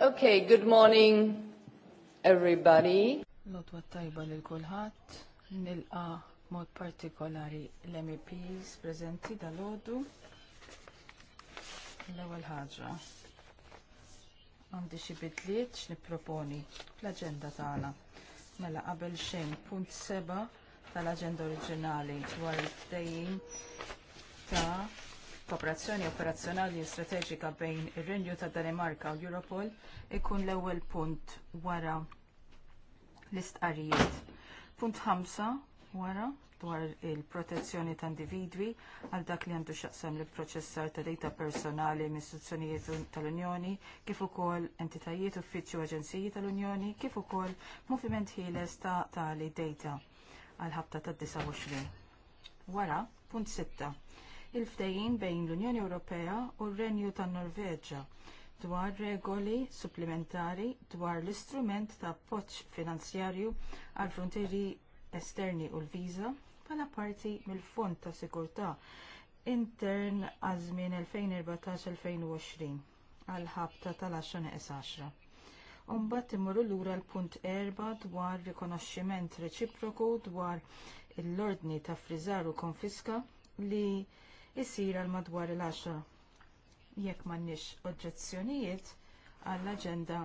Okay, good morning, everybody. Notwa tajba lil kulħadd nilqa mod partikolari l-MEPs preżenti dal-ħodu. L-ewwel ħaġa. Għandi xi bidliet x'nipproponi fl-aġenda tagħna. Mela qabel xejn punt seba' tal-aġenda oriġinali dwar id-dejjin ta' kooperazzjoni operazzjonali u strateġika bejn ir-Renju tad Danimarka u Europol ikun l-ewwel punt wara l-istqarijiet. Punt 5 wara dwar il-protezzjoni ta' individwi għal dak li għandu xaqsam li proċessar ta' dejta personali mis-sezzjonijiet tal-Unjoni, kif ukoll entitajiet uffiċċju aġenziji tal-Unjoni, kif ukoll moviment ħieles ta' tali dejta għal ħabta ta' 29. Wara, punt 6 il-ftehim bejn l-Unjoni Ewropea u r-Renju tan-Norveġġa dwar regoli supplementari dwar l-istrument ta' appoġġ finanzjarju għall frontieri esterni u l-viża bħala parti mill-Fond ta' Sigurtà intern għażmien 2014-2020 għal ħabta tal-10-10. Umbat imorru lura l-punt erba' dwar rikonoxximent reċiproku dwar l-ordni ta' frizar u konfiska li isir għal madwar il-10. Jekk m'għandniex oġġezzjonijiet għall-aġenda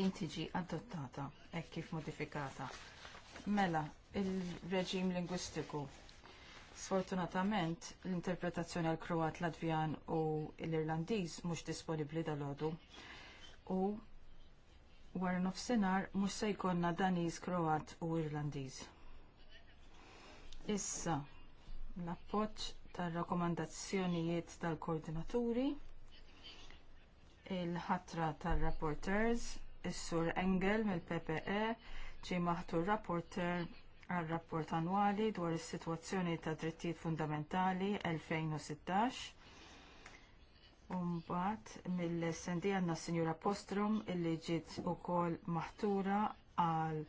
din tiġi adottata hekk kif modifikata. Mela, il-reġim lingwistiku. Sfortunatament, l-interpretazzjoni għal Kroat, Latvjan u l-Irlandiż mhux disponibbli dal U wara nofsinhar mhux se jkollna Daniż, Kroat u Irlandiż. Issa, l-appoġġ tal rakkomandazzjonijiet tal-koordinaturi, il-ħatra tar-rapporters, is-sur Engel mill-PPE ġie maħtur rapporter għal rapport annwali dwar is-sitwazzjoni ta' drittijiet fundamentali 2016. Umbat mill-SND għandna s-Sinjura Postrom illi ġiet ukoll maħtura għal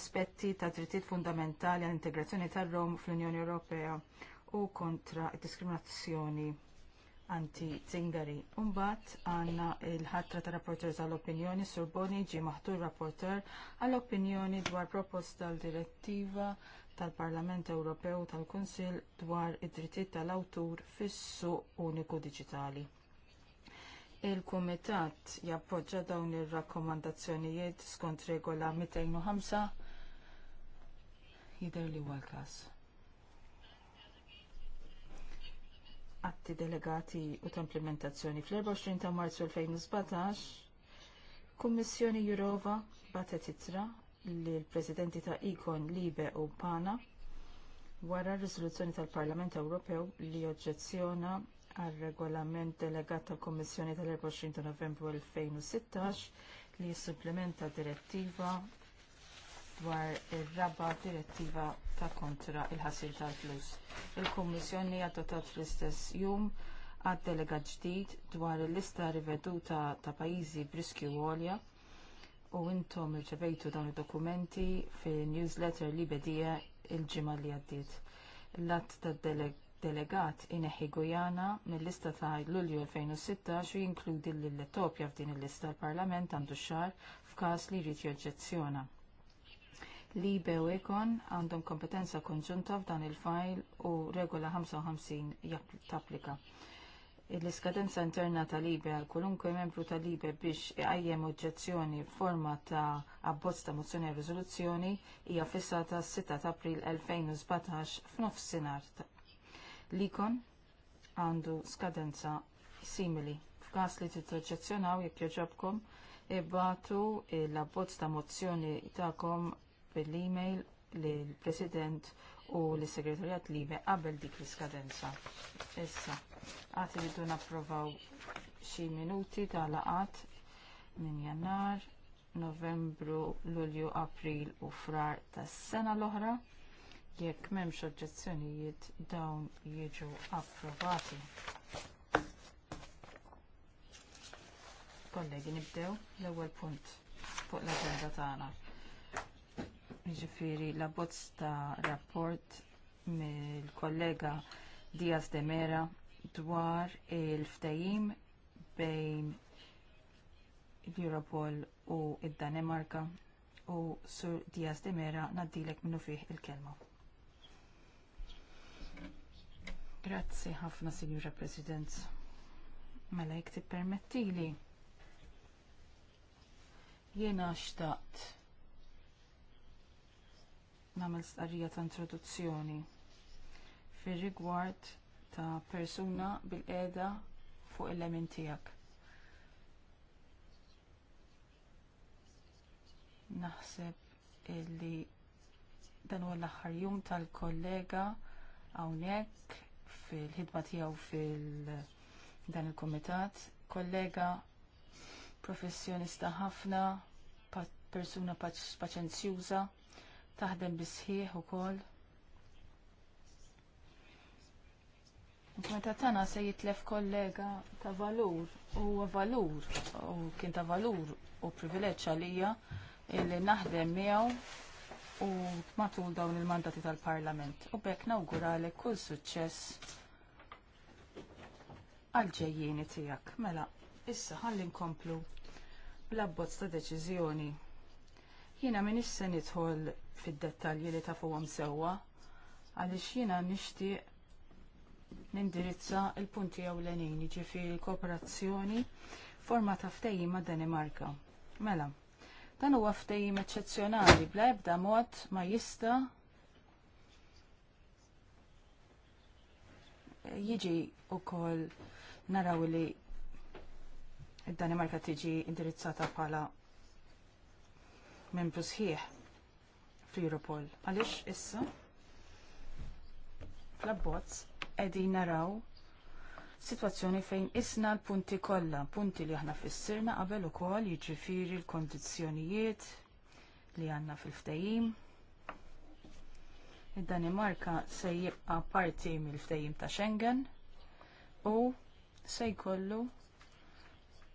aspetti ta' drittijiet fundamentali għall integrazzjoni tar-Rom fl-Unjoni Ewropea u kontra diskriminazzjoni anti-zingari. Umbat għanna il-ħatra ta' rapporter tal-opinjoni sur Boni ġi maħtur rapporter għall-opinjoni dwar proposta l-direttiva tal-Parlament Ewropew tal kunsill dwar id-drittijiet tal-awtur fis-suq uniku diġitali. Il-Kumitat jappoġġa dawn ir-rakkomandazzjonijiet skont regola 205 jidher li huwa l-każ. atti delegati u ta' implementazzjoni fl-24 ta' marzu 2017, Kummissjoni Jurova batet itra li l-Presidenti ta' Ikon Libe u Pana wara r-riżoluzzjoni tal-Parlament Ewropew li oġġezzjona għal regolament delegat tal kummissjoni tal-24 ta' Novembru 2016 li jissupplementa direttiva dwar ir-raba direttiva ta' kontra il ħasir tal-flus. Il-Kummissjoni adottat fl-istess jum għad delegat ġdid dwar il-lista riveduta ta' pajjiżi briskju għolja u intom irċevejtu dawn id-dokumenti fil-newsletter li bedija il-ġimgħa li għaddiet. L-att tad-delegat ineħi Gujana mill-lista ta' Lulju 2016 u jinkludi l-Etopja f'din il-lista l-Parlament għandu xahar f'każ li jrid joġġezzjona li u Ekon għandhom kompetenza konġunta f'dan il-fajl u regola 55 tapplika. L-iskadenza interna ta' Libe għal kolunkwe membru ta' Libe biex iqajjem oġġezzjoni f'forma ta' abbozz ta' mozzjoni għal e riżoluzzjoni hija fissata s 6 ta' April 2017 f'nofsinhar. Likon għandu skadenza simili. F'każ li titoġġezzjonaw jekk joġobkom ibatu l-abbozz ta' mozzjoni tagħkom bil-email lill-President u l-Segretarjat Libe qabel dik l-iskadenza. Issa, għati duna napprovaw xi minuti ta' laqat minn jannar, novembru, lulju, april u frar tas sena l-oħra. Jekk m'hemmx oġġezzjonijiet dawn jiġu approvati. Kollegi, nibdew l-ewwel punt fuq l-aġenda tagħna. Ġifiri, la bozz ta' rapport mill-kollega Diaz de Mera dwar il-ftajim bejn l-Europol u id-Danemarka u Sur Diaz de Mera naddilek minnu fih il-kelma. Grazzi ħafna, Signora President. Mela jek permettili. Jena xtaqt nagħmel starrija ta' introduzzjoni fir-rigward ta' persuna bil-qeda fuq il tiegħek. Naħseb illi dan huwa l-aħħar jum tal-kollega hawnhekk fil-ħidma tiegħu fil dan il-kumitat, kollega professjonista ħafna, persuna paċenzjuża taħdem bisħieħ ukoll. Meta tana se jitlef kollega ta' valur u valur u kien ta' valur u privileġġ għalija li naħdem miegħu u matul dawn il-mandati tal-Parlament. U bekk nawguralek kull suċċess għal ġejjini tiegħek. Mela, issa ħalli nkomplu bla bozz ta' deċiżjoni Jiena min se nidħol fid-dettalji li tafuhom sewwa għaliex jiena nixtieq nindirizza l punti ewlenin jiġifieri kooperazzjoni forma ta' ftehim ma' Danimarka. Mela, dan huwa ftehim eċċezzjonali bla ebda mod ma jista' jiġi wkoll naraw li danimarka tiġi indirizzata bħala membru sħiħ fl-Europol. Għaliex issa fl-abbozz qegħdin naraw sitwazzjoni fejn isna l-punti kollha, punti li aħna fissirna qabel ukoll jiġifieri l-kondizzjonijiet li għandna fil-ftehim. Id-Danimarka se jibqa' parti mill-ftehim ta' Schengen u se jkollu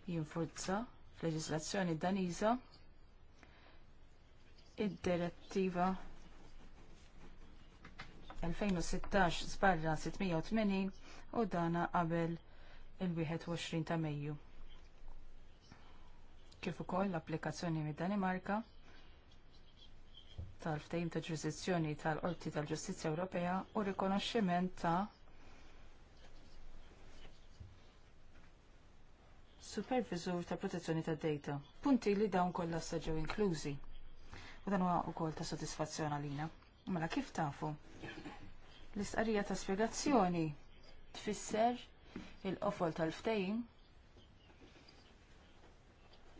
jinfurza fl-leġislazzjoni Daniża id-direttiva 2016 sbarra 680 u dana qabel il-21 ta' Mejju. Kif ukoll l-applikazzjoni mid-Danimarka tal-ftehim ta' ġurisdizzjoni tal-Qorti tal-Ġustizzja Ewropea u rikonoxximent ta' supervisur ta' protezzjoni tad data. Punti li dawn kollha ġew inklużi u dan huwa wkoll ta' sodisfazzjon għalina. Mela kif tafu? L-istqarrija ta' spjegazzjoni tfisser il-qofol tal-ftejn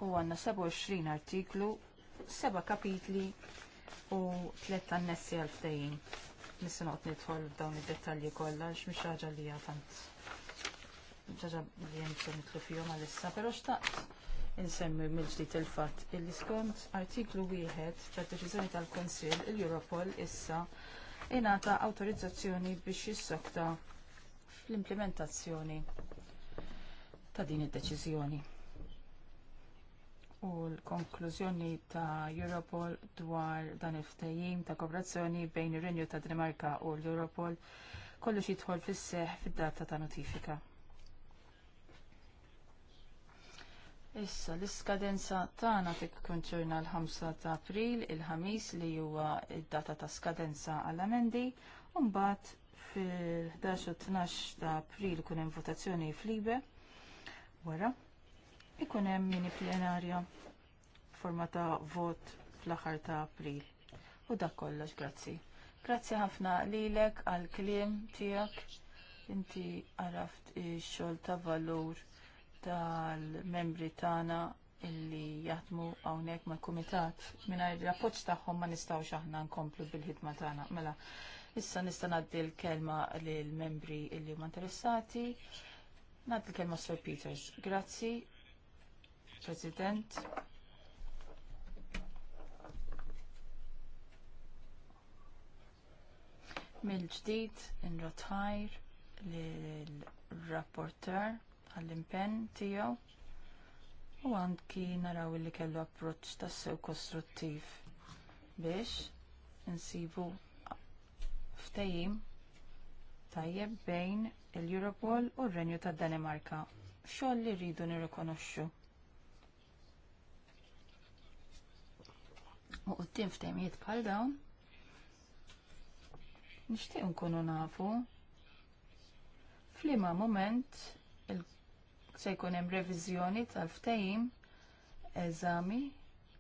u għanna 27 artiklu, 7 kapitli u 3 annessi għal-ftejn. Nissan għot nidħol dawn id-dettalji kollha x'mhix ħaġa li għatant. tant li hemm bżonn fjom għal-issa, pero xtaqt insemmi mill-ġdid il-fatt illi skont artiklu wieħed tad-deċiżjoni tal-Kunsill il-Europol issa ingħata awtorizzazzjoni biex jissokta fl-implementazzjoni ta' din id-deċiżjoni. U l-konklużjoni ta' Europol dwar dan il-ftehim ta' kooperazzjoni bejn ir-Renju ta' Danimarka u l-Europol kollox jidħol fis seħħ fid-data ta' notifika. Issa, l-iskadenza tagħna tikkonċerna l-5 ta' April, il-ħamis li huwa id-data ta' skadenza għall-amendi, u mbagħad fil-11 u 12 ta' April kun hemm votazzjoni flibe wara. Ikun hemm mini plenarja f'forma ta' vot fl-aħħar ta' April. U dak kollox, grazzi. Grazzi ħafna lilek għall kliem tiegħek. Inti għaraft ix-xogħol ta' valur tal-membri tagħna illi jaħdmu hawnhekk mal-kumitat mingħajr il rapport tagħhom ma nistgħux aħna nkomplu bil-ħidma tagħna. Mela, issa nista' ngħaddi l-kelma lill membri illi huma interessati. Ngħaddi l-kelma Sir Peters. Grazzi, President. Mill-ġdid, inrotħajr, l-rapporter għall-impenn tiegħu u anki naraw li kellu approċċ tassew kostruttiv biex insibu ftehim tajjeb bejn il-Europol u r-Renju tad Danimarka. Xogħol li rridu nirrikonoxxu. U qudiem ftehmijiet bħal dawn nixtieq nkunu nafu f'liema mument se jkun hemm reviżjoni tal-ftehim eżami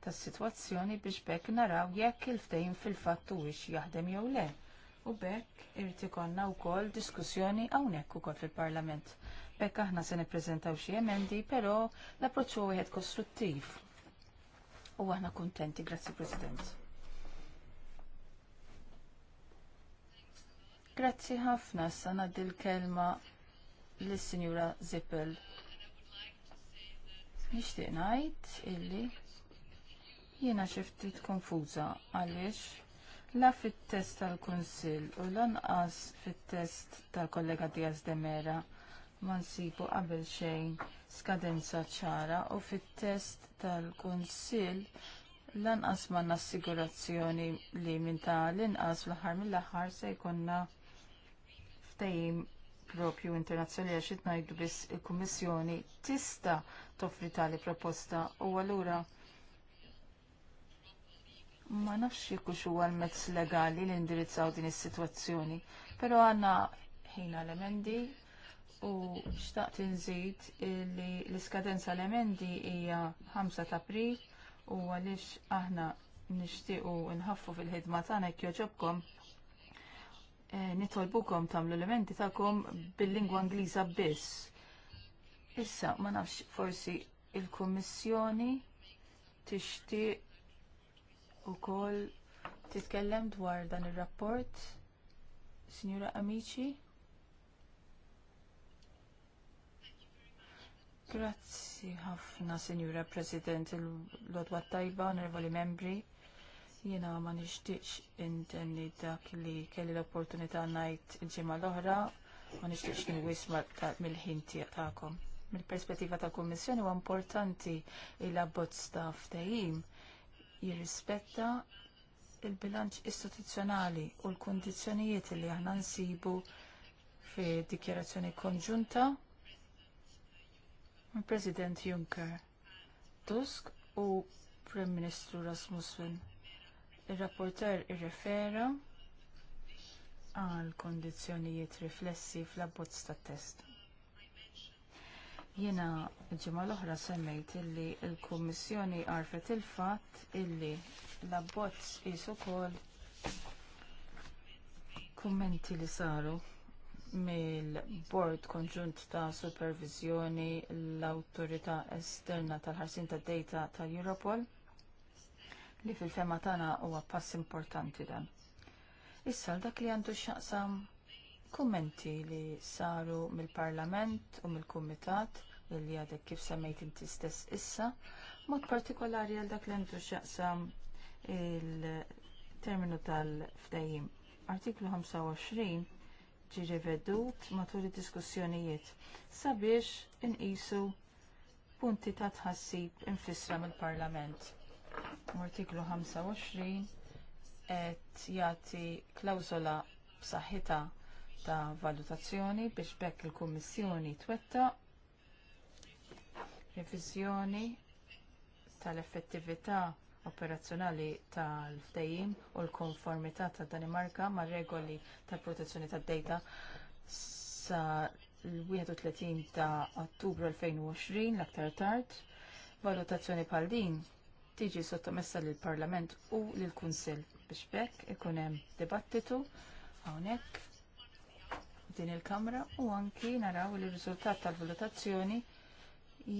tas-sitwazzjoni biex bekk naraw jekk il-ftehim fil-fatt huwiex jaħdem jew le. U bekk irid ikollna wkoll diskussjoni hawnhekk ukoll fil-Parlament. Bekk aħna se nippreżentaw xi emendi, però l-approċċ huwa wieħed kostruttiv. U aħna kuntenti, grazzi President. Grazzi ħafna, sa ngħaddi l-kelma l-Sinjura Zippel. Nishtiq ngħid illi jiena xi ftit konfuża għaliex la fit-test tal-Kunsill u lanqas fit-test tal-kollega Diaz de Mera ma nsibu qabel xejn skadenza ċara u fit-test tal-Kunsill lanqas ma nassigurazzjoni li minn ta' l-inqas fl-aħħar mill-aħħar se jkollna ftehim propju internazzjonali għax ngħidu biss il-Kummissjoni tista' toffri tali proposta u allura ma nafx jekk huwa l-mezz legali li indirizzaw din is-sitwazzjoni, però għandna ħin l-emendi u xtaqt inżid li l-iskadenza l-emendi hija 5 ta' April u għaliex aħna nixtiequ nħaffu fil-ħidma tagħna jekk jogħġobkom. Eh, nitolbukom tagħmlu elementi tagħkom bil-lingwa Ingliża biss. Issa, ma nafx forsi il kummissjoni tixtieq ukoll titkellem dwar dan ir rapport Signora Amici? Grazzi ħafna, Signora President, il-lodwa tajba, onorevoli membri. Jiena ma nixtieqx intenni dak li kelli l-opportunità ngħid il l-oħra ma nixtieqx nwisma mill-ħin tagħkom. Mill-perspettiva tal-Kummissjoni huwa importanti il abbozz ta' ftehim jirrispetta il-bilanċ istituzzjonali u l-kundizzjonijiet li aħna nsibu fi dikjerazzjoni konġunta mill President Juncker, Tusk u Prim Ministru Rasmussen Il-rapporter irrefera għal kondizjonijiet riflessi fl-abbozz tat test. Jiena ġimgħa l-oħra semmejt illi l kummissjoni għarfet il-fatt illi l-abbozz is ukoll kummenti li saru mill-Bord Konġunt ta' Supervizjoni l-Awtorità Esterna tal-Ħarsin tad data tal-Europol. tal ħarsien tad dejta tal europol li fil-fema tagħna huwa pass importanti dan. Issa dak li għandu x'aqsam kummenti li saru mill-Parlament u mill-Kumitat li għadek kif semmejt inti stess issa, mod partikolari għal dak li għandu x'aqsam il-terminu tal fdejim Artiklu 25 ġi rivedut matul id-diskussjonijiet sabiex inqisu punti ta' tħassib infissra mill-Parlament artiklu 25 qed jagħti klawsola b'saħħitha ta' valutazzjoni biex bekk il-Kummissjoni twettaq reviżjoni tal-effettività operazzjonali tal-ftehim u l-konformità ta' Danimarka mar regoli tal-protezzjoni tad-dejta sa l-31 ta' Ottubru 2020 l-aktar tard. Valutazzjoni bħal din tiġi sottomessa lill parlament u lill kunsill biex bekk ikun hemm dibattitu hawnhekk din il-Kamra u anki naraw li r-riżultat tal-votazzjoni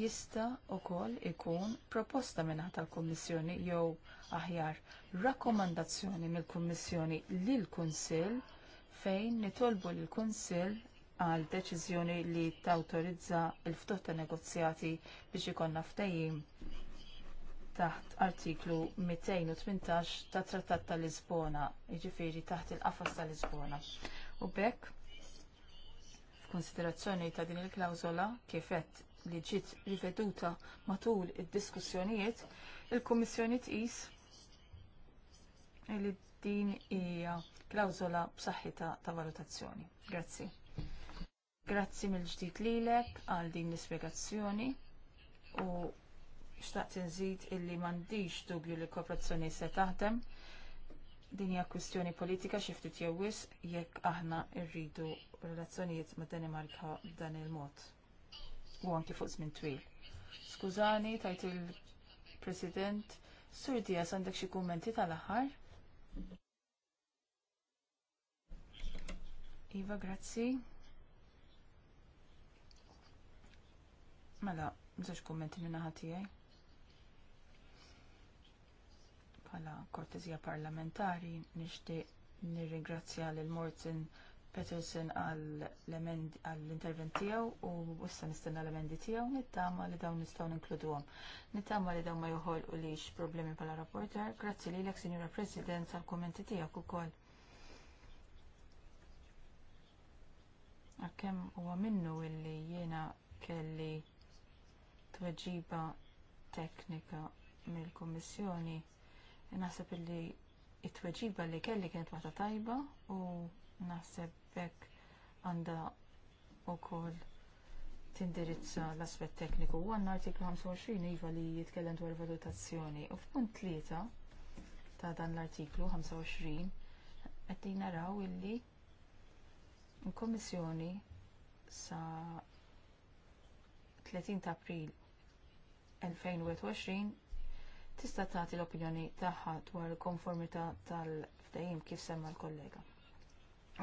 jista' wkoll ikun proposta minn tal-Kummissjoni jew aħjar rakkomandazzjoni mill-Kummissjoni lill kunsill fejn nitolbu lill kunsill għal deċiżjoni li tawtorizza l ftuħ negozjati biex ikonna ftehim taħt artiklu 218 tat Trattat ta' Lisbona, jiġifieri taħt il-qafas ta' Lisbona. U bekk, f'konsiderazzjoni ta' din il klawzola kif qed li ġiet riveduta matul id-diskussjonijiet, il-Kummissjoni tqis li din hija klawzola b'saħħitha ta' valutazzjoni. Grazzi. Grazzi mill-ġdid lilek għal din l-ispjegazzjoni u xtaqt nżid illi m'għandix dubju li kooperazzjoni se taħdem. Din hija kwistjoni politika xi ftit jew wisq jekk aħna rridu relazzjonijiet mad Danimarka b'dan il-mod. U anki fuq żmien twil. Skużani, tajt il-President, Sur Dias għandek xi kummenti tal-aħħar? Iva, grazzi. Mela, mżax kummenti naħa tiegħi. bħala kortezija parlamentari nixtieq nirringrazzja lil Morten Peterson għall-intervent tiegħu u issa nistenna l-emendi tiegħu nittama li dawn nistgħu għom. Nittama li dawn ma u liġ problemi bħala rapporter, grazzi lilek Sinjura President għall kummenti tiegħek ukoll. Għakem huwa minnu illi jiena kelli tweġiba teknika mill-Kummissjoni Naħseb illi it-tweġiba li kelli kienet waħda tajba u naħseb hekk għandha wkoll tindirizza l-aspett tekniku u għandna artiklu 25 iva li jitkellem dwar valutazzjoni u f'punt tlieta ta' dan l-artiklu 25 qed naraw illi l-Kommissjoni sa 30 ta' April 2021 tista' tagħti l-opinjoni tagħha dwar il-konformità tal fdejim kif semma l-kollega.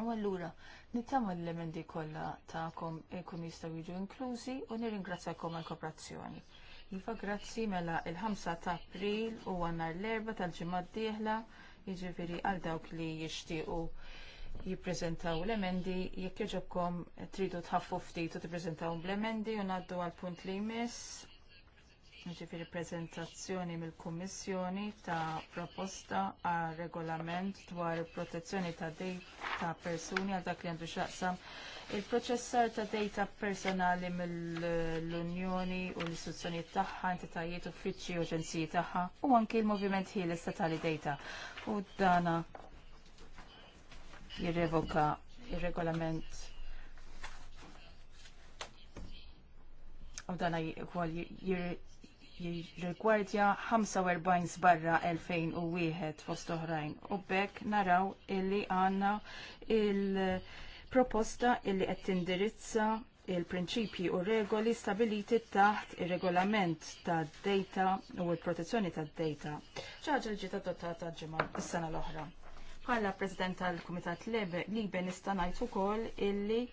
U allura, nittama l-elementi kollha tagħkom ikun jistgħu jiġu inklużi u nirringrazzjakom għall kooperazzjoni. Iva grazzi mela il-5 ta' April u għannar l-erba tal-ġimgħa d-dieħla, jiġifieri għal dawk li jixtiequ jippreżentaw l-emendi, jekk jogħġobkom tridu tħaffu ftit u tippreżentaw l-emendi u ngħaddu għall punt li jmiss ġifiri prezentazzjoni mill-Kummissjoni ta' proposta għal regolament dwar protezzjoni ta' data persuni għal dak li għandu xaqsam il-proċessar ta' dejta personali mill-Unjoni u l-istituzzjoni tagħha, entitajiet uffiċċji u ġenziji tagħha u anki l-moviment Ħiel ta' tali U dana jirrevoka il-regolament u dan jirrigwardja 45 barra 2001 fost oħrajn. U bekk naraw illi għanna il-proposta illi qed tindirizza il-prinċipji u regoli stabiliti taħt ir-regolament tad data u l-protezzjoni tad data. ċaġa ġiet adottata ġimgħa is-sena l-oħra. Bħala President tal-Kumitat Libe nista' ngħid ukoll illi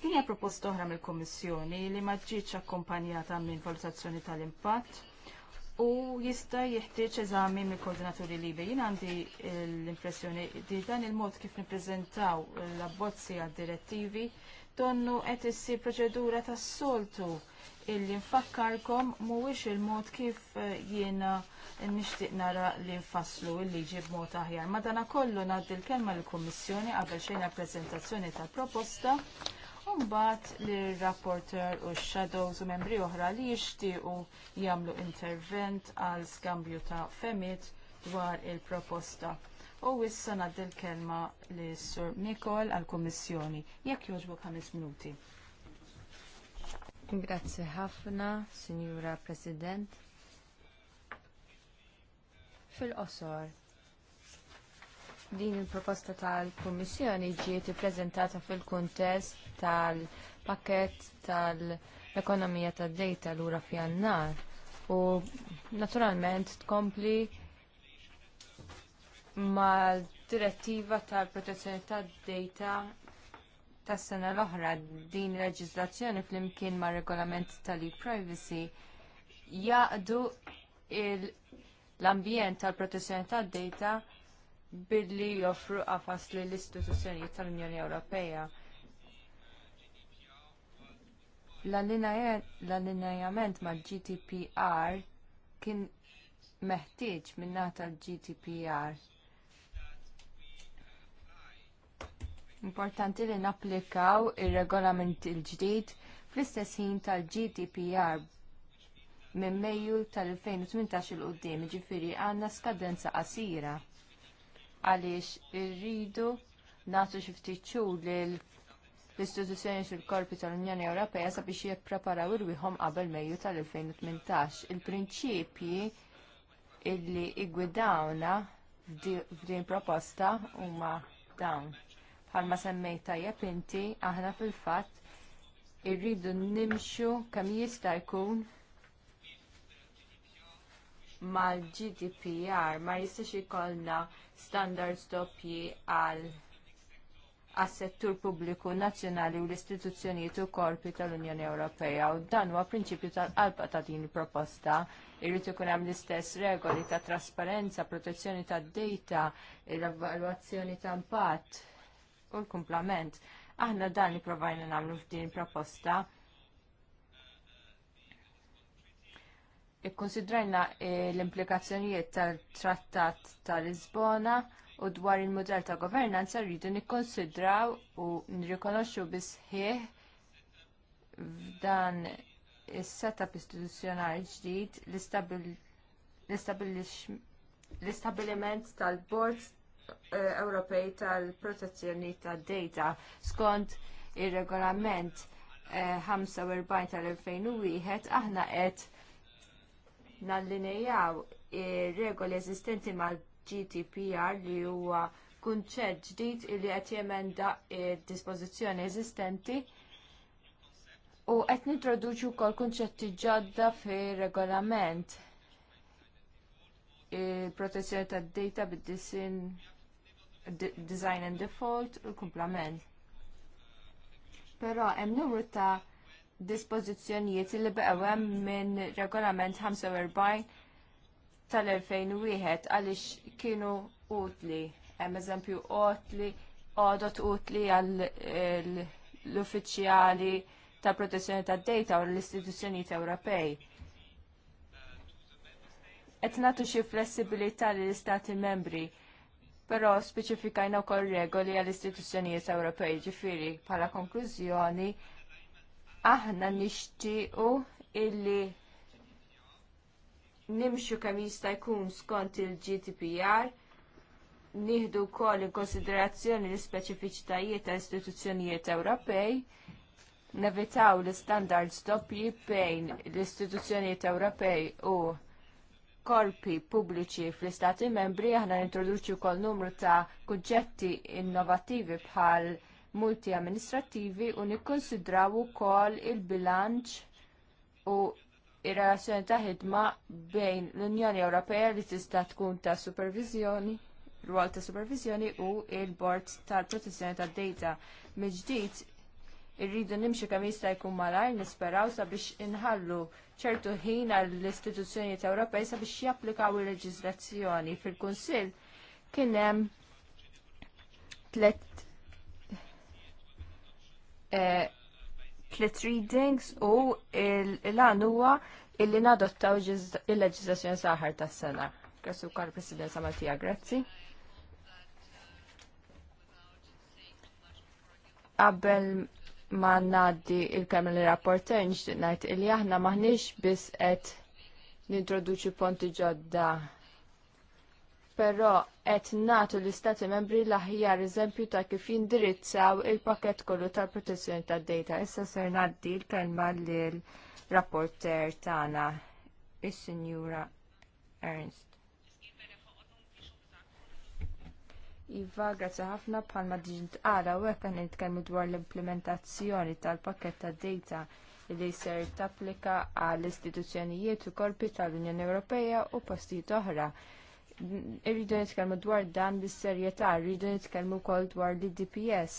Kien hija proposta oħra mill-Kummissjoni li ma ġietx akkompanjata minn valutazzjoni tal-impatt u jista' jeħtieġ eżami mill koordinaturi libi. Jien għandi l-impressjoni li dan il-mod kif nippreżentaw l-abbozzi għad-direttivi donnu qed issir proċedura tas-soltu illi nfakkarkom mhuwiex il-mod kif eh, jiena nixtieq nara li nfasslu l-liġi b'mod aħjar. Madana kollu ngħaddi l-kelma l-Kummissjoni qabel xejn prezentazzjoni tal-proposta Imbagħad lir rapporter u shadows u membri oħra li jixtiequ jagħmlu intervent għal skambju ta' femit dwar il-proposta. U issa ngħaddi l-kelma li sur Mikol għall-Kummissjoni. Jekk jogħġbu ħames minuti. Grazzi ħafna, Sinjura President. Fil-qosor, Din il-proposta tal-Kummissjoni ġiet ippreżentata fil-kuntest tal-pakket tal-ekonomija tad-data lura f'jannar u naturalment tkompli mal-direttiva tal-protezzjoni tad dejta tas-sena l-oħra din leġiżlazzjoni flimkien mar regolament tal-privacy jaqdu l-ambjent tal-protezzjoni tad dejta billi joffru qafas lill istituzzjonijiet tal-Unjoni Ewropea. L-allinajament mal GDPR kien meħtieġ min-naħa tal-GDPR. Importanti li napplikaw ir-regolament il ġdid fl-istess ħin tal-GDPR minn Mejju tal-2018 il-qoddim, ġifiri għandna skadenza qasira għaliex irridu nagħtu xi ftit lil l-istituzzjoni u l-korpi tal-Unjoni Ewropea sabiex jippreparaw irwieħhom qabel Mejju tal-2018. Il-prinċipji illi igwidawna f'din proposta huma dawn. Bħalma semmejt tajjeb inti aħna fil-fatt irridu nimxu kemm jista' jkun mal-GDPR ma jistax ikollna standards doppji għal għas-settur pubbliku nazzjonali u l-istituzzjonijiet u korpi tal-Unjoni Ewropea u dan huwa prinċipju tal-qalba ta' din il-proposta. Irrid ikun hemm l-istess regoli ta' trasparenza, protezzjoni tad-data, l-evalwazzjoni ta' impatt u l-kumplament. Aħna dan li provajna nagħmlu f'din il proposta Ikkonsidrajna eh, l-implikazzjonijiet tal-Trattat tal-Lisbona u dwar il-modell ta' governanza rridu nikkonsidraw u nirrikonoxxu bisħieħ f'dan is-setup istituzzjonali ġdid l-istabiliment tal-Bord eh, Ewropej tal-Protezzjoni tad-Data skont ir-regolament 45 eh, tal-2001 aħna qed nallinejaw ir-regoli eżistenti mal-GDPR li huwa kunċett ġdid li qed jemenda d-dispożizzjoni eżistenti u qed nintroduċu wkoll kunċetti ġodda fir-regolament il-protezzjoni tad-data bid-disin design and default u l-kumplament. Però hemm numru ta' dispożizzjonijiet li beqgħu hemm minn regolament 45 tal-2001 għaliex kienu utli. Hemm eżempju utli, għodot utli għall eh, uffiċjali tal protezzjoni tad-dejta u l-istituzzjonijiet Ewropej. Qed nagħtu xi flessibilità lill-Istati membri Però speċifikajna wkoll regoli għall istituzzjonijiet Ewropej ġifieri bħala konklużjoni aħna nixtiequ illi nimxu kemm jista' jkun skont il-GDPR nieħdu wkoll in konsiderazzjoni l-ispeċifiċitajiet ta' istituzzjonijiet Ewropej, nevitaw l-istandards doppji bejn l-istituzzjonijiet Ewropej u korpi pubbliċi fl-Istati membri aħna nintroduċu wkoll numru ta' kuġġetti innovattivi bħal multi amministrattivi u nikkonsidraw ukoll il-bilanċ u ir-relazzjoni ta' ħidma bejn l-Unjoni Ewropea li tista' tkun ta' supervizjoni rwol ta' supervizjoni u il-Bord tal-Protezzjoni tad-Data. Mil-ġdid irridu nimxu kemm jista' jkun malajr nisperaw sabiex inħallu ċertu ħin għall-istituzzjonijiet Ewropej sabiex japplikaw il-leġiżlazzjoni. Fil-Kunsill kien hemm tliet Eh, tliet readings u l-għan huwa illi nadottaw il-leġislazzjoni saħar s sena Grazzi kar Presidenza Maltija, grazzi. Qabel ma naddi il-kemm l-rapporter nixtieq ngħid illi aħna maħniex biss qed nintroduċi ponti ġodda però qed nagħtu l-Istati Membri l-aħjar eżempju ta' kif jindirizzaw il-pakett kollu tal-protezzjoni tad-data. Issa ser ngħaddi l-kelma lill rapporter tagħna is-Sinjura Ernst. Iva, grazie ħafna bħalma diġint għala u hekk għan nitkellmu dwar l-implementazzjoni tal-pakket ta' data li ser tapplika għall istituzzjonijiet u korpi tal-Unjoni Ewropea u postijiet oħra irridu nitkellmu dwar dan bis-serjetà, irridu nitkellmu wkoll dwar li dps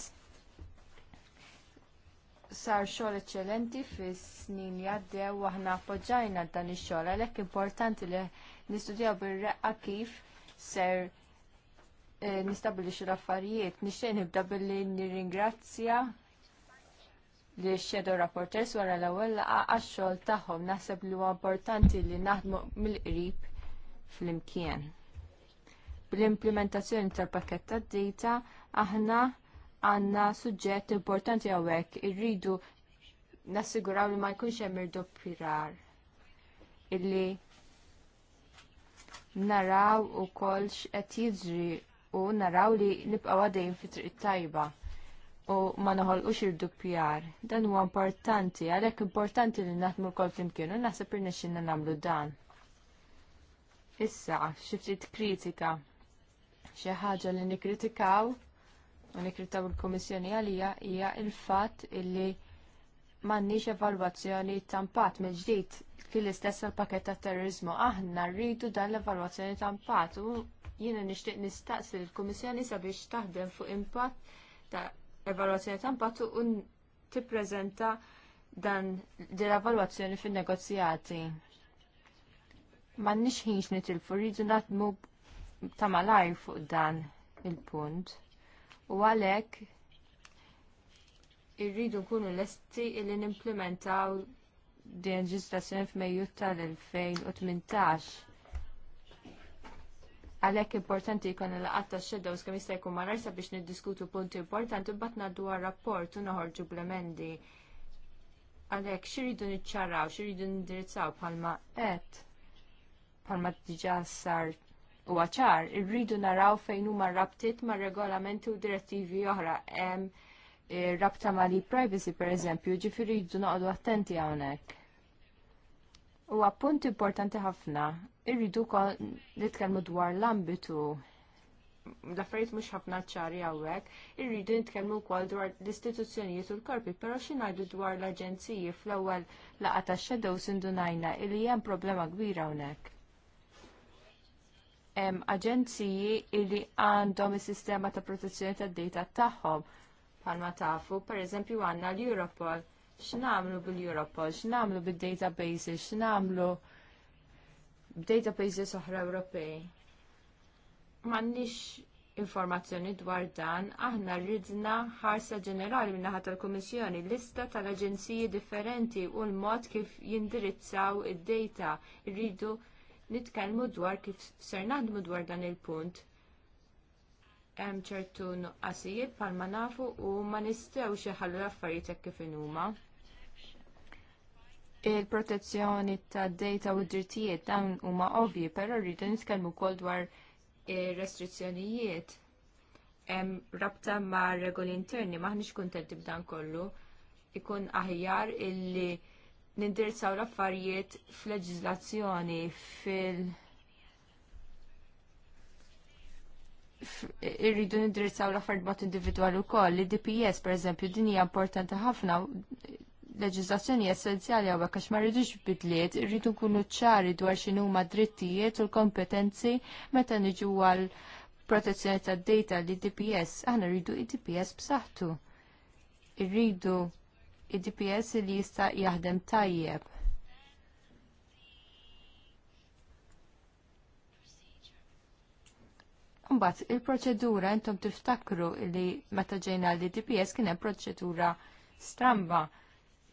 Sar xogħol eċċellenti fis-snin li għaddew u aħna appoġġajna dan ix-xogħol għalhekk importanti li nistudjaw bir-reqqa kif ser eh, nistabilixxu l-affarijiet. Nixtieq nibda billi nirringrazzja li x-shadow rapporters wara l-ewwel għax-xogħol tagħhom naħseb li huwa importanti li naħdmu mill-qrib fl-imkien bl-implementazzjoni tal pakett tad dita aħna għandna suġġett importanti hawnhekk irridu nassiguraw li ma jkunx hemm irdoppjar illi naraw ukoll x'qed jiġri u naraw li nibqgħu għadejn fi triq tajba u ma noħolqux irdoppjar. Dan huwa importanti, għalhekk importanti li naħdmu wkoll flimkien u naħseb irnexxinna nagħmlu dan. Issa, xi ftit kritika xi ħaġa li nikkritikaw u nikkritaw il-Kummissjoni għalija hija il-fatt illi m'għandniex evalwazzjoni ta' impatt mill-ġdid fil-istess il pakett ta' terrorizmu. Aħna rridu dan l-evalwazzjoni ta' impatt u jiena nixtieq nistaqsi l-Kummissjoni sabiex taħdem fuq impatt ta' evalwazzjoni ta' impatt u tippreżenta dan l-evalwazzjoni fin-negozjati. Ma nixħinx nitilfu, rridu natmu ta' malaj fuq dan il-punt. U għalhekk irridu nkunu lesti li nimplementaw din il-ġistrazzjoni f'Mejju tal-2018. Għalhekk importanti jkun il għatta tax-xedew kemm jista' jkun malar sabiex niddiskutu punti importanti u ngħaddu dwa rapport u naħorġu bl-emendi. Għalhekk xiridu niċċaraw, xiridu nindirizzaw bħalma palma bħalma diġà sar u għaċar irridu naraw fejn huma rabtiet ma' regolamenti u direttivi oħra hemm eh, rabta ma' li privacy per eżempju, ġifiri jiddu noqdu attenti hawnhekk. U appunt importanti ħafna, irridu kon nitkellmu dwar l-ambitu l-affarijiet mhux ħafna ċari hawnhekk, irridu nitkellmu wkoll dwar l-istituzzjonijiet u l-korpi, però xi ngħidu dwar l-aġenziji fl-ewwel laqgħa tax-shadows indunajna li hemm problema kbira hawnhekk hemm aġenziji li għandhom is-sistema ta' protezzjoni tad-data tagħhom. Palma tafu, pereżempju għandna l-Europol, x'namlu bil-Europol, x'namlu bil-databases, x'namlu b'databases oħra Ewropej. M'għandniex informazzjoni dwar dan, aħna rridna ħarsa ġenerali min-naħa tal-Kummissjoni, lista tal-aġenziji differenti u l-mod kif jindirizzaw id-data rridu nitkellmu dwar kif ser naħdmu dwar dan il-punt. Hemm ċertu nuqqasijiet palma nafu u ma nistgħux iħallu l-affarijiet hekk kif inhuma. Il-protezzjoni tad data u d-drittijiet dawn huma ovvji, però rridu nitkellmu wkoll dwar ir-restrizzjonijiet hemm rabta ma' regoli interni maħniex kuntenti b'dan kollu ikun aħjar illi nindirizzaw l-affarijiet fil leġizlazzjoni fil- irridu nindirizzaw l-affarijiet mod individwali wkoll. L-DPS eżempju, din hija importanti ħafna leġizzazzjoni essenzjali għawek għax ma rridux bidliet, rridu nkunu ċari dwar x'inhu huma drittijiet u l-kompetenzi meta niġu għal protezzjoni tad data li DPS. Aħna rridu DPS b'saħħtu. Irridu id-DPS li jista' jaħdem tajjeb. Mbagħad il-proċedura intom tiftakru li meta ġejna l DPS kien hemm proċedura stramba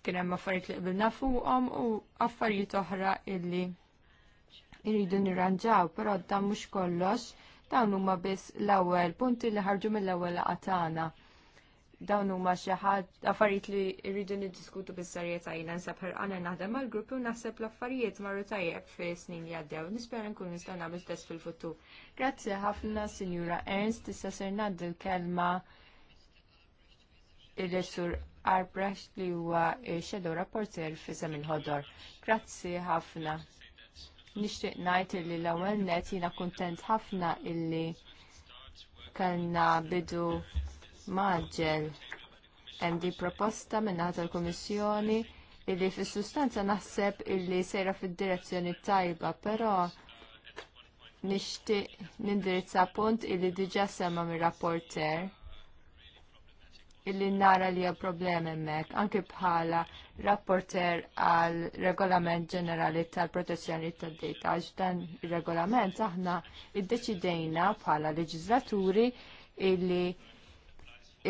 kien hemm affarijiet li qbilna fuqhom u affarijiet oħra illi jridu nirranġaw, però dan mhux kollox dawn huma biss l-ewwel punti li ħarġu mill-ewwel qatana. tagħna dawn huma xi ħadd affarijiet li rridu niddiskutu bis-serjetà jiena nsab ħerqana naħdem mal-grupp u naħseb l-affarijiet marru tajjeb fi snin li għaddew. Nispera nkun nista' nagħmel test fil-futur. Grazzi ħafna Sinjura Ernst issa ser ngħaddi l-kelma ir-Resur Arbrecht li huwa shadow rapporter fi semin ħodor. Grazzi ħafna. Nixtieq ngħid li l-ewwel nett jiena kuntent ħafna illi kellna bidu maġġel. Hemm di proposta minnata tal-Kummissjoni illi fis-sustanza naħseb illi sejra fid-direzzjoni tajba, però nixtieq nindirizza punt illi diġà semma mir-rapporter illi nara li hemm problemi hemmhekk anke bħala rapporter għal regolament ġenerali tal-protezzjoni tad-data għax dan ir-regolament aħna iddeċidejna bħala leġislaturi illi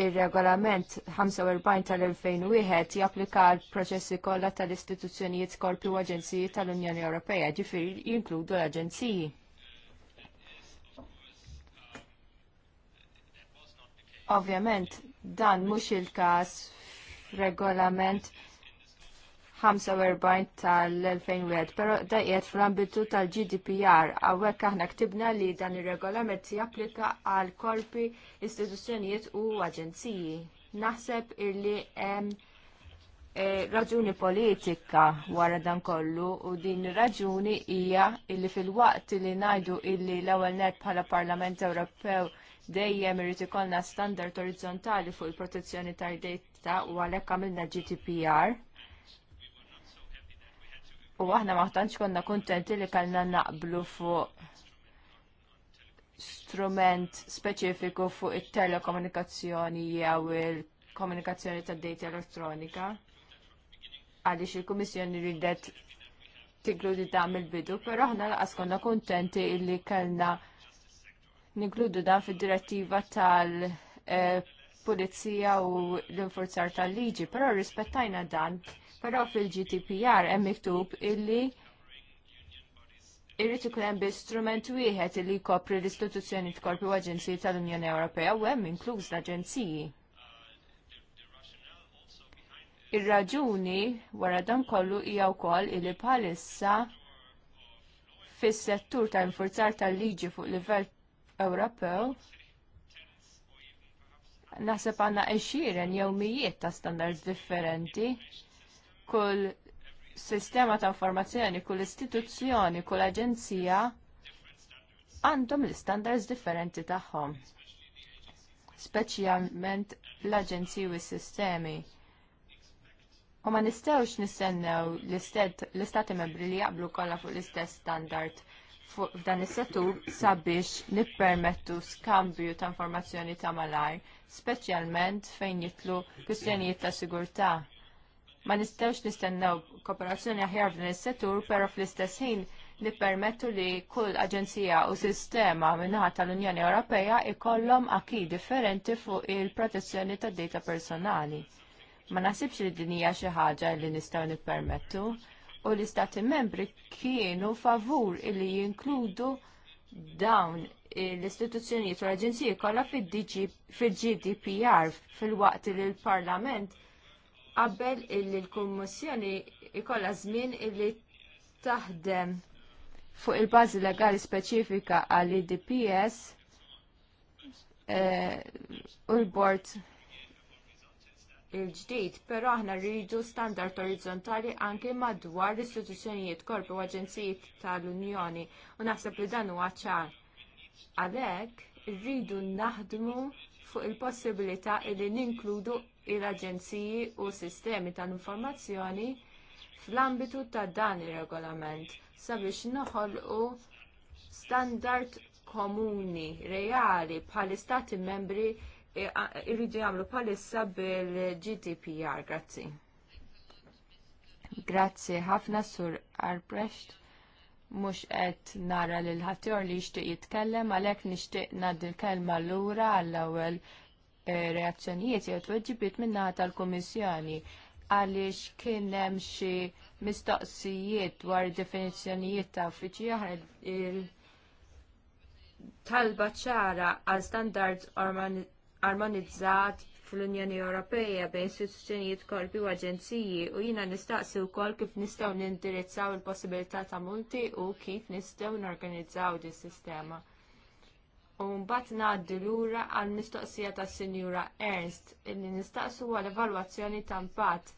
ir-regolament 45 tal-2001 japplika l proċessi kollha tal-istituzzjonijiet korpi u aġenziji tal-Unjoni Ewropea, ġifieri jinkludu l-aġenziji. Ovvjament, dan mhux il-każ regolament 45 45 tal-2001, pero da qiegħed fl-ambitu tal-GDPR għawek aħna ktibna li dan ir-regolament si japplika għal korpi, istituzzjonijiet u aġenziji. Naħseb irli hemm eh, raġuni politika wara dan kollu u din raġuni hija illi fil-waqt li ngħidu illi l-ewwel net bħala Parlament Ewropew dejjem irid ikollna standard orizzontali fuq il-protezzjoni tad-data u għalhekk għamilna GDPR U aħna maħtanċ konna kontenti li kellna naqblu fuq strument speċifiku fuq it-telekomunikazzjoni jew il-komunikazzjoni tad data elettronika. Għaliex il-Kummissjoni ridet tinkludi dam il-bidu, però aħna laqas konna kontenti illi kellna ninkludu dan fid-direttiva tal-Pulizija eh, u l-infurzar tal-liġi, però rispettajna dan Però fil-GDPR hemm miktub illi irrid ikun hemm strument wieħed illi jkopri l-istituzzjoni tkorpi u aġenziji tal-Unjoni Ewropea u hemm inkluż l-aġenziji. Ir-raġuni wara dan kollu hija wkoll li bħalissa fis-settur ta' infurzar tal-liġi fuq livell Ewropew naħseb għandna għexieren jew mijiet ta' standards differenti kull sistema ta' informazzjoni, kull istituzzjoni, kull aġenzija għandhom l-standards differenti tagħhom. Speċjalment l-aġenziji u s-sistemi. U ma nistgħux nistennew l-istati membri li jaqblu kollha fuq l-istess standard fuq dan is-settur sabiex nippermettu skambju ta' informazzjoni ta' malajr, speċjalment fejn jitlu kwistjonijiet ta' sigurtà Ma nistgħux nistennew kooperazzjoni aħjar f'din is-settur, però fl-istess ħin nippermettu li kull aġenzija u sistema min-naħa tal-Unjoni Ewropea ikollhom aki differenti fuq il-protezzjoni tad data personali. Ma naħsibx li din hija xi ħaġa li nistgħu nippermettu u l-istati membri kienu favur li jinkludu dawn l-istituzzjonijiet u l-aġenziji kollha fil-GDPR fil-waqt li l-Parlament qabel illi l-Kummissjoni ikolla żmien illi taħdem fuq il-bażi legali speċifika għall idps eh, u l-bord il-ġdid, però aħna rridu standard orizzontali anke madwar l-istituzzjonijiet korpi u aġenzijiet tal-Unjoni u naħseb li dan huwa ċar. Għalhekk rridu naħdmu fuq il-possibilità li ninkludu il-aġenziji u sistemi tal-informazzjoni fl-ambitu ta' dan ir-regolament sabiex noħolqu standard komuni reali bħall istati membri irridu jagħmlu bħalissa bil-GDPR. Grazzi. Grazzi ħafna sur Arbrecht Mhux qed nara lil ħatior li jixtieq jitkellem għalhekk nixtieq ngħaddi l-kelma lura għall-ewwel reazzjonijiet jew tweġibiet minnaħa tal-Kummissjoni għaliex kien hemm xi mistoqsijiet dwar definizzjonijiet ta' uffiċi aħna talba ċara għal standard armonizzat fl-Unjoni Ewropea bejn istituzzjonijiet korpi u aġenziji u jiena nistaqsi wkoll kif nistgħu nindirizzaw il-possibilità ta' multi u kif nistgħu norganizzaw dis sistema u mbagħad ngħaddi lura għall mistoqsija tas Sinjura Ernst illi nistaqsu għal evalwazzjoni ta' impatt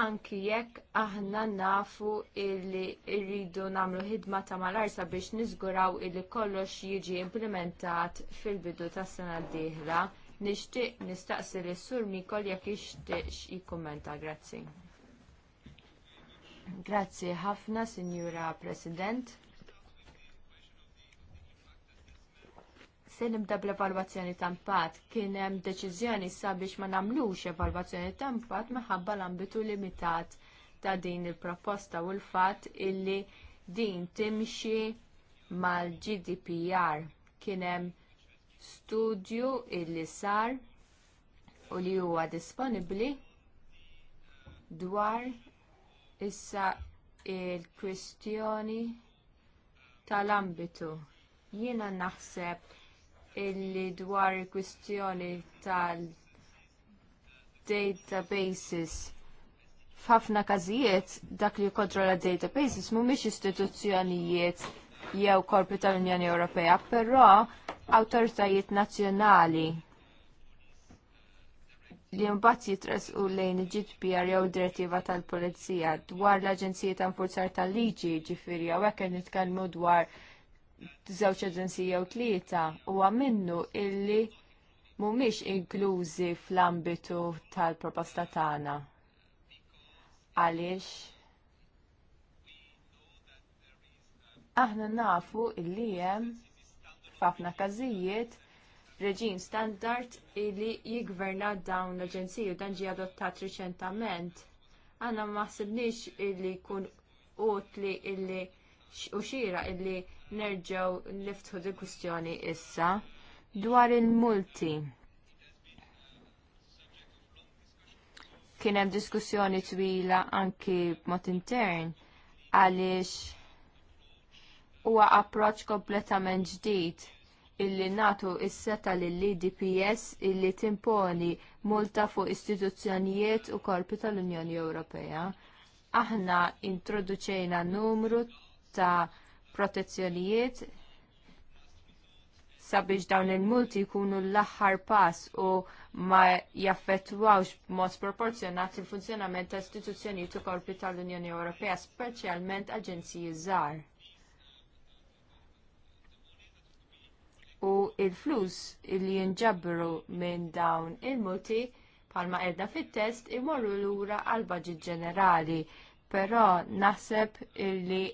anki jekk aħna nafu illi rridu nagħmlu ħidma ta' malar sabiex niżguraw illi kollox jiġi implementat fil-bidu tas sena d-dieħla, nixtieq nistaqsi lis sur Mikol jekk ixtieqx jikkummenta. Grazzi. Grazzi ħafna, Sinjura President. Se nibda bl-evalwazzjoni ta' impatt kien hemm deċiżjoni sabiex ma nagħmlux evalwazzjoni ta' impatt minħabba l-ambitu limitat ta' din il-proposta u l-fatt illi din timxi mal-GDPR kien hemm studju illi sar u li huwa disponibbli dwar issa il-kwistjoni tal-ambitu. Jiena naħseb illi dwar il-kwistjoni tal-databases f'ħafna każijiet dak li jikkontrolla databases mhumiex istituzzjonijiet jew korpi tal-Unjoni Ewropea, però awtoritajiet nazzjonali li mbagħad jitresqu lejn il-GDPR jew direttiva tal-Pulizija dwar l-Aġenzija ta' Infurzar tal-Liġi ġifieri jew hekk nitkellmu dwar żewġ aġenzija u tlieta u għamennu illi mhumiex inklużi fl-ambitu tal-proposta tagħna. Għaliex aħna nafu illi hemm f'ħafna każijiet reġim standard illi jigverna dawn l-aġenziju dan ġie adottat riċentament. Għanna ma illi kun utli illi u xira illi nerġaw niftħu di kwistjoni issa dwar il-multi. Kien hemm diskussjoni twila anki mot intern għaliex huwa approċċ kompletament ġdid illi natu is-seta lill-IDPS illi timponi multa fuq istituzzjonijiet u korpi tal-Unjoni Ewropea. Aħna introduċejna numru ta' protezzjonijiet sabiex dawn il-multi jkunu l-aħħar pass u ma jaffettwawx b'mod sproporzjonat il-funzjonament ta' istituzzjonijiet u korpi tal-Unjoni Ewropea, speċjalment aġenziji żgħar. U il-flus li jinġabru minn dawn il-multi palma edna fit-test imorru lura għal baġit ġenerali, però naħseb illi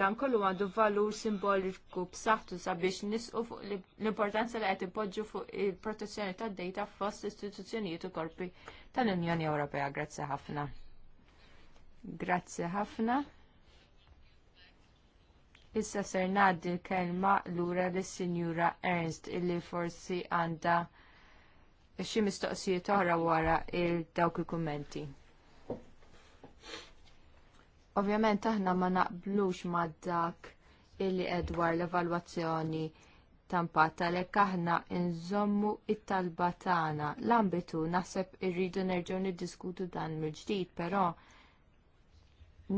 dan kollu għandu valur simboliku b'saħħtu sabiex nisqu fuq l-importanza li qed ipoġġu fuq il-protezzjoni tad-dejta fost istituzzjonijiet u korpi tal-Unjoni Ewropea. Grazzi ħafna. Grazzi ħafna. Issa ser ngħaddi l-kelma lura lis-Sinjura Ernst illi forsi għandha xi mistoqsijiet oħra wara il dawk il-kummenti. Ovvjament aħna ma naqblux ma' dak illi edwar l-evalwazzjoni tampata għalhekk aħna nżommu it-talba tagħna. L-ambitu naħseb irridu nerġgħu niddiskutu dan mill-ġdid, però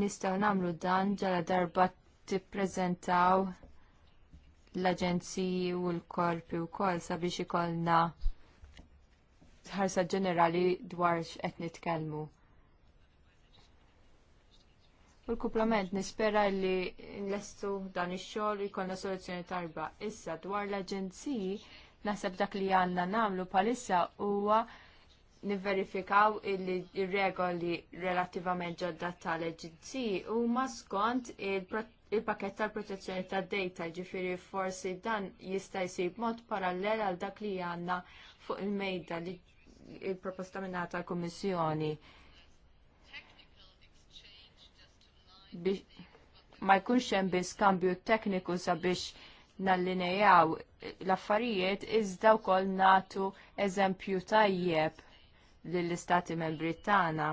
nistgħu nagħmlu dan ġala darba tippreżentaw l-aġenziji u l-korpi wkoll sabiex ikollna ħarsa ġenerali dwar x'qed nitkellmu. U l-kuplament nispera li nlestu dan ix-xogħol jkollna soluzzjoni tarba. Issa dwar l-aġenziji naħseb dak li għandna nagħmlu bħalissa huwa nivverifikaw il-regoli relattivament ġodda tal-aġenziji huma skont il-pakett tal-protezzjoni tad-data, ġifieri forsi dan jista' jsir b'mod parallel għal dak li għandna fuq il-mejda li il-proposta minna tal-Kummissjoni. biex ma jkunx hemm biss kambju tekniku sabiex nallinejaw l-affarijiet iżda wkoll natu eżempju tajjeb lill-Istati Membri tagħna.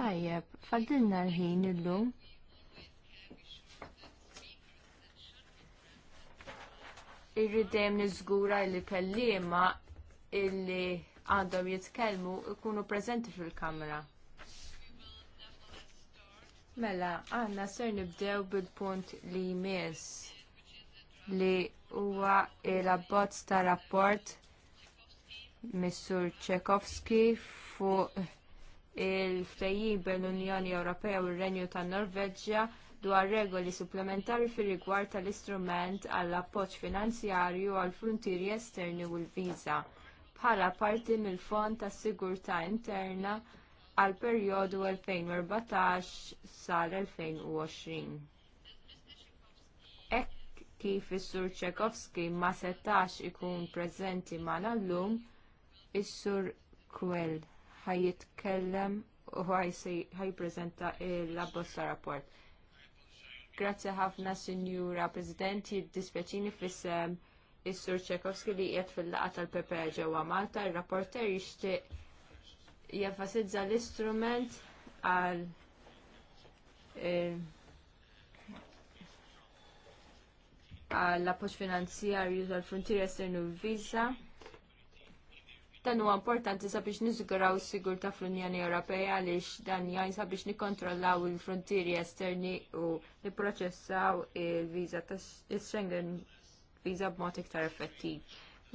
Tajjeb, fadilna l-ħin illum irridem niżgura li kellima illi għandhom jitkellmu ikunu preżenti fil-kamra. Mela, għanna ser nibdew bil-punt li jmiss li huwa l-abbozz ta' rapport Missur Tchekovski fuq il-ftejjin l unjoni Ewropea u r-Renju tan Norveġġja dwar regoli supplementari fir-rigward tal-istrument għall appoġġ finanzjarju għall fruntieri esterni u l-viża bħala parti mill-Fond tas-Sigurtà Interna għal perjodu 2014 sal-2020. Hekk kif is-Sur Tchaikovsky ma setax ikun preżenti magħna llum, is-Sur Kwell jitkellem u ħajprezenta l-abbozza rapport. Grazzi ħafna, Sinjura President, jiddispjaċini fis is-Sur Ċekowski li qiegħed fil-laqgħa tal pp ġewwa Malta, ir-rapporter jixtieq jenfasizza l-istrument għal eh, għall appoġġ finanzjarju tal-Frontier Esternu Visa Dan huwa importanti sabiex niżguraw s-sigurtà fl-Unjoni Ewropea għaliex dan jgħin sabiex nikkontrollaw il-frontieri esterni u nipproċessaw il-viża schengen viża b'mod iktar effettiv.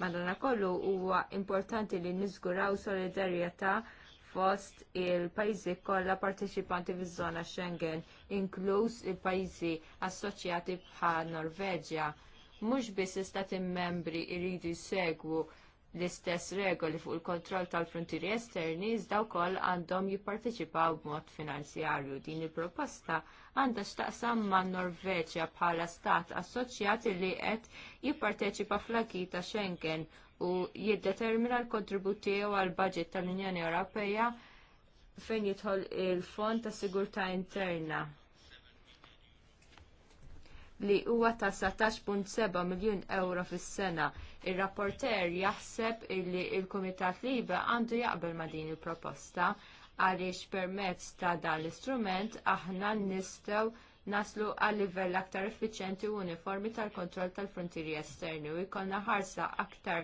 Madankollu huwa importanti li niżguraw solidarjetà fost il-pajzi kollha parteċipanti fiż-żona Schengen, inkluż il-pajzi assoċjati bħal Norveġja. Mhux biss istati membri jridu jsegwu l-istess regoli fuq il-kontroll tal-frontieri esterni iżda wkoll għandhom jipparteċipaw b'mod finanzjarju. Din il-proposta għandha x'taqsam man Norveġja bħala stat assoċjat li qed jipparteċipa fl-akki ta' Schengen u jiddetermina l-kontribut tiegħu għall budget tal-Unjoni Ewropea fejn jidħol il-Fond ta' Sigurtà Interna li huwa ta' 17.7 miljun euro fis-sena. Ir-rapporter jaħseb li l kumitat Libe għandu jaqbel ma' din il-proposta għaliex permezz ta' dan l-istrument aħna nistgħu naslu għal livell aktar effiċjenti u uniformi tal-kontroll tal-frontieri esterni u jkollna ħarsa aktar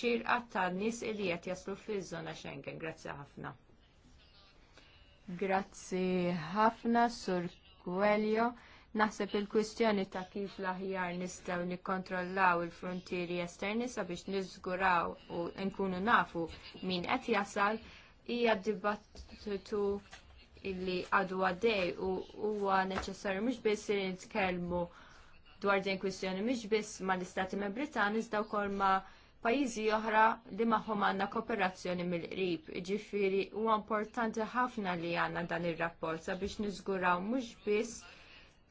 xirqa ta' nies li qed jaslu fiż-żona Schengen. Grazzi ħafna. Grazzi ħafna, Sur Coelho. Naħseb il-kwistjoni ta' kif l-aħjar nistgħu nikkontrollaw il-frontieri esterni sabiex niżguraw u nkunu nafu min qed jasal hija dibattitu illi għadu għaddej u huwa neċessarju mhux biss li nitkellmu dwar din kwistjoni mhux biss mal-Istati Membri iżda wkoll ma' pajjiżi oħra li magħhom għandna kooperazzjoni mill-qrib, ġifiri huwa importanti ħafna li għandna dan ir rapport sabiex niżguraw mhux biss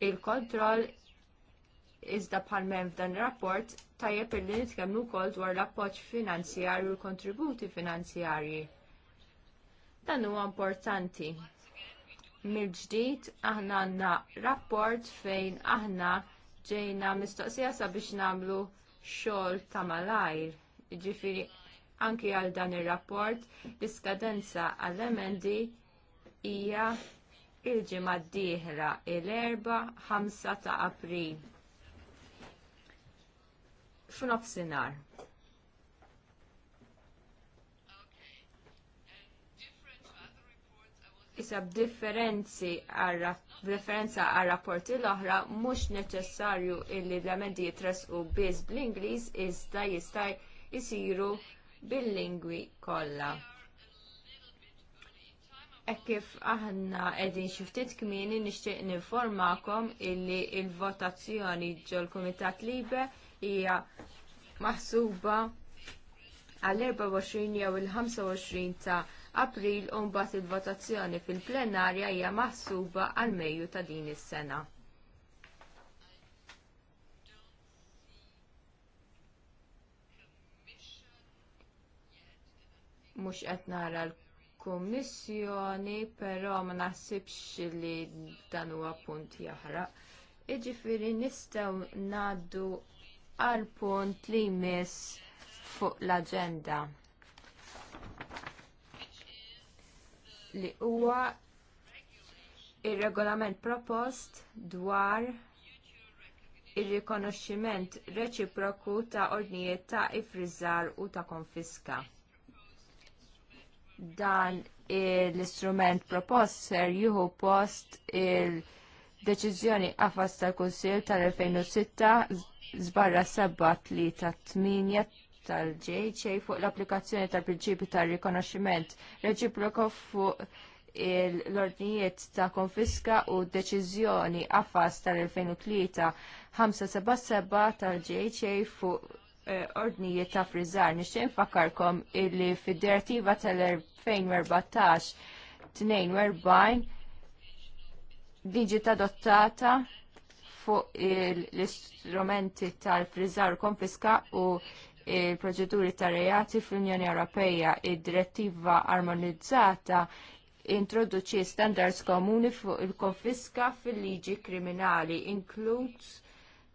il-kontroll iżda bħalmem f'dan ir rapport tajjeb illi nitkellmu wkoll dwar l-appoġġ finanzjarju u l-kontributi finanzjarji. Dan huwa importanti. Mill-ġdid aħna għandna rapport fejn aħna ġejna mistoqsija sabiex nagħmlu xogħol ta' malajr. Ġifieri anki għal dan ir-rapport l-iskadenza għall-emendi hija il-ġimgħa d-dieħla l-erba' 5 ta' April. F'nofsinhar. Issa b'differenzi referenza għal rapporti l-oħra mhux neċessarju illi l-amendi jitresqu biss bl-Ingliż iżda jista' jisiru bil-lingwi kollha. E kif aħna edin xiftit kmini nishtiq ninformakom illi il-votazzjoni ġol Kumitat Libe hija maħsuba għall-24 jew il-25 ta' April u mbagħad il-votazzjoni fil-plenarja hija maħsuba għal Mejju ta' din is-sena. Mhux qed nara l kummissjoni, però ma naħsibx li dan huwa punt jaħraq. Iġifieri nistgħu ngħaddu għal punt li jmiss fuq l-aġenda. Li huwa ir-regolament propost dwar ir-rikonoxximent reċiproku ta' ordnijiet ta' ifriżar u ta' konfiska dan l-istrument propost ser jieħu post il-deċiżjoni għafas tal-Kunsil tal-2006 zbarra li 3 8 tal ġej fuq l-applikazzjoni tal-prinċipju tal-rikonoxximent reċiproko fuq l-ordnijiet ta' konfiska u deċiżjoni għafas tal-2003 577 tal ġej fuq Eh, ordnijiet ta' frizzar. Nixtieq nfakkarkom illi fid-direttiva tal-2014 42 diġi adottata fuq l-istrumenti tal-frizzar konfiska u il-proċeduri ta' reati fl-Unjoni Ewropea id-direttiva armonizzata introduċi standards komuni fuq il-konfiska fil-liġi kriminali, inkluż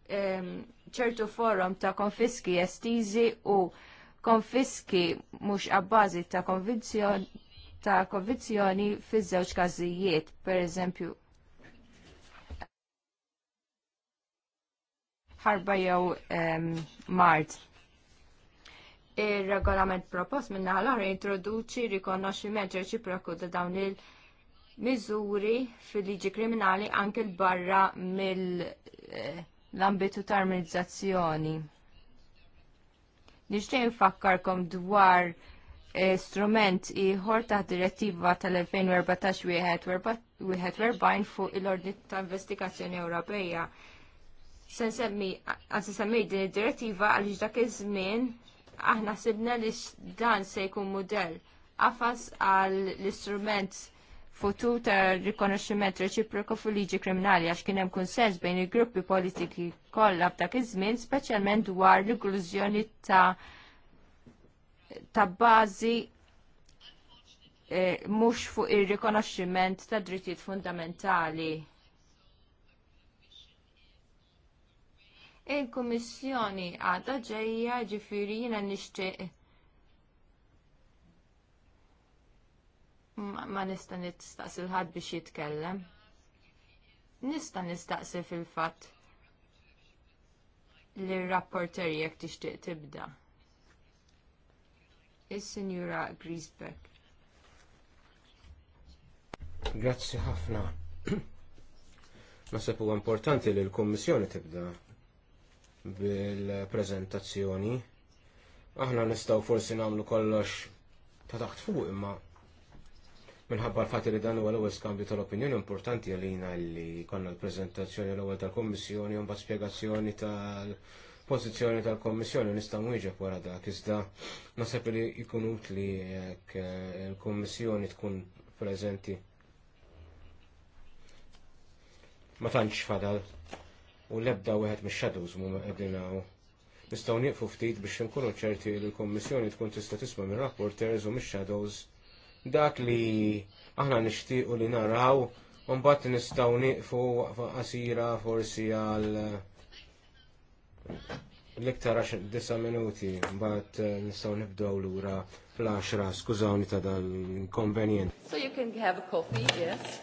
ċertu forum ta' konfiski estizi u konfiski mhux abbażi ta' konvinzjoni ta' konvizjoni fiż-żewġ każijiet, pereżempju ħarba jew mart. Ir-regolament propost minna oħra introduċi rikonoxximent reċiproku ta' dawn il-miżuri fil-liġi kriminali anke barra mill- eh, l-ambitu ta' armonizzazzjoni. Nixtieq nfakkarkom dwar e, strument ieħor ta' direttiva tal-2014-41 fuq il-ordni ta' investigazzjoni Ewropeja. Se nsemmi, għansi semmi din id-direttiva għaliex dak iż-żmien aħna sibna li dan se jkun mudell qafas għall istrument futur ta' rikonoxximent reċiproku fu liġi kriminali għax kien hemm bejn il-gruppi politiki kollha b'dak iż-żmien, speċjalment dwar l-inklużjoni ta' ta' bażi e, mhux fuq ir-rikonoxximent ta' drittijiet fundamentali. Il-Kummissjoni għadha ġejja ġifieri jiena nixtieq ma nista nistaqsil ħadd biex jitkellem. Nista nistaqsi fil-fatt li r-rapporter jekk tixtieq tibda. Is-Sinjura Griesbeck. Grazzi ħafna. Naħseb huwa importanti li l-Kummissjoni tibda bil-preżentazzjoni. Aħna nistgħu forsi nagħmlu kollox ta' taħt fuq imma Minħabba l-fat li dan huwa l-ewwel skambju tal-opinjoni importanti għalina li konna l-preżentazzjoni l-ewwel tal-Kummissjoni u mbagħad spjegazzjoni tal-pożizzjoni tal-Kommissjoni nistgħu nwieġeb wara dak iżda naħseb li jkun utli jekk eh, il-Kummissjoni tkun preżenti. Ma tantx fadal u l-ebda wieħed mix-shadows mhu qegħdin Nistgħu nieqfu ftit biex inkunu ċerti li l-Kommissjoni tkun tista' tisma' mir-rapporters u mix-shadows dak li aħna nixtiequ li naraw u mbagħad nistgħu nieqfu waqfa qasira forsi għal l-iktar għax disa minuti, bat eh, nistaw nibdow l-ura fl-10, skużawni ta' dal-inkonvenient. So you can have a coffee, yes?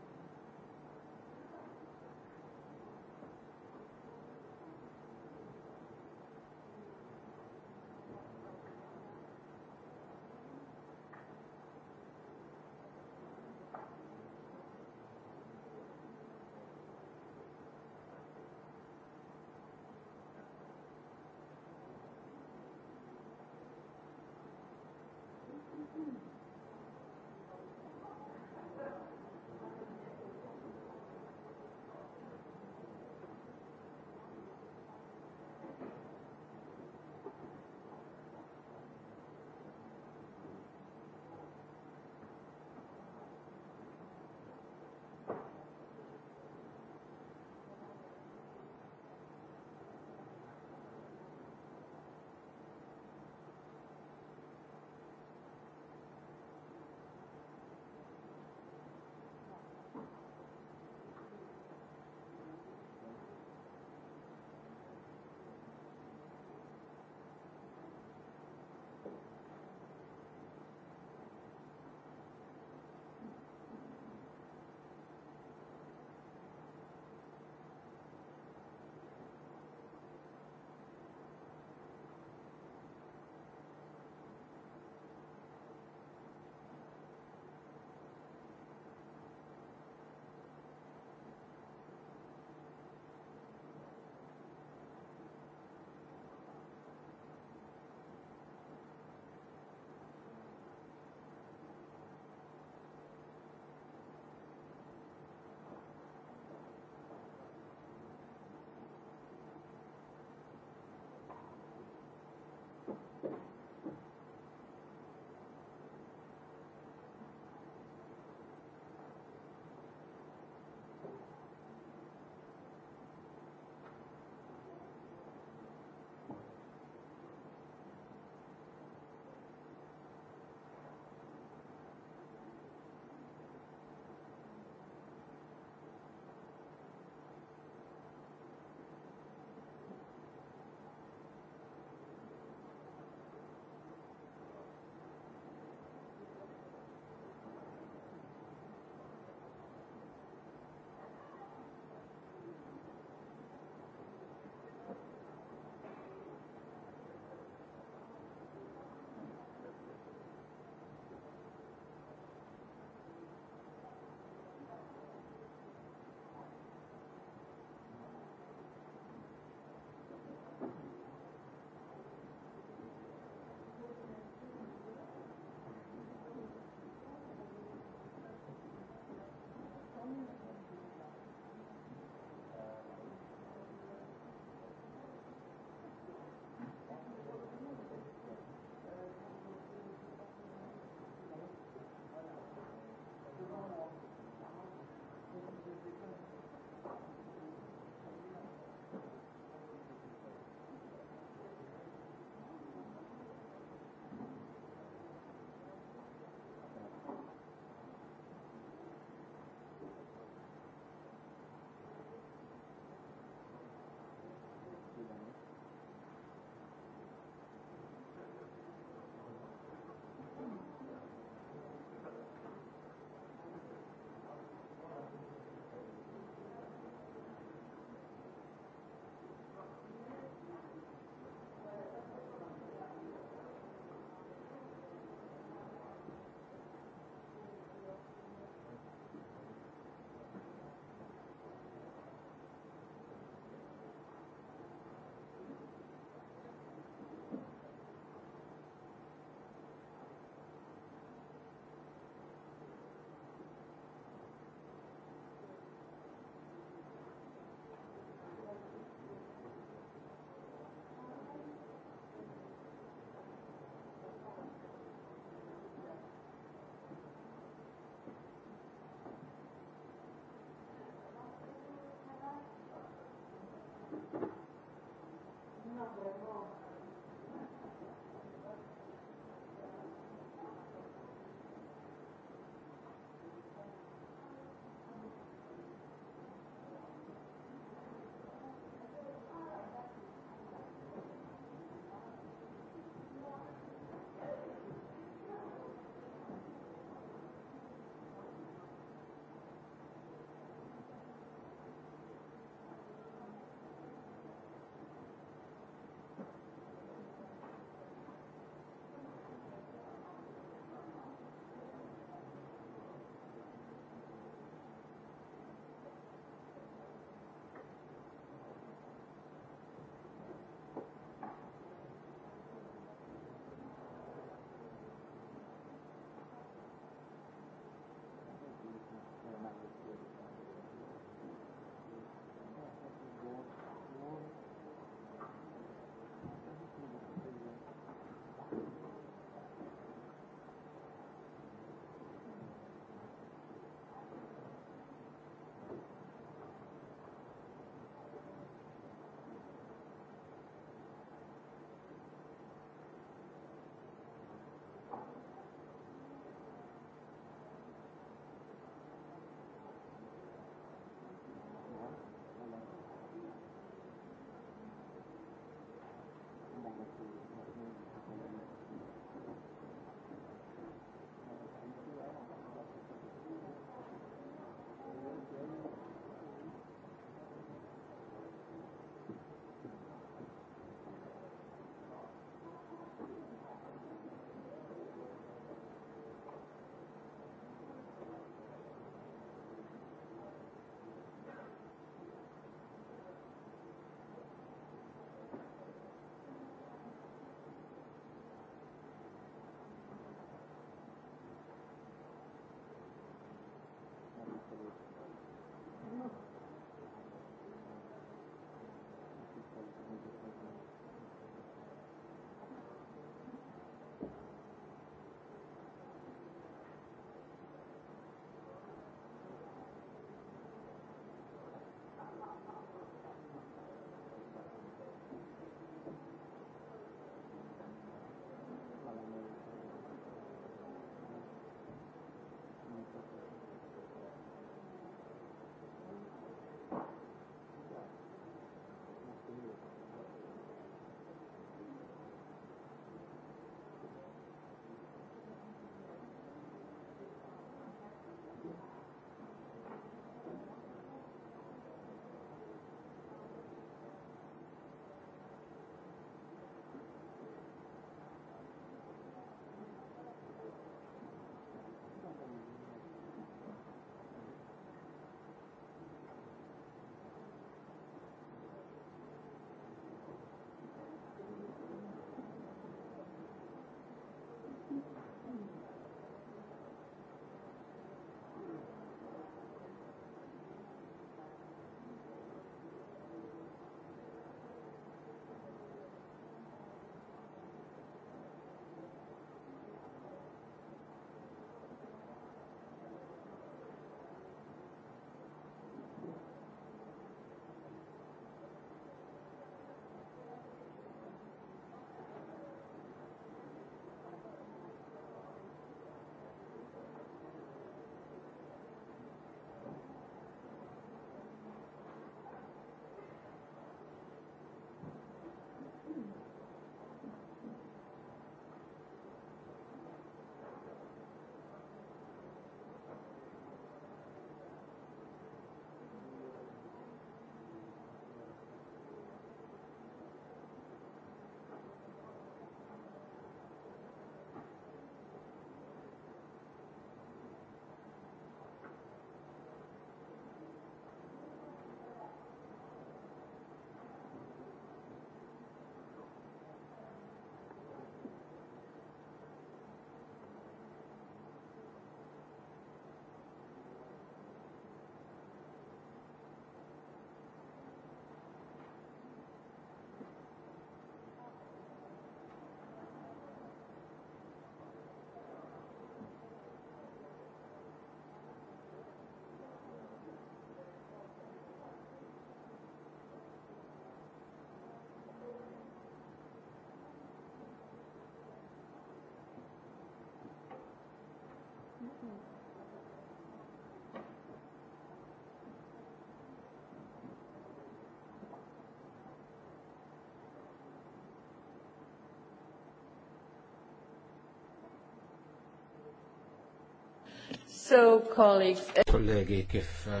So, colleagues. Uh, Kollegi, kif uh,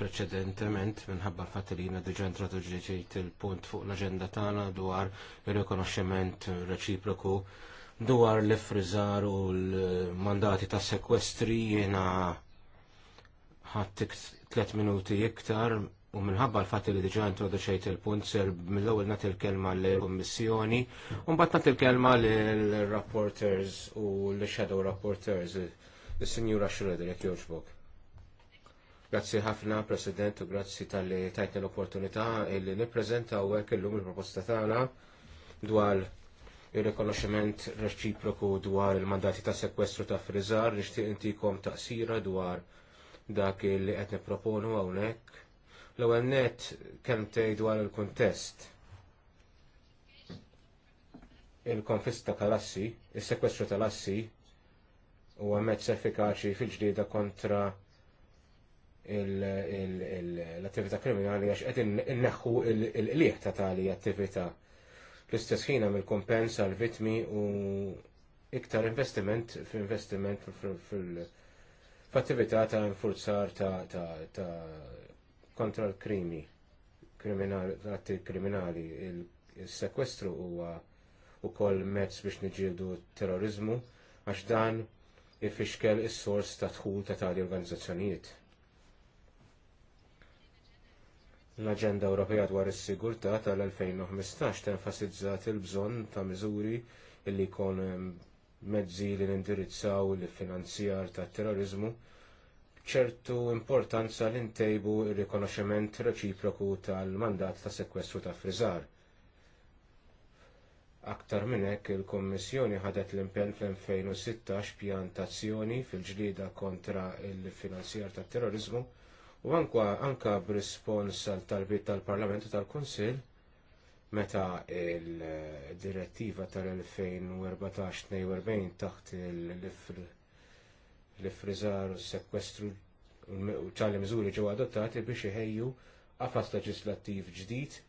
preċedentement minħabba fatt li jina diġa introduġiġejt il-punt fuq l-agenda tagħna dwar ir-rikonoxximent reċiproku dwar l-ifriżar u l-mandati ta' sekwestri jiena ħadd tliet minuti iktar u minħabba l-fatt li diġa introduċejt il-punt ser mill-ewwel nagħti il-kelma lill-Kummissjoni u mbagħad nagħti il-kelma lill-rapporters u l-shadow rapporters. -rapporters Is-Sinjura Schroeder, jek joġbok. Grazzi ħafna, President, u grazzi tal-li tajtni l-opportunità li niprezenta u għek illum il-proposta tagħna dwar il-rekonoxximent reċiproku dwar il-mandati ta' sekwestru ta' frizar, nixtieq intikom sira dwar dak li qed nipproponu hawnhekk. L-ewwel kem kemm tgħid dwar il-kuntest. il konfist ta' kalassi, is-sekwestru tal-assi, huwa mezz effikaċi fil-ġdida kontra l-attività kriminali għax qed inneħħu l-qlieħ ta' tali attività. L-istess ħin mill il-kumpens għal vitmi u iktar investiment f'investiment f'attività ta' infurzar ta' kontra l-krimi kriminali, kriminali il-sekwestru huwa wkoll mezz biex niġiedu terrorizmu għax dan ifixkel is-sors ta' dħul ta' tali organizzazzjonijiet. L-Aġenda Ewropea dwar is-sigurtà tal-2015 tenfasizzat il-bżonn ta' miżuri li jkun ehm, mezzi li nindirizzaw l finanzjar tat terrorizmu ċertu importanza li ntejbu r rikonoxximent reċiproku tal-mandat ta' sekwestru ta' friżar Aktar minn hekk il kummissjoni ħadet l-impenn fl-2016 pjantazzjoni fil-ġlieda kontra l finanzjar tat terrorizmu u anka, anka b'rispons għal talbiet tal-Parlament u tal-Kunsill meta l direttiva tal-2014-42 taħt l-ifrizar u sekwestru u tal-miżuri ġew adottati biex iħejju għafas leġislattiv ġdid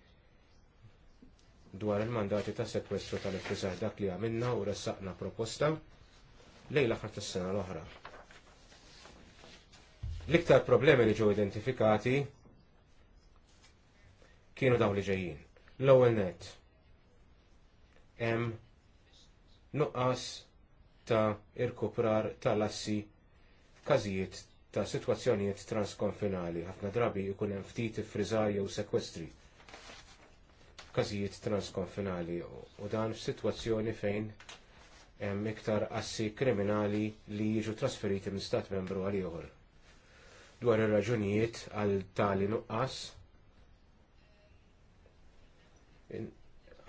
dwar il-mandati ta' sekwestru tal-iffizar dak li għamilna u ressaqna proposta lejla ħar tas-sena l-oħra. L-iktar problemi li ġew identifikati kienu dawn li ġejjin. L-ewwel net hemm nuqqas ta' irkuprar tal-assi f'każijiet ta' sitwazzjonijiet transkonfinali ħafna drabi jkun hemm ftit ifriżar jew sekwestri f'każijiet transkonfinali u dan f'sitwazzjoni fejn hemm iktar assi kriminali li jiġu trasferiti minn stat membru għal ieħor. Dwar ir-raġunijiet għal tali nuqqas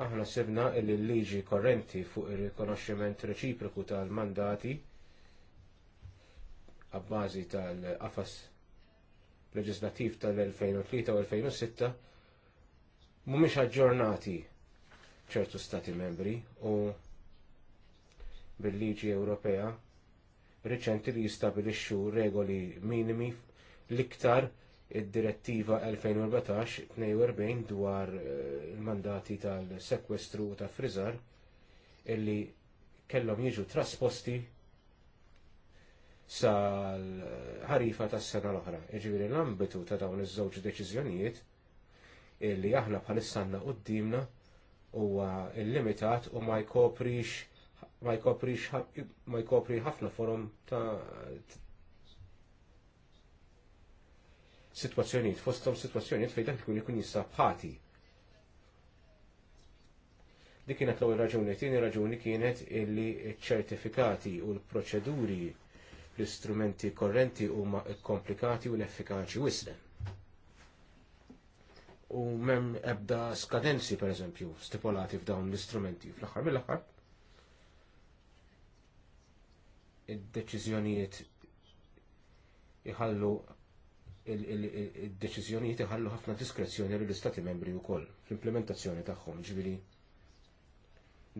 aħna sibna li l-liġi korrenti fuq ir-rikonoxximent reċiproku tal-mandati għabbażi tal-qafas leġislattiv tal-2003 u 2006 mhumiex aġġornati ċertu stati membri u bil-liġi Ewropea riċenti li jistabilixxu regoli minimi l-iktar id-direttiva 2014-42 dwar eh, il-mandati tal-sekwestru u ta' frizar illi kellhom jiġu trasposti sal-ħarifa tas sena l-oħra. iġifieri l-ambitu ta' dawn iż-żewġ deċiżjonijiet illi aħna bħalissanna qoddimna huwa illimitat u ma jkoprix ma jkoprix ma jkopri ħafna forum ta' situazzjoniet, fostom situazzjoniet fejn dak ikun ikun ħati. Dik kienet l-ewwel raġuni, tieni raġuni kienet illi ċ-ċertifikati u l-proċeduri l-istrumenti korrenti huma komplikati u l-effikaċi wislen u mem ebda skadenzi per eżempju stipulati f'dawn l-istrumenti fl-aħħar mill axar Id-deċiżjonijiet iħallu id deċizjonijiet iħallu ħafna diskrezzjoni lill istati membri wkoll fl-implementazzjoni tagħhom, ġifieri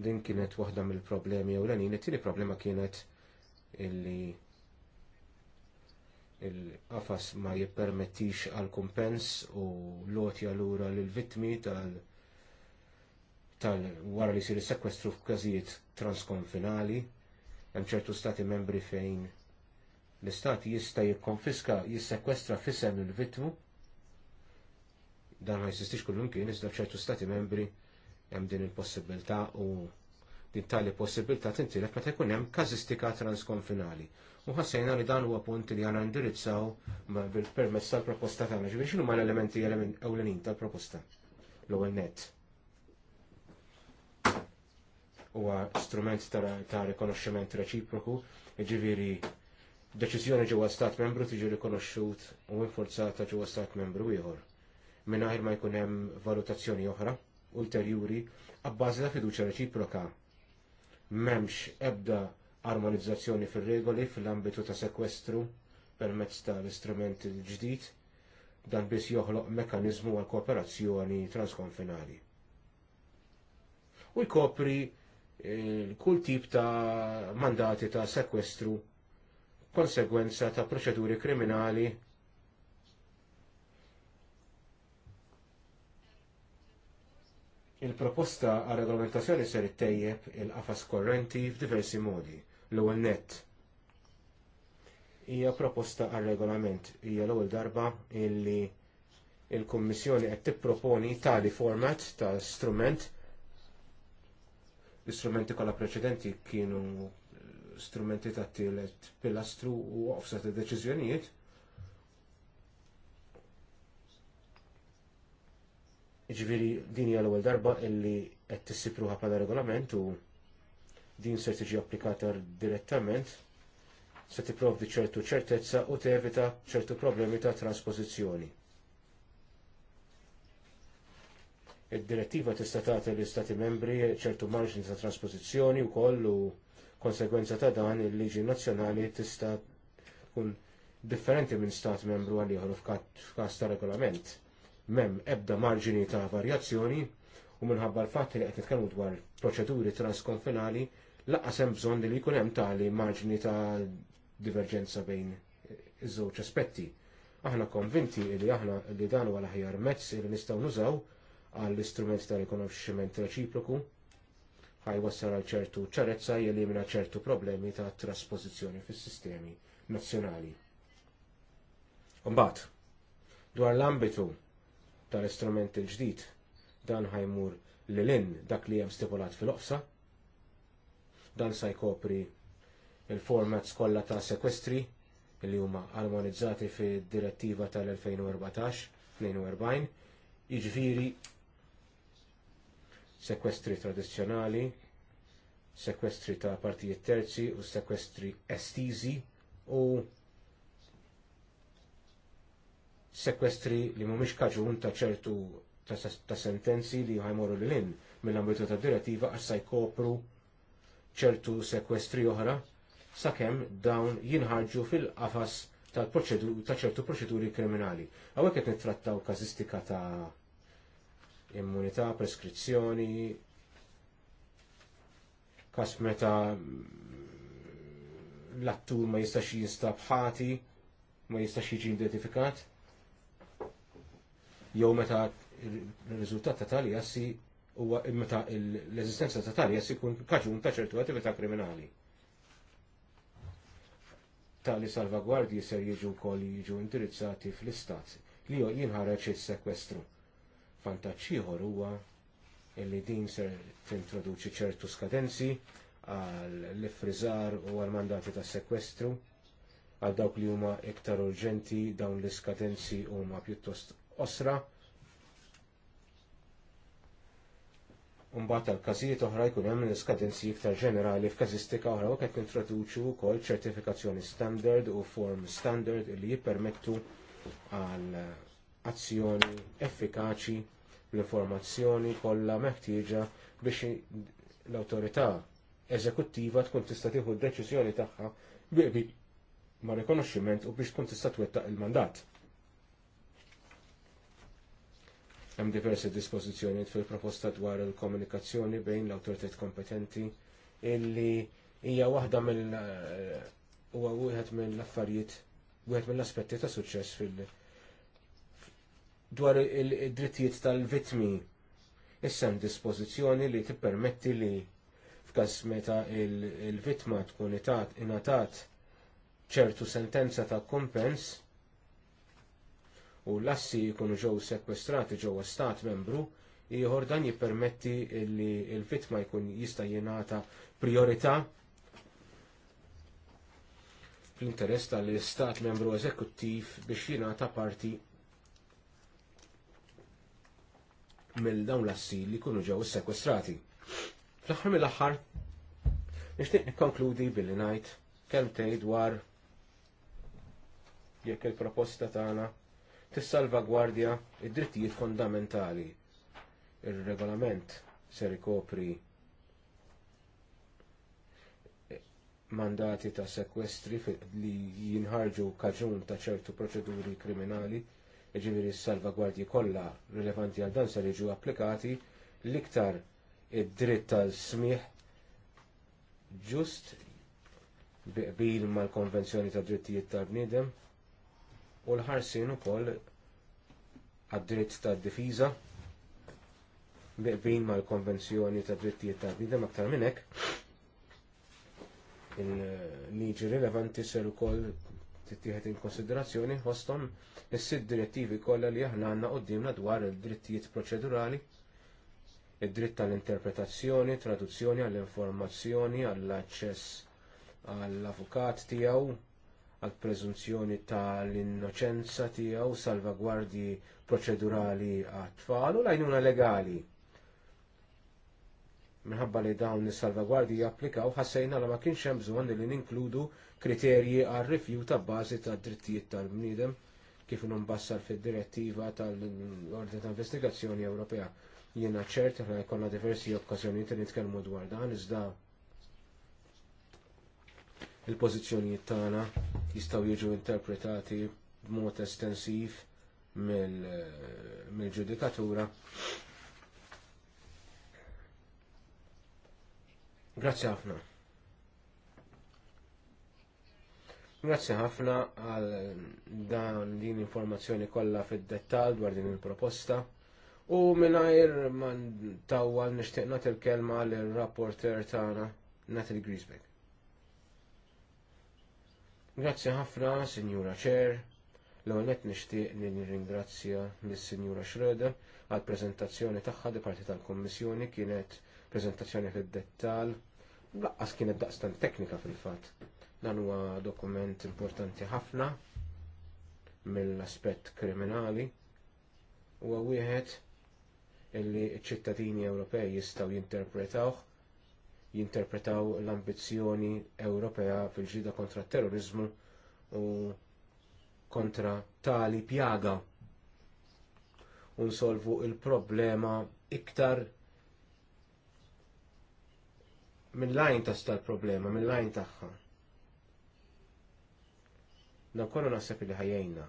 din kienet waħda mill-problemi ewlenin, it-tieni problema kienet illi il-qafas ma jippermettix għal kumpens u lotja lura lill vittmi tal wara li sir sekwestru f'każijiet transkonfinali, hemm ċertu stati membri fejn l-istat jista' jikkonfiska jissekwestra fisem il-vittmu dan ma jsistix kullum kien iżda ċertu stati membri hemm din il-possibilità u din tali possibilità tintilef meta jkun hemm każistika transkonfinali u ħassejna li dan huwa punt li għana indirizzaw bil-permess tal-proposta tagħna. Ġifieri x'inhu ma l-elementi ewlenin tal-proposta l-ewwel net. Huwa strument ta' rikonoxximent reċiproku, ġifieri deċiżjoni ġewwa stat membru tiġi rikonoxxut u infurzata ġewwa stat membru ieħor mingħajr ma jkun hemm valutazzjoni oħra ulterjuri abbażi ta' fiduċja reċiproka. M'hemmx ebda armonizzazzjoni fil-regoli fil-ambitu ta' sekwestru permezz tal istrumenti l ġdid dan biss joħloq mekkaniżmu għal kooperazzjoni transkonfinali. U jkopri eh, kull tip ta' mandati ta' sekwestru konsegwenza ta' proċeduri kriminali Il-proposta għal regolamentazzjoni ser ittejjeb il-qafas korrenti f'diversi modi l-ewwel nett. Hija proposta għal regolament hija l-ewwel darba illi l kummissjoni qed tipproponi tali format ta' strument. L-istrumenti kollha preċedenti kienu strumenti ta' tielet pilastru u offset ta' deċiżjonijiet Ġifieri din hija l-ewwel darba illi qed tissipruha bħala regolament u din se tiġi applikata direttament se tipprovdi ċertu ċertezza u tevita ċertu problemi ta' transpozizjoni. Id-direttiva tista' tagħti l-Istati membri ċertu marġni ta' transpozizjoni wkoll u konsegwenza ta' dan il-liġi nazzjonali tista' tkun differenti minn stat membru għal ieħor f'każ ta' regolament. Mem ebda marġini ta' varjazzjoni u minħabba l-fatt li qed nitkellmu dwar proċeduri transkonfinali laqqas hemm bżonn li jkun hemm tali marġni ta' diverġenza bejn iż-żewġ aspetti. Aħna konvinti li aħna li dan huwa l-aħjar mezz li nistgħu nużaw għall istrument tal-rikonoxximent reċiproku ħaj wassal għal ċertu ċarezza jelimina ċertu problemi ta' trasposizzjoni fis-sistemi nazzjonali. Umbat, dwar l-ambitu tal-istrument il-ġdid dan ħajmur lil lin dak li hemm stipulat fil-oqsa Dan sa jkopri il-formats kollha ta' sekwestri li huma armonizzati fid direttiva tal-2014-42, iġviri sekwestri tradizzjonali, sekwestri ta' partijiet terzi u sekwestri estizi u sekwestri li mhumiex kaġun ta' ċertu ta', sentenzi li ħajmorru l-lin mill-ambitu tad direttiva għas jkopru ċertu sekwestri oħra sakemm dawn jinħarġu fil-qafas ta' ċertu proċeduri kriminali. Għawek qed nittrattaw każistika ta' immunità, preskrizzjoni, kas meta l-attur ma jistax jinstab ħati, ma jistax jiġi identifikat, jew meta r riżultat ta' tali jassi huwa meta l-eżistenza ta' tal jessi kun kaġun ta' ċertu attività kriminali. li salvagwardji ser jiġu wkoll jiġu indirizzati fl-istat li jinħareġ is-sekwestru. Vantaġġ ieħor huwa li din ser tintroduċi ċertu skadenzi għall frizar u għall mandati tas sekwestru għal dawk li huma iktar urġenti dawn l-iskadenzi huma pjuttost osra Mbagħad tal-każijiet oħra jkun hemm l-iskadenzi iktar ġenerali f'każistika oħra u qed nintroduċu wkoll ċertifikazzjoni standard u form standard li jippermettu għal azzjoni effikaċi l-informazzjoni kollha meħtieġa biex l-awtorità eżekuttiva tkun tista' tieħu d-deċiżjoni tagħha biqbi ma' rikonoxximent u biex tkun tista' twettaq il-mandat. Hemm diversi dispożizzjonijiet fil-proposta dwar il-komunikazzjoni bejn l-awtoritajiet kompetenti illi hija waħda mill eh, huwa wieħed mill-affarijiet wieħed mill-aspetti ta' suċċess fil- dwar id-drittijiet tal-vitmi. Issa hemm dispożizzjoni li tippermetti li f'każ meta il-vittma tkun ingħatat ċertu sentenza ta' kumpens u l-assi jkunu ġew sekwestrati ġew stat membru, ieħor dan jippermetti li l-vittma jkun jista' jingħata priorità fl-interess tal-istat membru eżekuttiv biex jingħata parti mill dawn l-assi li jkunu ġew sekwestrati. Fl-aħħar mill-aħħar, nixtieq nikkonkludi billi ngħid kemm tgħid dwar jekk il-proposta tagħna tissalvagwardja id-drittijiet fondamentali. Ir-regolament se rikopri mandati ta' sekwestri li jinħarġu kaġun ta' ċertu proċeduri kriminali, jiġifieri s-salvagwardji kollha rilevanti għal dan ser jiġu applikati l-iktar id-dritt tal smigħ ġust biqbil mal-Konvenzjoni tad Drittijiet tal-Bniedem u l-ħarsin ukoll għad-dritt tad difiża ma' mal-konvenzjoni tad drittijiet ta' bidem aktar minn hekk il-liġi rilevanti ser ukoll tittieħed in konsiderazzjoni ħostom is-sid direttivi kollha li aħna għandna qudiemna dwar id-drittijiet proċedurali id-dritt tal-interpretazzjoni, traduzzjoni għall-informazzjoni, għall-aċċess għall-avukat tiegħu, għal preżunzjoni tal-innoċenza tiegħu salvagwardji proċedurali għat-tfal u l-għajnuna legali. Minħabba li dawn is-salvagwardji japplikaw ħassejna li ma kienx hemm bżonn li ninkludu kriterji għar rifju ta' bażi tad drittijiet tal-bniedem kif numbassal fid-direttiva tal-Ordni ta' Investigazzjoni Ewropea. Jiena ċert li konna diversi okkażjonijiet li nitkellmu dwar dan iżda il-pożizzjonijiet tagħna jistgħu jiġu interpretati b'mod estensiv mill-ġudikatura. Eh, Grazzi ħafna. Grazzi ħafna għal dan din informazzjoni kollha fid-dettall dwar din il-proposta. U mingħajr man tawwal nixtieq nagħti il-kelma lir rapporter tagħna Natalie Griesbeck. Grazzi ħafna, Signora Chair. L-għonet nixtieq li nirringrazzja lis sinjura Schroeder għall preżentazzjoni tagħha di parti tal kummissjoni kienet prezentazzjoni fid-dettal. Laqqas kienet daqstan teknika fil-fatt. Dan huwa dokument importanti ħafna mill-aspett kriminali huwa wieħed illi ċ-ċittadini Ewropej jistgħu jinterpretawh jinterpretaw l ambizzjoni Ewropea fil-ġida kontra t terrorizmu u kontra tali pjaga u nsolvu l problema iktar mill-lajn tas tal-problema, mill-lajn tagħha. Dan kollu naħseb li ħajjajna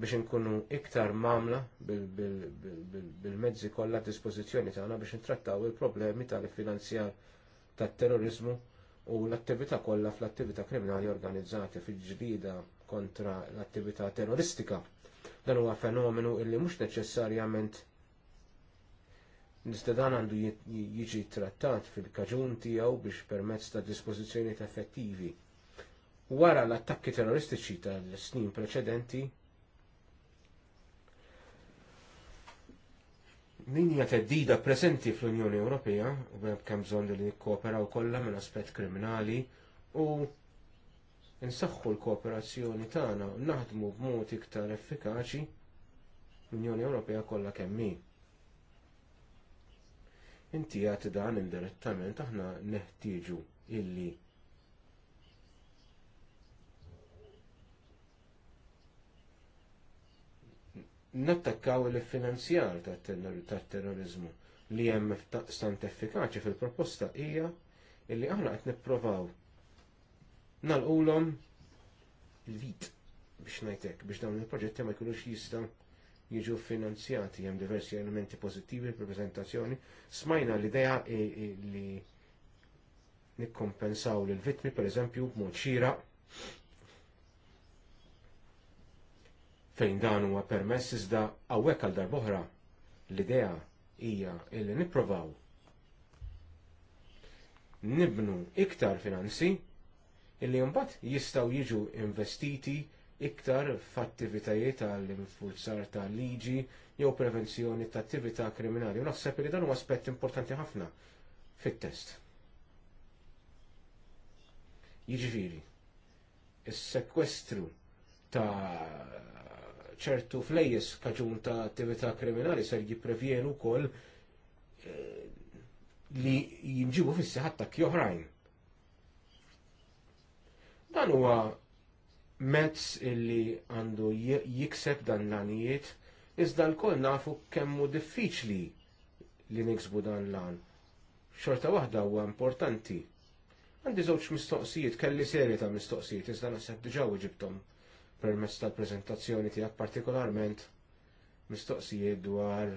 biex inkunu iktar mamla bil-mezzi kollha d dispożizzjoni tagħna biex intrattaw il-problemi tal-finanzjar tat-terrorizmu u l-attività kollha fl-attività kriminali organizzati fil-ġlida kontra l-attività terroristika. Dan huwa fenomenu illi mhux neċessarjament Nista dan għandu jiġi trattat fil-kaġun tiegħu biex permezz ta' dispożizzjonijiet effettivi. Wara l-attakki terroristiċi tal-snin preċedenti, Din hija teddida preżenti fl-Unjoni Ewropea, u kemm bżonn li nikkooperaw kollha minn aspett kriminali u nsaħħu l-kooperazzjoni tagħna u naħdmu b'mod iktar effikaċi l-Unjoni Ewropea kollha kemm min. Inti għati dan indirettament aħna neħtieġu illi nattakkaw il-finanzjar tat terrorizmu li hemm stant effikaċi fil-proposta hija illi aħna qed nipprovaw nalqulhom il vit biex ngħidlek biex dawn il-proġetti ma jkunux jistgħu jiġu finanzjati hemm diversi elementi pożittivi fil-preżentazzjoni. Smajna l-idea li nikkompensaw lill vittmi pereżempju b'mod xieraq fejn dan huwa permess iżda hawnhekk għal darb'oħra l-idea hija li nipprovaw nibnu iktar finanzi illi mbagħad jistgħu jiġu investiti iktar f'attivitajiet għall infulsar ta' liġi jew prevenzjoni ta' attività kriminali. U naħseb li dan huwa aspett importanti ħafna fit-test. Jiġifieri, is-sekwestru ta' ċertu flejjes kaġun ta' attività kriminali ser jipprevjenu kol eh, li jinġibu fissi ħatta oħrajn. Dan huwa mezz illi għandu jikseb dan l-anijiet, iżda l-koll nafu kemmu diffiċli li niksbu dan l-an. Xorta waħda huwa importanti. Għandi żewġ mistoqsijiet, kelli serje ta' mistoqsijiet, iżda naħseb diġà ġibtom permezz tal-prezentazzjoni tiegħek partikolarment mistoqsijiet dwar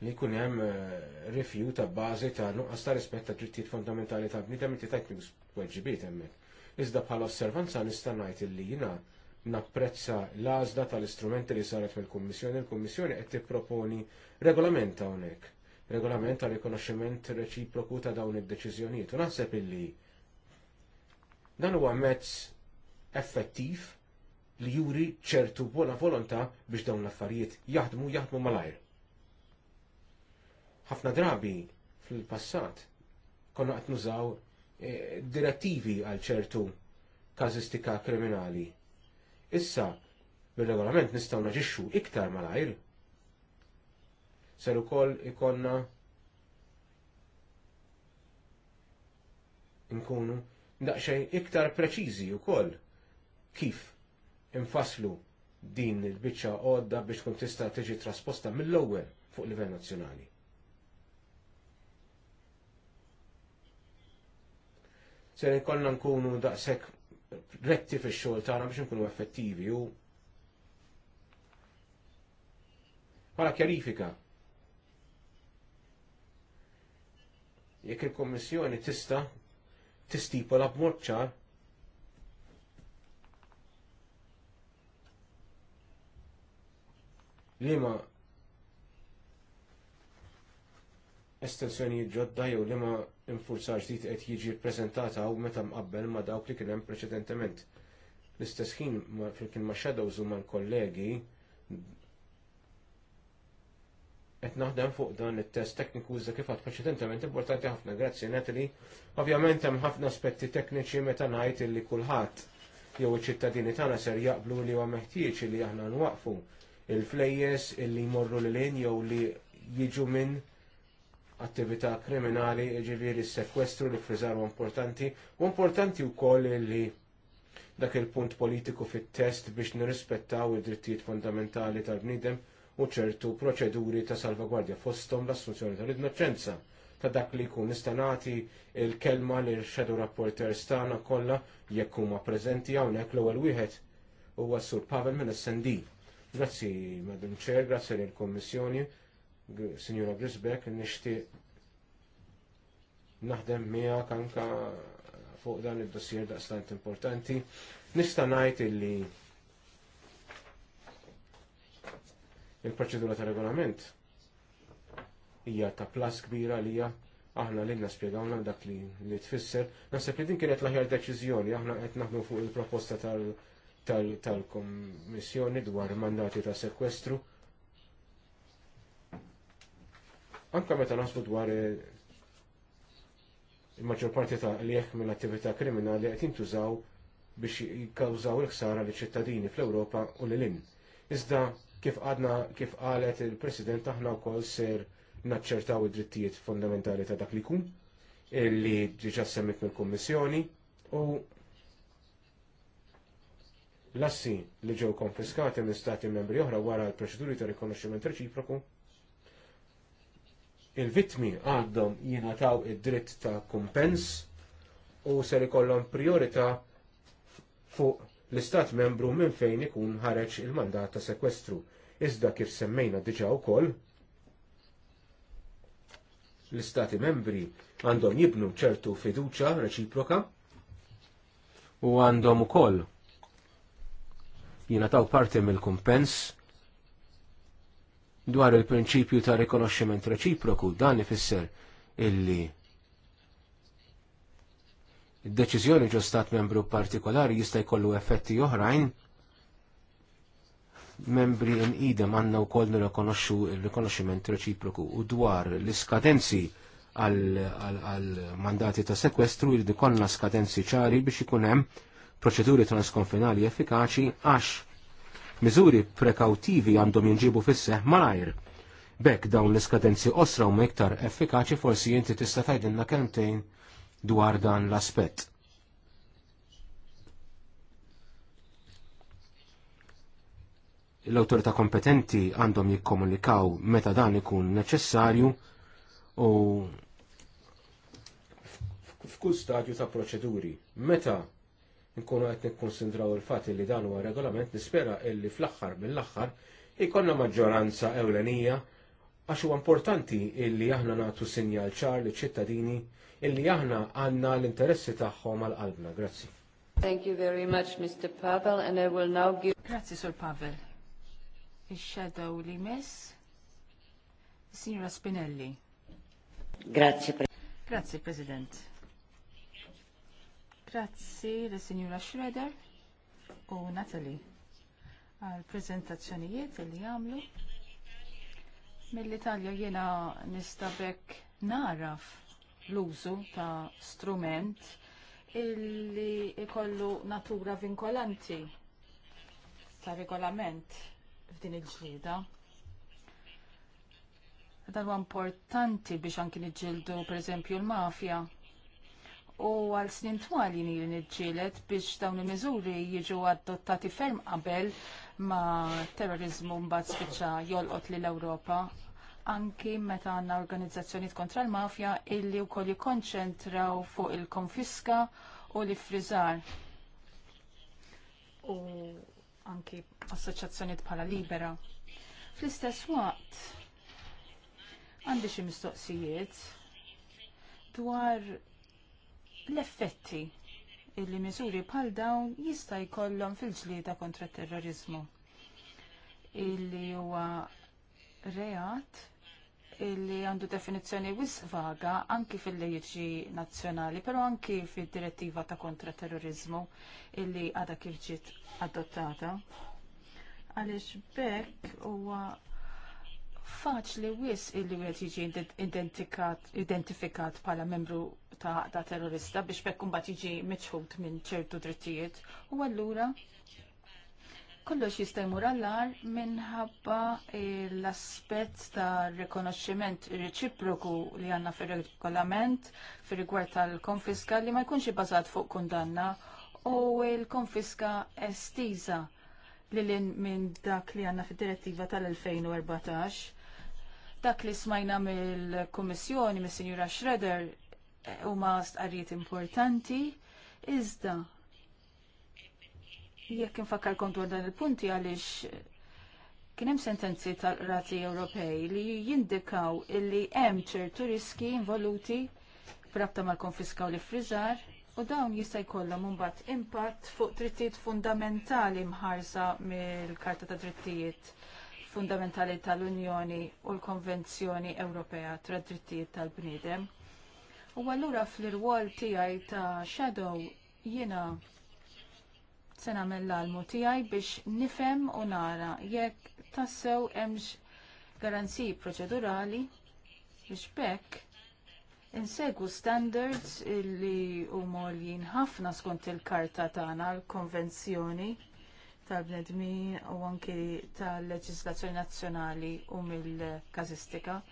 li jkun hemm eh, rifju ta' bażi ta' nuqqas ta' rispett ta' drittijiet fundamentali ta' bniedem inti tajt tweġibiet hemmhekk. Iżda bħala osservanza nista' ngħid illi jiena napprezza l-għażla tal-istrumenti li saret mill-Kummissjoni, il-Kummissjoni qed tipproponi regolament hawnhekk regolament ta' rikonoxximent reċiproku ta' dawn id-deċiżjonijiet. U naħseb illi dan huwa mezz effettiv li juri ċertu buona volontà biex dawn l-affarijiet jaħdmu jaħdmu malajr. Ħafna drabi fil-passat konna qed nużaw eh, direttivi għal ċertu kazistika kriminali. Issa, bil-regolament nistgħu naġixxu iktar malajr ser ukoll ikonna nkunu daqsxejn iktar preċiżi wkoll kif infaslu din il-biċċa għodda biex tkun tista' tiġi trasposta mill-ewwel fuq livell nazzjonali. Se jkollna nkunu daqshekk retti fix-xogħol tagħna biex nkunu effettivi u bħala kjarifika jekk il-Kommissjoni tista' tistipola b'mod ċar liema estensjoni ġodda jew liema infurzar ġdid qed jiġi ppreżentata hawn meta mqabbel ma dawk li kien hemm preċedentement. L-istess ħin fil-kien ma' shadows huma l-kollegi qed naħdem fuq dan it-test tekniku iżda kif għad preċedentement importanti ħafna grazzi Natali. Ovvjament hemm ħafna aspetti tekniċi meta ngħid li kulħadd jew iċ-ċittadini tagħna ser jaqblu li huwa meħtieġ li aħna nwaqfu il-flejjes illi jmorru l lin jew li jiġu minn attività kriminali, ġifieri s-sekwestru li friżaru importanti, u importanti wkoll li dak il-punt politiku fit-test biex nirrispettaw id-drittijiet fundamentali tal-bniedem u ċertu proċeduri ta' salvagwardja fosthom l-assunzjoni tal-innoċenza ta' dak li jkun istanati l kelma li shadow rapporter Stana kollha jekk huma preżenti hawnhekk l-ewwel wieħed huwa Sur Pavel minn SND. Grazzi Madam Chair, grazzi lill kommissjoni Signora Grisbeck, nixtieq naħdem miegħek anke fuq dan id-dossier daqstant importanti. Nista' ngħid illi il-proċedura ta' regolament hija ta' plas kbira li hija aħna li naspjegawna dak li li tfisser. Naħseb li din kienet l-aħjar deċiżjoni, aħna qed naħdmu fuq il-proposta tal-Kommissjoni dwar mandati ta' sekwestru. Anka meta naħsbu dwar eh, il-maġġor parti ta' li jekk mill-attività kriminali qed jintużaw biex jikkawżaw il-ħsara li ċittadini fl-Ewropa u l-lin. Iżda Kif għadna, kif qalet il-President, aħna wkoll ser naċċertaw id-drittijiet fondamentali ta' dak li jkun illi ġiġa semmit mill kummissjoni u l-assi li ġew konfiskati minn stati membri oħra wara l-proċeduri ta' rikonoxximent reċiproku il-vittmi għandhom jingħataw id-dritt ta' kumpens u ser ikollhom priorità fuq l-istat membru minn fejn ikun ħareġ il-mandat ta' sekwestru. Iżda kif semmejna diġa wkoll l-istati membri għandhom jibnu ċertu fiduċa reċiproka u għandhom ukoll jina taw parti mill-kumpens dwar il-prinċipju ta' rikonoxximent reċiproku dan ifisser illi id-deċiżjoni ġo stat membru partikolari jista' jkollu effetti oħrajn membri in idem għanna u koll nirrekonoxxu il-rikonoxximent reċiproku u dwar l-iskadenzi għal-mandati ta' sekwestru il konna skadenzi ċari biex ikun hemm proċeduri transkonfinali effikaċi għax miżuri prekawtivi għandhom jinġibu fis malajr. Bekk dawn l-iskadenzi osra u iktar effikaċi forsi jinti tista' tgħidilna kemmtejn dwar dan l-aspett. l autorita kompetenti għandhom jikkomunikaw meta dan ikun neċessarju u f'kull stadju ta' proċeduri. Meta nkunu qed nikkonsidraw il-fatt li dan huwa regolament nispera illi fl-aħħar mill-aħħar ikonna maġġoranza ewlenija għax huwa importanti illi aħna nagħtu sinjal ċar li ċittadini illi aħna għandna l-interessi tagħhom għal qalbna. Grazzi. Thank you very much, Mr. Pavel, and I will now give... Grazzi, Sur Pavel il-shadow li mess, Signora Spinelli. Grazie, pre Grazie President. Grazie la Signora Schroeder u Natalie għal prezentazzjonijiet li għamlu. Mill-Italja jena nistabek naraf l-użu ta' strument illi ikollu natura vinkolanti ta' regolament f'din il-ġlieda. Dan huwa importanti biex anki niġġieldu pereżempju l-mafja u għal snin twali jini li nġilet biex dawn il-mizuri jiġu adottati ferm qabel ma terrorizmu mbagħad spiċċa jolqot lil Ewropa anki meta għandna organizzazzjonijiet kontra l-mafja illi wkoll jikkonċentraw fuq il-konfiska u l-ifriżar. U anki assoċjazzjonijiet bħala libera. Fl-istess waqt għandi xi mistoqsijiet dwar l-effetti illi miżuri bħal dawn jista' jkollhom fil-ġlieda kontra t terrorizmu illi huwa reat illi għandu definizzjoni wisq vaga anki fil-leġi nazzjonali, pero anki fil-direttiva ta' kontra-terrorizmu illi għada kirġiet adottata. Għalix bekk huwa faċli wis illi wieħed jiġi identifikat bħala membru ta' terrorista biex bekk bat jiġi miċħud minn ċertu drittijiet u allura kollox jista' jmur għall-ar minħabba l-aspett ta' rikonoxximent reċiproku li għandna fir-regolament fir-rigward tal-konfiska li ma jkunx bbażat fuq kundanna u l-konfiska estiża li lin minn dak li għandna fid-direttiva tal-2014. Dak li smajna mill-Kummissjoni mis-Sinjura Schroeder huma stqarrijiet importanti iżda Jekk infakkar kontur dan il-punti għaliex kien hemm sentenzi tal-Rati Ewropej li jindikaw illi hemm ċertu riski involuti b'rabta mal konfiskaw li friżar u dawn jista' jkollhom imbagħad impatt fuq drittijiet fundamentali mħarsa mill-Karta ta' Drittijiet Fundamentali tal-Unjoni u l-Konvenzjoni Ewropea tra drittijiet tal-bniedem. U allura fl-irwol tiegħi ta' Shadow jiena se nagħmel l-almu tiegħi biex nifhem u nara jekk tassew hemmx garanziji proċedurali biex bekk insegwu standards li huma għoljin ħafna skont il-karta tagħna l-konvenzjoni tal-bnedmin u anki tal-leġislazzjoni nazzjonali u mill-kazistika.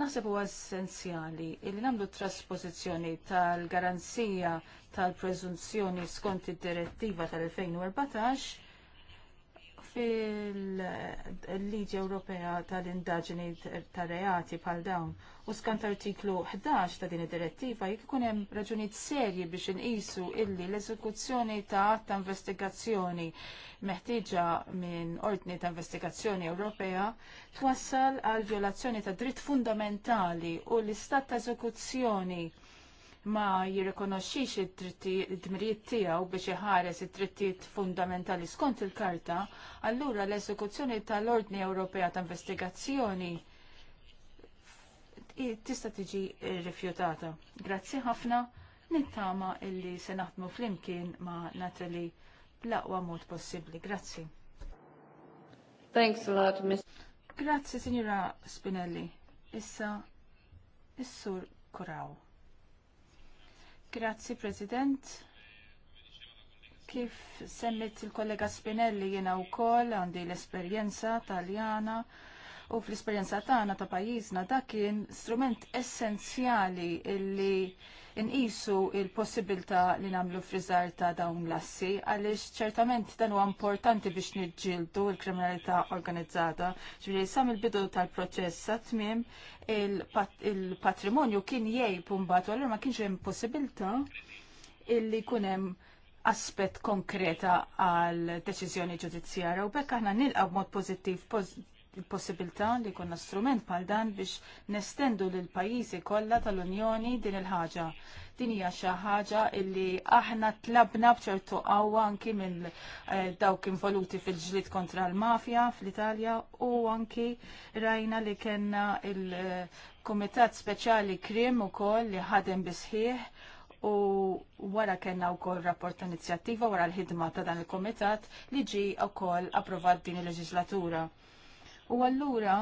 Naħseb huwa essenzjali li nagħmlu trasposizzjoni tal-garanzija tal-preżunzjoni skont id-direttiva tal-2014 fil-Liġi Ewropea tal-Indaġeni tar reati bħal dawn u skant artiklu 11 ta' din id-direttiva jek ikun hemm raġunijiet serji biex inqisu illi l-eżekuzzjoni ta' att ta' investigazzjoni meħtieġa minn ordni ta' investigazzjoni Ewropea twassal għal violazzjoni ta' dritt fundamentali u l-istat ta' eżekuzzjoni ma jirrikonoxxix id-dmirijiet tiegħu biex iħares id-drittijiet fundamentali skont il-karta, allura l-eżekuzzjoni tal-Ordni Ewropea ta' Investigazzjoni tista' tiġi rifjutata. Grazzi ħafna nittama illi se naħdmu flimkien ma' Natalie bl-aqwa mod possibbli. Grazzi. Thanks a lot, Miss. Grazzi, Signora Spinelli. Issa, is-sur Kuraw. Grazzi, President. Kif semmit il-kollega Spinelli jiena wkoll għandi l esperjenza taljana u fl-esperjenza tagħna ta' pajjiżna dak kien strument essenzjali illi Inqisu il-possibilità li nagħmlu friżar ta' dawn l-assi għaliex ċertament dan huwa importanti biex niġġieldu l-kriminalità organizzata. Ġifieri sam il-bidu tal-proċess sa tmiem il-patrimonju kien jgħib mbagħad għallur ma kienx hemm possibilità illi jkun hemm aspett konkreta għal deċiżjoni ġudizzjara u bekk aħna nilqgħu b'mod pożittiv il-possibilità li jkollna strument bħal dan biex nestendu lil pajjiżi kollha tal-Unjoni din il-ħaġa. Din hija xi ħaġa li aħna tlabna b'ċertu qawwa anki minn eh, dawk involuti fil ġlied kontra l-mafja fl-Italja u anki rajna li kellna il-Kumitat Speċjali Krim ukoll li ħadem bisħieħ u wara kena u kol rapport inizjattiva wara l-ħidma ta' dan il-komitat li ġi u kol approvat din il-leġislatura. U allura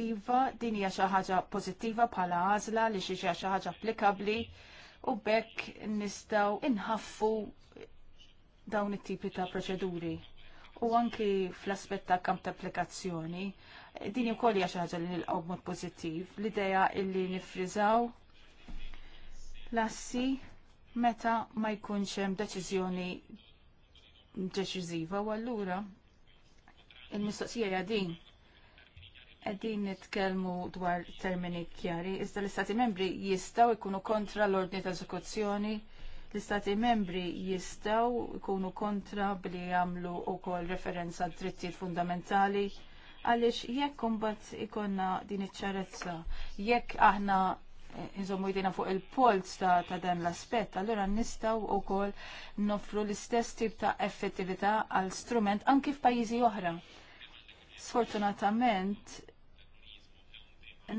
iva din hija xi ħaġa pożittiva bħala għażla li xi xi ħaġa applikabbli u bekk nistgħu inħaffu dawn it-tipi ta' proċeduri. U anki fl-aspett ta' kamp ta' applikazzjoni, din ukoll hija xi ħaġa li nilqgħu mod pożittiv. L-idea illi nifriżaw l-assi meta ma jkunx hemm deċiżjoni deċiżiva u allura Il-mistoqsija hija din. Qegħdin nitkellmu dwar termini kjari, iżda l-Istati membri jistgħu jkunu kontra l-ordni ta' eżekuzzjoni, l-Istati membri jistgħu jkunu kontra billi jagħmlu wkoll referenza għad drittijiet fundamentali għaliex jekk kumbat ikonna din iċ-ċarezza, jekk aħna eh, nżommu jdejna fuq il-polz ta', ta dan l-aspett, allora nistaw u kol nofru l-istess tip ta' effettività għal strument anki f'pajjiżi oħra. Sfortunatament,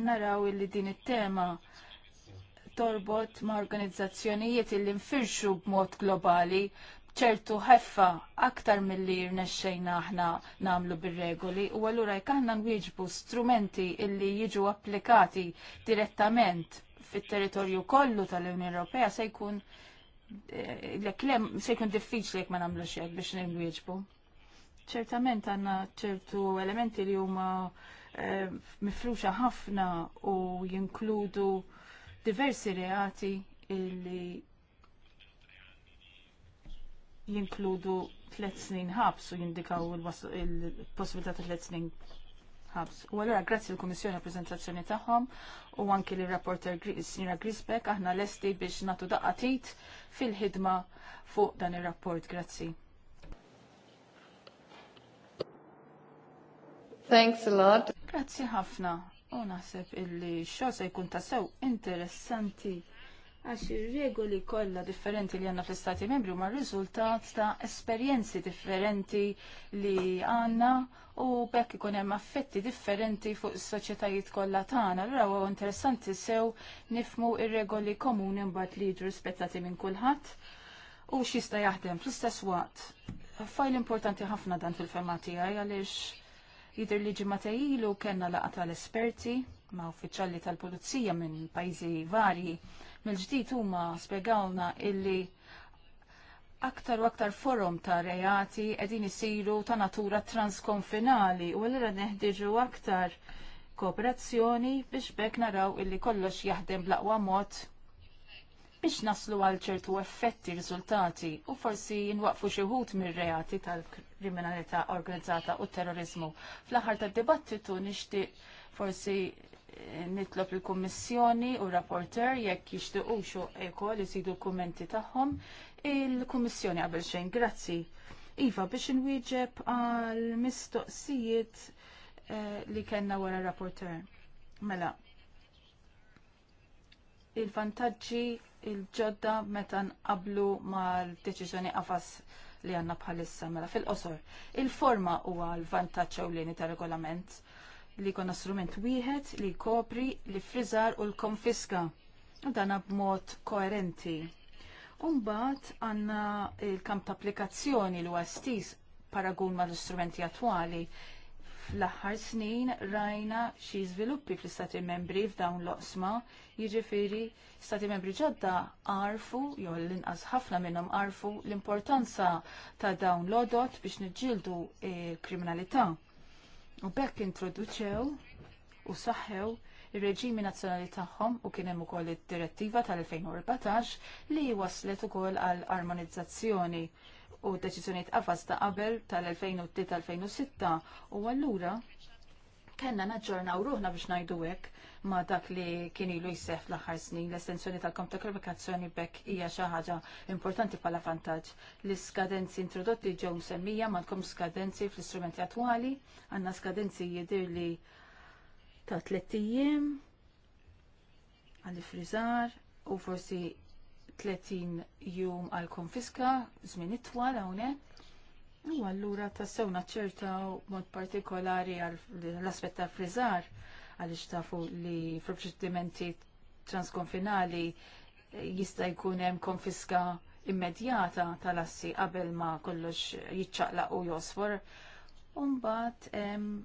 naraw li din it-tema torbot ma' organizzazzjonijiet li nfirxu b'mod globali ċertu ħeffa aktar mill-li rnexxejna aħna namlu bir-regoli u allura jekk aħna nwieġbu strumenti illi jiġu applikati direttament fit-territorju kollu tal-Unjoni Ewropea se jkun eh, se jkun diffiċli jekk ma nagħmlux hekk biex nwieġbu ċertament għanna ċertu elementi li huma e, mifruxa ħafna u jinkludu diversi reati illi jinkludu tliet snin ħabs u jindikaw il-possibilità ta' tliet snin ħabs. U allura grazzi l-Kummissjoni għal prezentazzjoni tagħhom u anki l rapporter Sinjora Grisbeck aħna lesti biex natu daqqatit fil-ħidma fuq dan ir-rapport. Grazzi. Thanks a lot. Grazzi ħafna. U naħseb illi xogħol se jkun ta' sew interessanti għax ir-regoli kollha differenti li għandna fl-Istati Membri huma r-riżultat ta' esperjenzi differenti li għandna u bekk ikun hemm affetti differenti fuq is-soċjetajiet kollha tagħna. Allura huwa interessanti sew nifmu ir-regoli komuni mbagħad li jiġu rispettati minn kulħadd u x'jista' jaħdem fl-istess waqt. Fajl importanti ħafna dan fil-fema tiegħi għaliex Jidher li ġimgħa ilu kellna laqgħa tal-esperti ma' uffiċjali tal-pulizija minn pajjiżi varji. Mill-ġdid huma spjegawna illi aktar u aktar forum ta' reati qegħdin isiru ta' natura transkonfinali u allura neħdiġu aktar kooperazzjoni biex bekk naraw illi kollox jaħdem bl-aqwa mod biex naslu għal ċertu effetti riżultati u forsi jinwaqfu xi wħud mir-reati tal-krim kriminalità organizzata u terrorizmu. Fl-aħħar tad dibattitu nixtieq forsi eh, nitlob il-Kummissjoni u rapporter jekk jixtiequ ekol isidu l-kummenti tagħhom il-Kummissjoni qabel xejn. Grazzi. Iva biex inwieġeb għal mistoqsijiet eh, li kellna wara rapporter. Mela, il-vantaġġi il-ġodda meta nqablu mal-deċiżjoni qafas li għanna bħalissa mela fil-qosor. Il-forma huwa l-vantaġġ ewlieni tar regolament li jkollna strument wieħed li jkopri li friżar u l-konfiska u dana b'mod koerenti. Umbat għanna il-kamp ta' applikazzjoni li huwa stis paragun mal-istrumenti attwali fl-aħħar snin rajna xi żviluppi fl-Istati Membri f'dawn l-oqsma, jiġifieri Stati Membri ġodda arfu, jew l-inqas ħafna minnhom arfu l-importanza ta' dawn l-odot biex niġġieldu eh, kriminalità. U bekk introduċew u saħħew ir-reġimi nazzjonali tagħhom u kien hemm ukoll id-direttiva tal-2014 li waslet ukoll għal armonizzazzjoni u deċiżjonijiet qafas ta' qabel tal-2003-2006 u allura kellna naġġornaw ruħna biex ngħidu hekk ma dak li kien ilu jseħħ fl-aħħar snin l-estensjoni tal ta' kravikazzjoni bekk hija xi ħaġa importanti bħala vantaġġ. L-iskadenzi introdotti ġew semmija m'għandkom skadenzi fl-istrumenti attwali, għandna skadenzi li ta' tlettijiem, għalli frizar u forsi 30 jum għal konfiska, żmien itwal hawnhekk. U allura tassew ċerta mod partikolari għall aspett ta' friżar għaliex tafu li fil-proċedimenti transkonfinali jista' jkun hemm konfiska immedjata tal-assi qabel ma kollox jiċċaqlaq u josfor. Umbat hemm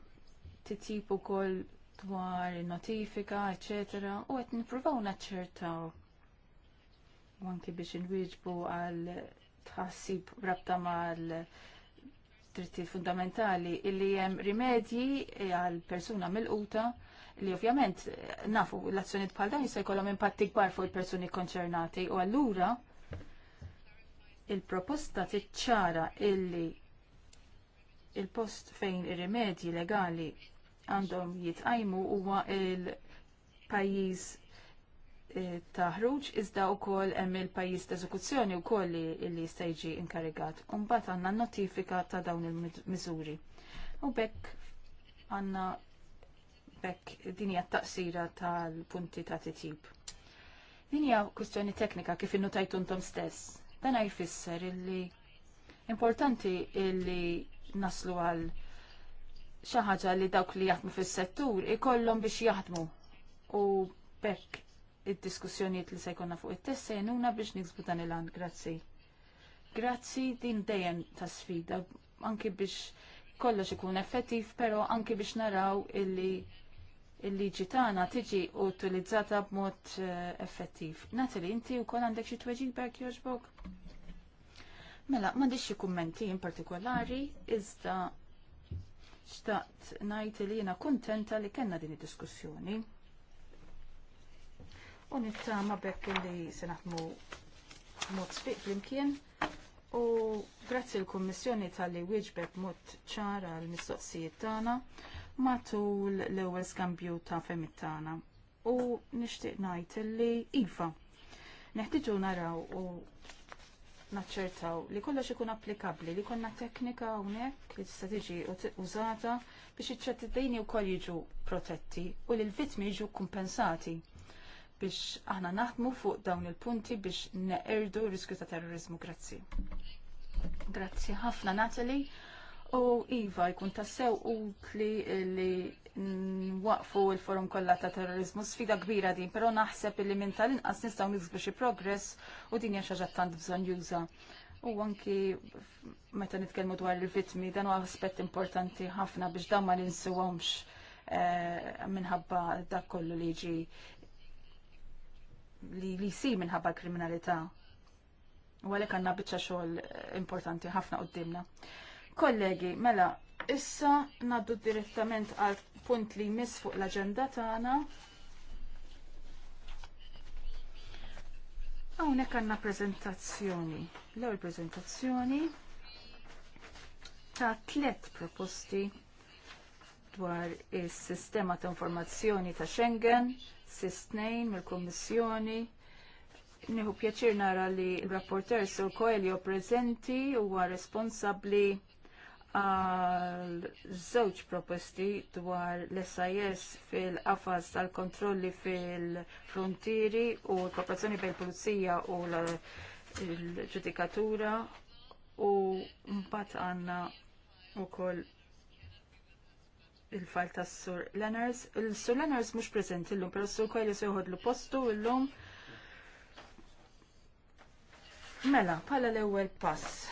titjib ukoll dwar notifika, eċetera, u qed nippruvaw naċċertaw u anki biex inwieġbu għal tħassib rabta mal dritti fundamentali illi hemm rimedji eh, għal persuna mill-quta li ovvjament eh, nafu l-azzjoniet bħal dan jista' jkollhom impatti kbar fuq il-persuni konċernati u allura il-proposta tiċċara illi il-post fejn ir-rimedji legali għandhom jitqajmu huwa il-pajjiż Eh, ta' ħruġ iżda wkoll hemm il-pajjiż ta' eżekuzzjoni wkoll li jista' jiġi inkarigat. mbagħad għandna notifika ta' dawn il-miżuri. U bekk għandna bekk din hija taqsira tal-punti ta' titjib. Din hija kwistjoni teknika kif innu intom stess. Dan jfisser illi importanti illi naslu għal xi ħaġa li dawk li jaħdmu fis-settur ikollhom biex jaħdmu u bekk id-diskussjonijiet li se jkollna fuq it tessa se jenuna biex niksbu dan il għand Grazzi. Grazzi din dejjem ta' sfida, anki biex kollox ikun effettiv, però anki biex naraw illi il-liġi tagħna tiġi utilizzata b'mod eh, effettiv. Natali, inti wkoll għandek xi tweġib berk jogħġbok? Mela, m'għandix xi kummenti in partikolari, iżda xtaqt ngħid li jiena kuntenta li kellna din id-diskussjoni u nittama bekk li se naħdmu mod sfiq flimkien u grazzi l-Kummissjoni tal-li wieġbet mod ċara l-mistoqsijiet tagħna matul l-ewwel skambju ta' femit tagħna. U nixtieq ngħid illi iva. Neħtieġu naraw u naċċertaw li kollox ikun applikabbli li konna teknika hawnhekk li tista' tiġi użata biex iċ wkoll jiġu protetti u li l-vittmi jiġu kumpensati biex aħna naħdmu fuq dawn il-punti biex neqerdu riskju ta' terrorizmu. Grazzi. Grazzi ħafna Natalie. U Iva, jkun tassew utli li waqfu il-forum kollha ta' terrorizmu sfida kbira din, però naħseb li minn tal-inqas nistgħu niksbu xi progress u din hija xi ħaġa tant bżonn juża. U anki meta nitkellmu dwar il-vitmi, dan huwa aspett importanti ħafna biex dan ma ninsuhomx eh, minħabba dak kollu li ġi li li jsir minħabba l-kriminalità. U għalhekk għandna biċċa xogħol importanti ħafna qudiemna. Kollegi, mela, issa naddu direttament għal punt li jmiss fuq l-aġenda tagħna. Hawnhekk għandna preżentazzjoni. L-ewwel preżentazzjoni ta' tliet proposti dwar is-sistema ta' informazzjoni ta' Schengen, S'istnejn mill-Kummissjoni. Nieħu pjaċir nara li l-rapporter Sur Coelho preżenti huwa responsabbli għal żewġ proposti dwar l-SIS fil-qafas tal-kontrolli fil-frontieri u l-kooperazzjoni bejn pulizija u l-ġudikatura u mbagħad għandna wkoll il fall tas Sur Lenners. Il-Sur Lenners mhux il-lum, pero Sur Kajli se jħodlu postu il-lum. Mela, bħala l-ewwel pass.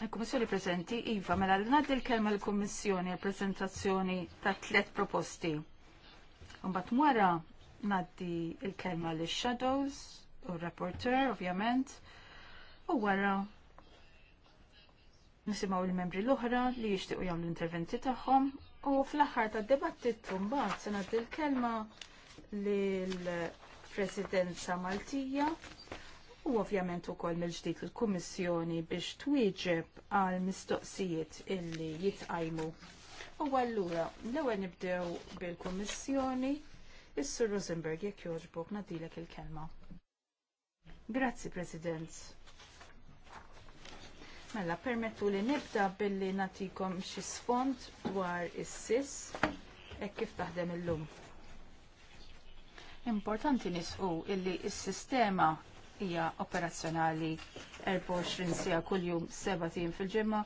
il kommissjoni preżenti, Iva, mela l ngħaddi l-kelma l-Kummissjoni il preżentazzjoni ta' tliet proposti. Mbagħad wara ngħaddi l-kelma l shadows u r-rapporteur, ovvjament, u wara nisimaw il-membri l-oħra li jixtiequ jagħmlu l-interventi tagħhom u fl-aħħar tad-dibattit mbagħad se nagħti l-kelma lill-Presidenza Maltija u ovvjament ukoll mill-ġdid il-Kummissjoni biex twieġeb għal mistoqsijiet illi jitqajmu. U allura l-ewwel nibdew bil-Kummissjoni is-Sur Rosenberg jekk jogħġbok nadilek il-kelma. Grazzi President. Mela, permettu li nibda billi natikom xi sfond dwar is-sis e kif taħdem illum. Importanti nisqu illi is-sistema hija operazzjonali 24 sija kuljum seba' tim fil-ġimma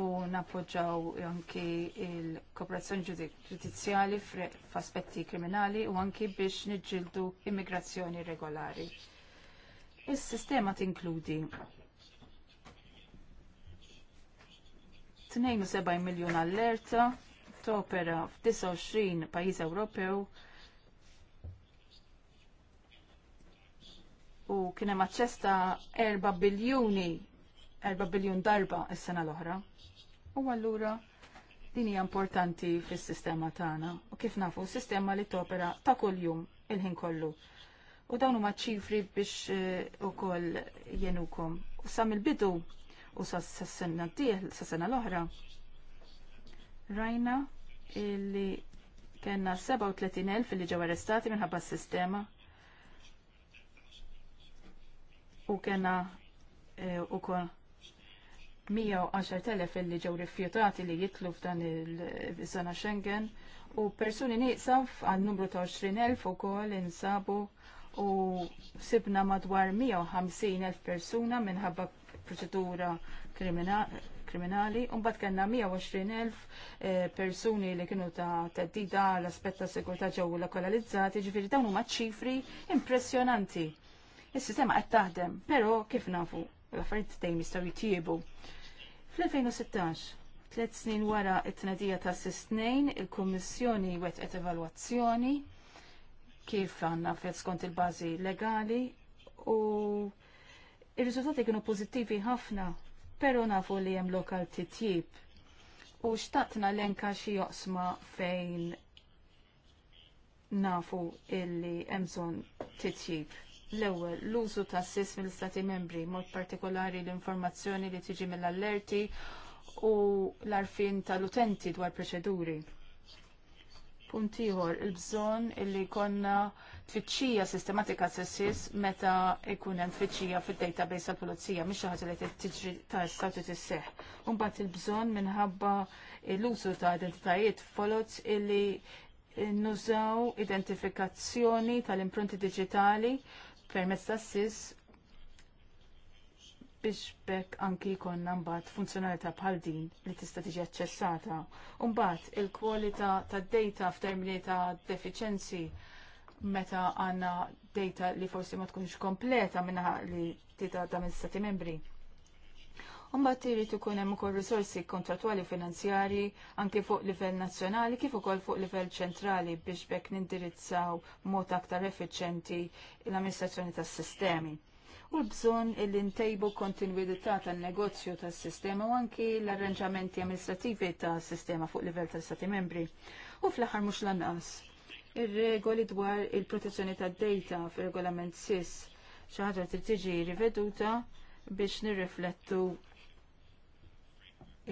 u nappoġġaw anki il-kooperazzjoni ġudizzjali f'aspetti kriminali u anki biex niġġieldu immigrazzjoni regolari. Is-sistema tinkludi 72 miljon allerta topera f-29 pajjiż Ewropew u kien hemm 4 biljuni 4 biljun darba s-sena l-oħra. U allura din hija importanti fis-sistema tagħna u kif nafu s-sistema li topera ta' kuljum il-ħin kollu. U dawn huma ċifri biex eh, ukoll jenukom. U sam il-bidu u sa sena d s sa sena l-oħra, rajna illi kena 37.000 illi ġew arrestati minħabba s-sistema u kena e, u kol 110.000 illi ġew rifjutati li jitlu f'dan il sana Schengen u persuni niqsaf għal numru ta' 20.000 u kol insabu u sibna madwar 150.000 persuna minħabba proċedura kriminali, un bat kena 120.000 eh, persuni li kienu ta' teddida l aspetta ta' sekurta ġew lokalizzati, ġifiri dawn huma ċifri impressjonanti. Is-sistema qed taħdem, però kif nafu l-affarijiet dejjem jistgħu jitjiebu. Fl-2016, tliet snin wara t-tnedija ta' sistnejn, il-Kummissjoni wetqet evalwazzjoni kif għanna fil skont il-bażi legali u Ir-riżultati kienu pożittivi ħafna, però nafu li hemm lokal titjib. U xtaqtna l-enka xi joqsma fejn nafu illi hemm bżonn titjib. L-ewwel, l-użu ta' sis mill-Stati membri, mod partikolari l-informazzjoni li tiġi mill-allerti u l arfin tal-utenti dwar proċeduri. Punt ieħor, il-bżonn illi konna tfittxija sistematika sessis meta jkun hemm tfittxija fid-database tal-pulizija mhix xi ħaġa li tiġri ta' issa trid isseħħ. Imbagħad il-bżonn minħabba l-użu ta' identitajiet folot illi nużaw identifikazzjoni tal-impronti diġitali permezz ta' SIS biex bekk anki jkollna mbagħad funzjonalità bħal din li tista' tiġi aċċessata. Mbagħad il-kwalità tad-data f'termini ta' deficienzi meta għanna data li forsi ma tkunx kompleta minna li tita ta' minn stati membri. Umbat tiri tukun hemm ukoll risorsi kontratwali finanzjari anke fuq livell nazzjonali kif ukoll fuq livell ċentrali biex bekk nindirizzaw mod aktar effiċenti l-amministrazzjoni tas-sistemi. U bżonn li ntejbu kontinwidità tan-negozju tas-sistema u anki l-arranġamenti amministrativi tas-sistema fuq livell tas stati membri. U fl-aħħar mhux lanqas ir-regoli dwar il-protezzjoni tad-data fir-regolament SIS xi ħaġa trid tiġi riveduta biex nirriflettu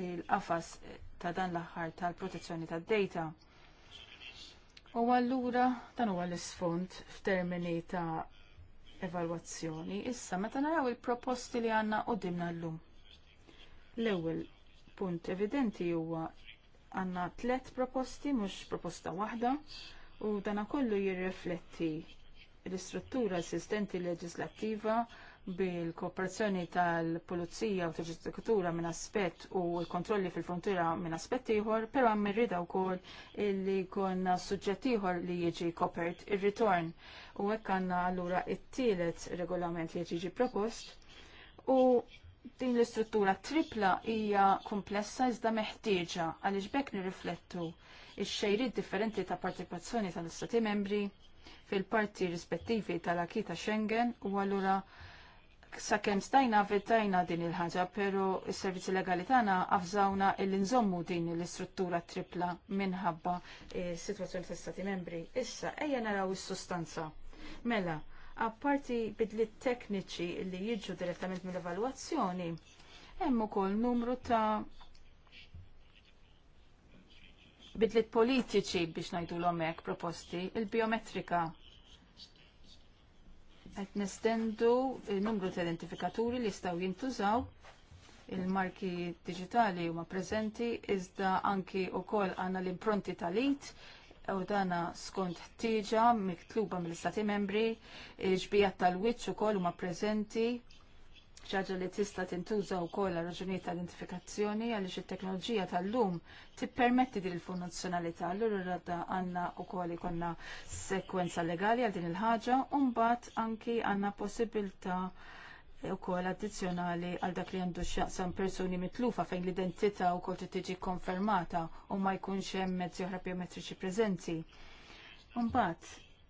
il-qafas ta' dan l-aħħar tal-protezzjoni tad-data. U allura dan huwa l-isfond f'termini ta' evalwazzjoni. Issa meta naraw il-proposti li għandna qudiemna llum. L-ewwel punt evidenti huwa għandna tliet proposti mhux proposta waħda u dana kollu jirrifletti l-istruttura assistenti leġislattiva bil-kooperazzjoni tal-Pulizija u tal-Ġudikatura minn aspett u l-kontrolli fil-frontiera minn aspett ieħor, però hemm irrida wkoll illi jkollna suġġett ieħor li jiġi kopert ir-ritorn. U hekk għandna allura t tielet regolament li jiġi propost u din l-istruttura tripla hija komplessa iżda meħtieġa għaliex bekk nirriflettu ix-xejrid differenti ta' partipazzjoni tal-Istati membri fil-parti rispettivi tal-aki Schengen u allura sakemm stajna avvertajna din il-ħaġa, pero s-servizzi legali tagħna avżawna l nżommu din l-istruttura tripla minħabba eh, s-sitwazzjoni tal-Stati membri. Issa ejja naraw is-sustanza. Mela, Apparti bidlit tekniċi li jiġu direttament mill-evalwazzjoni, hemm ukoll numru ta' bidliet politiċi biex ngħidu l-omek proposti, il-biometrika. Qed nestendu il-numru ta' identifikaturi li jistgħu jintużaw il-marki digitali huma preżenti iżda anki wkoll għandna l-impronti tal id u dana skont ħtieġa miktluba mill-Istati Membri, ġbijat tal-wiċċ ukoll huma prezenti. ċaġa li tista' tintuża wkoll għal raġunijiet ta' identifikazzjoni għaliex it-teknoloġija tal-lum tippermetti din il-funzjonalità. Allura radda għandna wkoll ikonna sekwenza legali għal din il-ħaġa u mbagħad anki għandna possibilità kol addizzjonali għal dak li għandu xaqsam persuni mitlufa fejn l-identità wkoll t tiġi konfermata u ma jkunx hemm mezzi oħra biometriċi preżenti. Imbagħad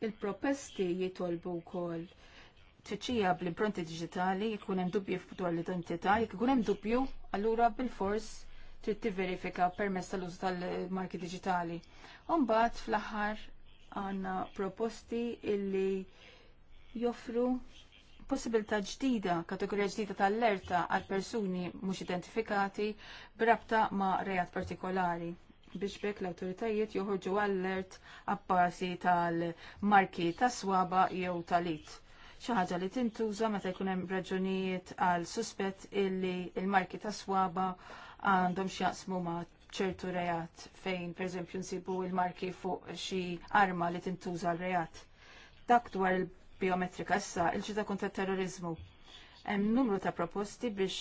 il-propesti jitolbu wkoll tfittxija bl-impronti diġitali jkun hemm dubju dwar l-identità, jekk ikun hemm dubju, allura bilfors trid tiverifika permess tal-użu tal-marki digitali. mbagħad fl-aħħar għandna proposti illi joffru possibilità ġdida, kategorija ġdida ta' allerta għal persuni mhux identifikati brabta ma' rejat partikolari biex bekk l-autoritajiet joħorġu allert appasi tal-marki ta' swaba jew tal Xi ħaġa li tintuża meta jkun hemm raġunijiet għal suspett illi il-marki ta' swaba għandhom x'jaqsmu ma' ċertu rejat fejn pereżempju nsibu il-marki fuq xi arma li tintuża l-rejat. Dak dwar il biometrika issa il-ġita kontra terrorizmu. Hemm numru ta' proposti biex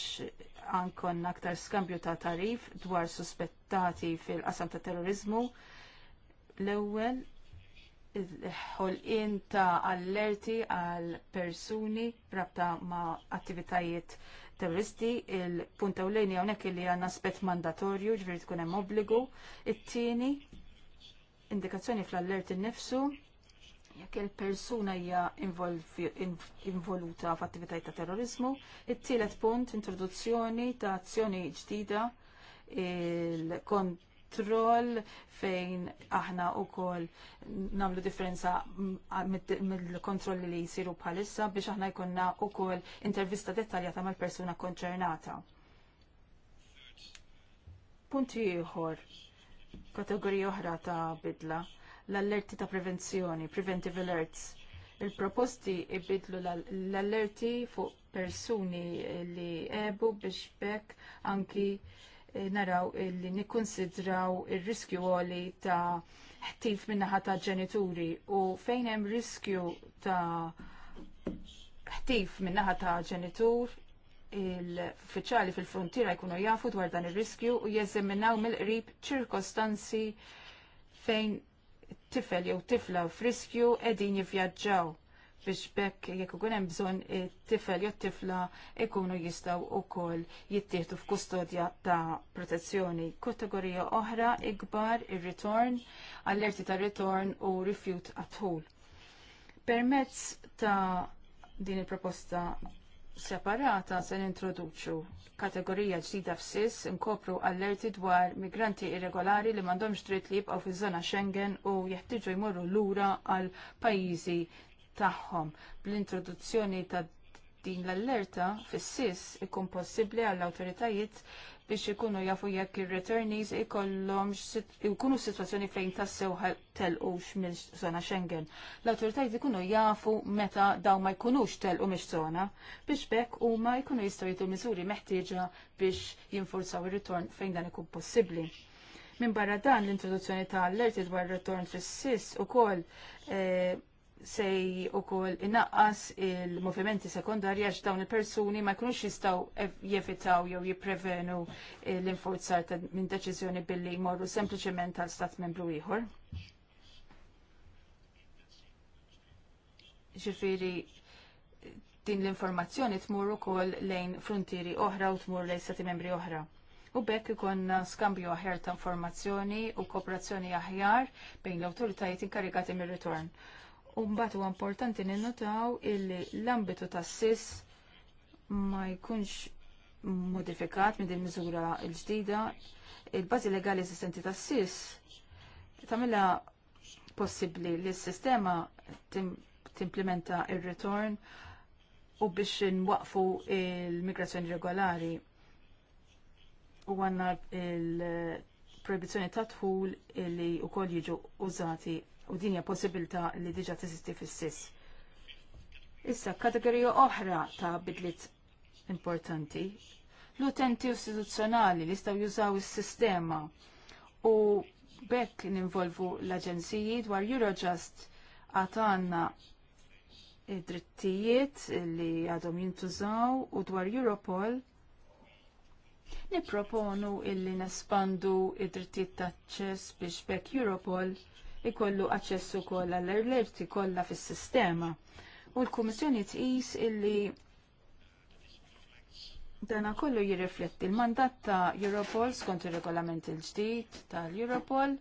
ankon aktar skambju ta' tarif dwar suspettati fil-qasam ta' terrorizmu. L-ewwel ħolqien ta' allerti għal persuni rabta ma' attivitajiet terroristi, il punt u hawnhekk għonek li aspett mandatorju, ġveri tkun hemm obbligu. It-tieni, indikazzjoni fl-allerti nnifsu jekk il-persuna hija involuta f'attivitajiet ta' terrorizmu. It-tielet punt, introduzzjoni ta' azzjoni ġdida il-kontroll fejn aħna u kol namlu differenza mill-kontrolli li jisiru bħalissa biex aħna jkunna u kol intervista dettaljata mal-persuna konċernata. Punti ieħor, kategorija oħra ta' bidla l-allerti ta' prevenzjoni, preventive alerts. Il-proposti ibidlu l-allerti fuq persuni li ebu biex bekk anki eh, naraw li nikkonsidraw ir-riskju għoli ta' ħtif minnaħa ta' ġenituri u fejn hemm riskju ta' ħtif minnaħa ta' ġenitur il-uffiċjali fil-frontiera jkunu jafu dwar dan ir-riskju u jeżaminaw mill-qrib ċirkostanzi fejn tifel jew tifla friskju qegħdin jivvjaġġaw biex bekk jekk ikun hemm bżonn it-tifel jew tifla ikunu jistgħu wkoll jittieħdu f'kustodja ta' protezzjoni. Kategorija oħra ikbar ir ritorn allerti ta' ritorn u rifjut għatħul. Permezz ta' din il-proposta separata se nintroduċu kategorija ġdida f'sis inkopru allerti dwar migranti irregolari li m'għandhomx dritt li jibqgħu fiż-żona Schengen u jeħtieġu jmorru lura għal pajjiżi tagħhom. Bl-introduzzjoni ta' din l-allerta fis-sis ikun possibbli għall awtoritajiet biex ikunu jafu jekk ir-returnees ikollhom ikunu situazzjoni fejn tassew telqux mill-żona Schengen. L-awtoritajiet ikunu jafu meta daw ma jkunux telqu mhix zona biex bekk huma jkunu jistgħu jitu miżuri meħtieġa biex jinforzaw ir-ritorn fejn dan ikun possibbli. Min barra dan l-introduzzjoni ta' alert dwar return fis-sis ukoll eh, sej u kol inaqqas il-movimenti sekundarja għax dawn il-persuni ma jkunux jistaw jevitaw jew jiprevenu l-infurzar minn deċiżjoni billi jmorru sempliciment għal stat membru ieħor. Ġifiri, din l-informazzjoni tmur ukoll lejn frontieri oħra u tmur lejn stati membri oħra. U bekk ikonna skambju aħjar ta' informazzjoni u kooperazzjoni aħjar bejn l-autoritajiet inkarigati mir-ritorn. Umbat huwa importanti ninnotaw illi l-ambitu tas-sis ma jkunx modifikat minn din miżura l-ġdida. Il-bażi legali esistenti tas-sis tagħmilha possibbli li s-sistema timplementa r return u biex nwaqfu il-migrazzjoni regolari u għanna il proibizzjoni ta' tħul li u koll jiġu użati u din hija possibilità li diġa teżisti fil sis Issa kategorija oħra ta' bidliet importanti. L-utenti istituzzjonali li jistgħu jużaw is-sistema u bekk ninvolvu l-aġenziji dwar Eurojust għatanna id-drittijiet li għadhom jintużaw u dwar Europol niproponu illi nespandu id-drittijiet taċċess biex bekk Europol ikollu aċċess kolla għall-alerti kollha fis-sistema. U l-Kummissjoni tqis illi dana kollu jirrifletti l-mandat ta' Europol skont ir-regolament il-ġdid tal-Europol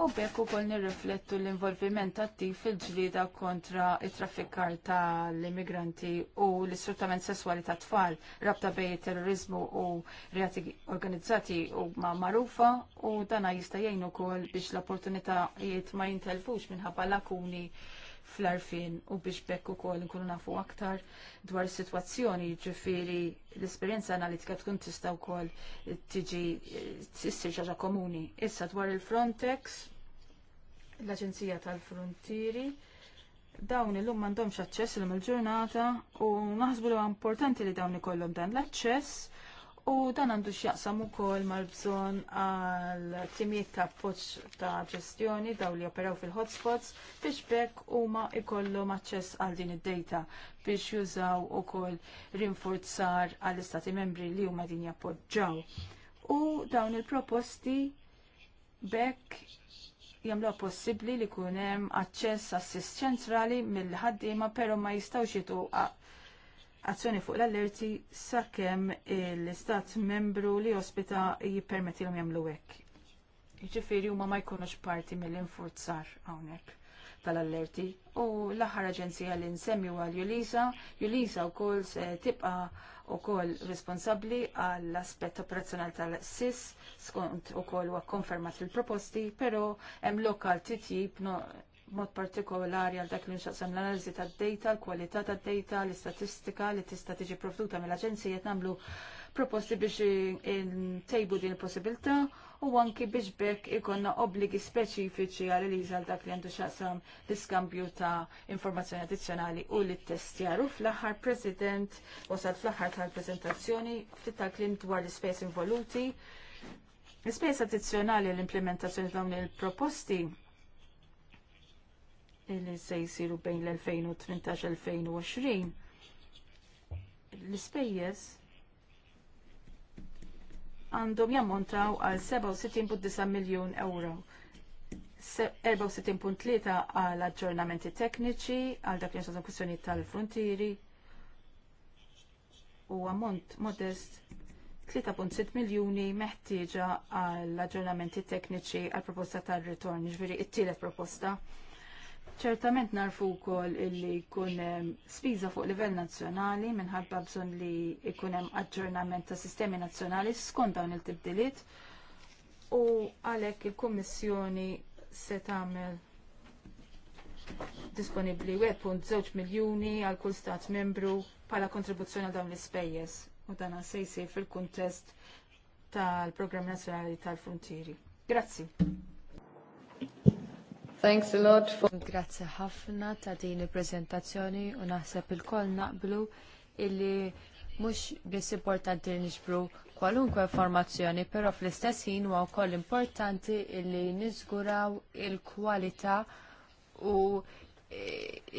u bekk ukoll nirriflettu l-involviment attiv fil-ġlida kontra it-traffikar tal-immigranti u l-istruttament sesswali ta' tfal rabta bej terrorizmu u reati organizzati u ma' marufa u dana jista' jgħin ukoll biex l-opportunitajiet ma jintelfux minħabba lakuni fl-arfin u biex bekk ukoll nkunu nafu aktar dwar is-sitwazzjoni, jiġifieri l-esperjenza analitika tkun tista' wkoll tiġi tissir ħaġa komuni. Issa dwar il-Frontex, l-Aġenzija tal-Frontieri, dawn illum m'għandhomx aċċess l il-ġurnata u naħsbu li importanti li dawn ikollhom dan l-aċċess U dan għandu x'jaqsam ukoll mal-bżonn għal timijiet ta' poċ ta' ġestjoni daw li operaw fil-hotspots biex bekk huma jkollhom aċċess għal din id-data biex jużaw ukoll rinforzar għall istati membri li huma din jappoġġaw. U dawn il-proposti bekk jamlu possibbli li jkun hemm aċċess assist ċentrali mill-ħaddiema però ma jistgħux jitu azzjoni fuq l-allerti sakemm l-istat membru li ospita jippermettilhom jagħmlu hekk. Jiġifieri huma ma jkunux parti mill-infurzar hawnhekk tal-allerti. U l-aħħar aġenzija li nsemmi għal Julisa, Julisa u se tibqa u responsabbli responsabli għall aspett operazzjonal tal-SIS, skont u huwa konfermat fil-proposti, pero hemm lokal titjib no, mod partikolari għal dak li nxaqsam l-analiżi tad-data, l-kwalità tad-data, l-istatistika li tista' tiġi provduta mill-aġenzijiet nagħmlu proposti biex intejbu din il-possibilità u anki biex bekk ikonna obbligi speċifiċi għal Eliza għal dak li għandu xaqsam l-iskambju ta' informazzjoni addizzjonali u li testjaru fl-aħħar President wasal fl-aħħar tal-prezentazzjoni fit tal-klim dwar l-ispejs involuti. L-ispejs addizzjonali l-implementazzjoni dawn il-proposti li se jisiru bejn l-2013-2020 l-ispejjeż għandhom jammontaw għal 67.9 miljun euro. 64.3 għal aġġornamenti tekniċi, għal dak li nxazan kwistjoni tal-frontieri, u ammont modest 3.6 miljuni meħtieġa għal aġġornamenti tekniċi għal proposta tal-ritorn, ġviri it-tielet -proposta ċertament narfu wkoll illi jkun hemm spiża fuq livell nazzjonali minħabba bżonn li jkun hemm aġġornament ta' sistemi nazzjonali skont dawn il-tibdiliet u għalhekk il-Kummissjoni se tagħmel disponibbli 1.2 miljuni għal kull stat membru bħala kontribuzzjoni għal dawn l-ispejjeż u dan se jsir fil-kuntest tal-Programm Nazzjonali tal-Frontieri. Grazzi. Thanks a lot for... Grazie ħafna ta' din il-prezentazzjoni u naħseb il-koll naqblu illi mhux biss importanti li nixbru kwalunkwe informazzjoni, però fl-istess ħin huwa wkoll importanti illi niżguraw il-kwalità u e,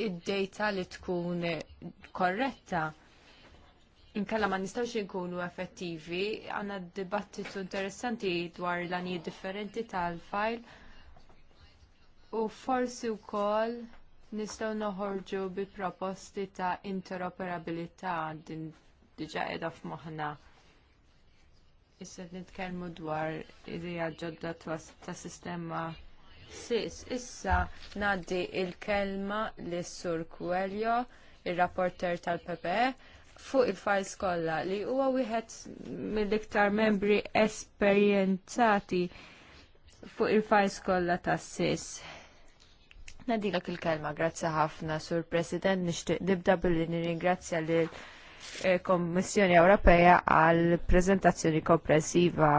id-data li tkun korretta. Inkella ma nistgħux inkunu effettivi, għandna dibattitu interessanti dwar l-għanijiet differenti tal-file u forsi wkoll nistgħu noħorġu bi proposti ta' interoperabilità din diġà qiegħda f'moħħna. Issa nitkellmu dwar idea ġodda ta' sistema sis. Issa ngħaddi l kelma lis sur Kueljo, ir rapporter tal-PPE, fuq il-files kollha li huwa wieħed mill-iktar membri esperjenzati fuq il-files kollha tas sis nadilak il-kelma, grazzi ħafna, Sur President, nishtiq nibda billi nirringrazzja l eh, Komissjoni Ewropea għal prezentazzjoni kompressiva.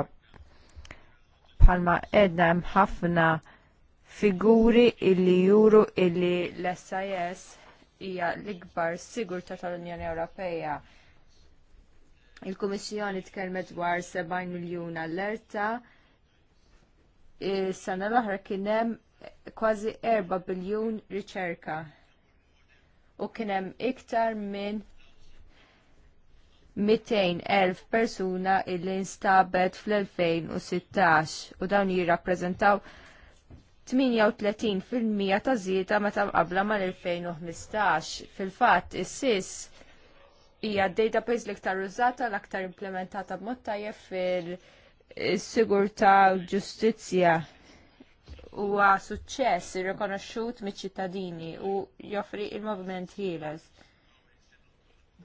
bħalma edna hemm ħafna figuri illi juru illi l-SIS hija l-ikbar ta' tal-Unjoni Ewropea. Il-Kummissjoni tkellmet dwar 70 miljun allerta. Is-sena eh, l-oħra kien hemm kważi 4 biljun riċerka u kien hemm iktar minn 200.000 persuna illi instabet fl-2016 u dawn jirrappreżentaw 38% ta' żieda meta qabla mal-2015. Fil-fatt, is-SIS hija database l-iktar użata l-aktar implementata b'mod tajjeb fil-sigurtà u ġustizzja huwa suċċess irrikonoxxut miċ-ċittadini u joffri il-moviment ħieles.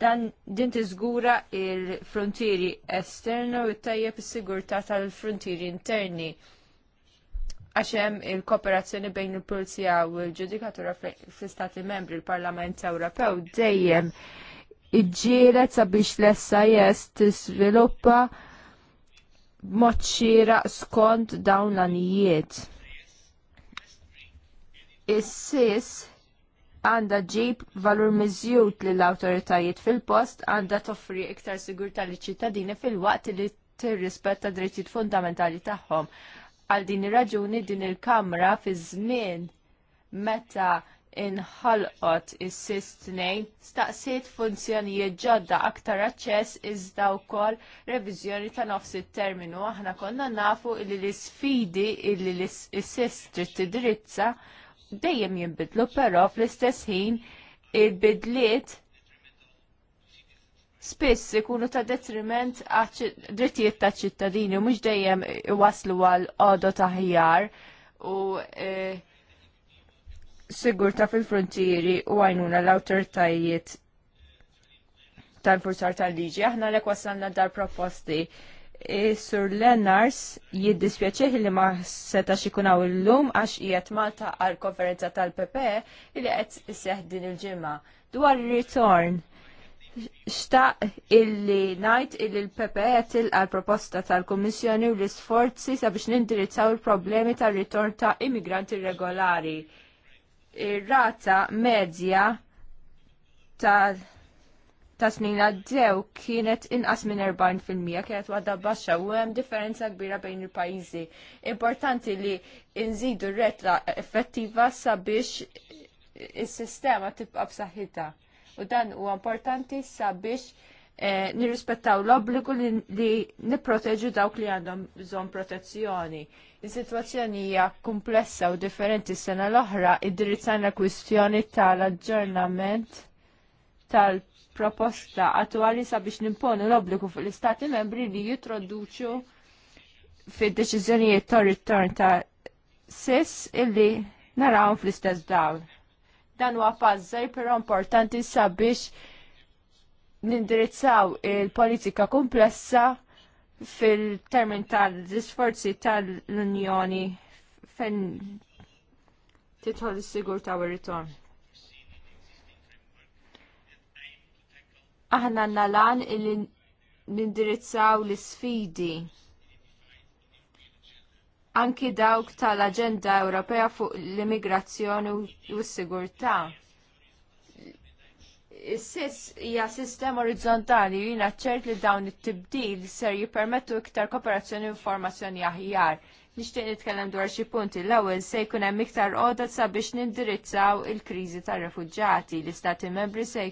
Dan din tiżgura il-frontieri esternu u tajjeb is-sigurtà tal-frontieri interni għax hemm il-kooperazzjoni bejn il-Pulizija u l-Ġudikatura fl-Istati Membri l-Parlament Ewropew dejjem iġġielet sabiex l-SIS tisviluppa mod xieraq skont dawn l-anijiet Is-sis għanda ġib valur miżjut lill awtoritajiet fil-post għanda toffri iktar sigurtà li ċittadini fil-waqt li t-rispetta drittijiet fundamentali tagħhom. Għal din ir-raġuni din il-Kamra fi żmien meta inħolqot is-sis tnejn staqsiet funzjonijiet ġodda aktar aċċess iżda wkoll reviżjoni ta' nofs it-terminu aħna konna nafu li l-isfidi li l-sis trid tidrizza dejjem jinbidlu, però fl-istess ħin il-bidliet spiss ikunu ta' detriment drittijiet ta' ċittadini u mhux dejjem waslu għal għodu ta' ħjar u e, sigurta fil-frontieri u għajnuna l-autoritajiet tal-forzar tal-liġi. Aħna l-ek wasalna dar proposti E, Sur Lennars jiddispjaċeħ li ma setax ikunaw il-lum għax qiegħed Malta għal konferenza tal-PP e li qed seħ din il-ġimgħa. Dwar ir-ritorn, xtaq illi najt illi l-PP e tilqa l-proposta tal-Kummissjoni u l-isforzi sabiex nindirizzaw il-problemi tal-ritorn ta' immigranti regolari. Ir-rata medja ta' ta' snin għaddew kienet inqas minn 40% kienet għadda baxxa u hemm differenza kbira bejn il-pajjiżi. Importanti li nżidu r-retla effettiva sabiex is-sistema tibqa' b'saħħitha. U dan huwa importanti sabiex eh, nirrispettaw l-obbligu li, nipproteġu dawk li għandhom bżonn protezzjoni. Is-sitwazzjoni hija komplessa u differenti s-sena l-oħra, id-dirizzana kwistjoni tal-aġġornament tal-, -aġġornament tal proposta attuali sabiex nimponu l-obbligu fuq l-Istati membri li jitroduċu fid deċiżjonijiet ta' return ta' sis illi naraw fl-istess dawl. Dan huwa pażżej però importanti sabiex nindirizzaw il-politika komplessa fil-termin tal-disforzi tal-Unjoni fejn titħol is-sigur ta' ritorn. aħna nalan illi nindirizzaw l isfidi anki dawk tal-Aġenda Ewropea fuq l-immigrazzjoni u s-sigurtà. Is-sis hija sistem orizzontali jina ċert li dawn it-tibdil ser jippermettu iktar kooperazzjoni u informazzjoni aħjar. Nixtieq nitkellem dwar xi punti l-ewwel se jkun hemm iktar għoda sabiex nindirizzaw il-kriżi tar-refuġġati. L-Istati Membri se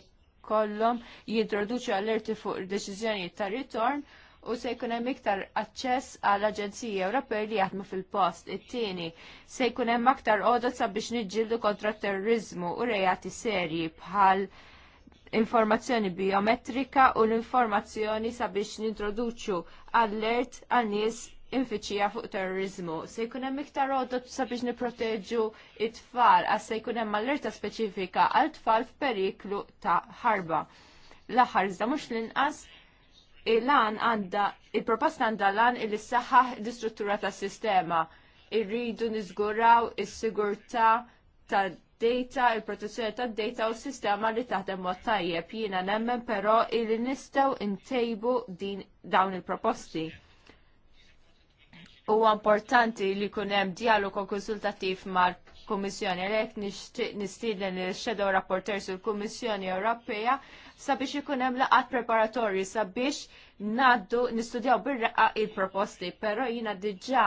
kollom jintroduċu allerti fuq deċiżjoni ta' ritorn u se jkun hemm iktar aċċess għall aġenziji Ewropej li jaħdmu fil-post. It-tieni se jkun hemm aktar għodot sabiex niġġieldu kontra terrorizmu u rejati serji bħal informazzjoni biometrika u l-informazzjoni sabiex nintroduċu allert għal nies infiċija fuq terrorizmu, se jkun hemm iktar għodot sabiex niproteġu it-tfal, għas se jkun hemm allerta speċifika għal tfal f'periklu ta' ħarba. L-aħħar iżda mhux l-inqas il-lan għanda, il-proposta għanda lan il saħħaħ l-istruttura ta' sistema. Irridu nizguraw is-sigurta ta' data, il-protezzjoni ta' data u s-sistema li taħdem mod tajjeb. Jiena nemmen però il nistgħu intejbu din dawn il-proposti huwa importanti li jkun hemm dialogu konsultattiv mal-Kummissjoni għalhekk nixtieq nistieden il-Shadow Rapporteurs sul kummissjoni Ewropea sabiex ikun hemm laqat preparatorji sabiex ngħaddu nistudjaw bir-raqqa il-proposti, però jiena diġà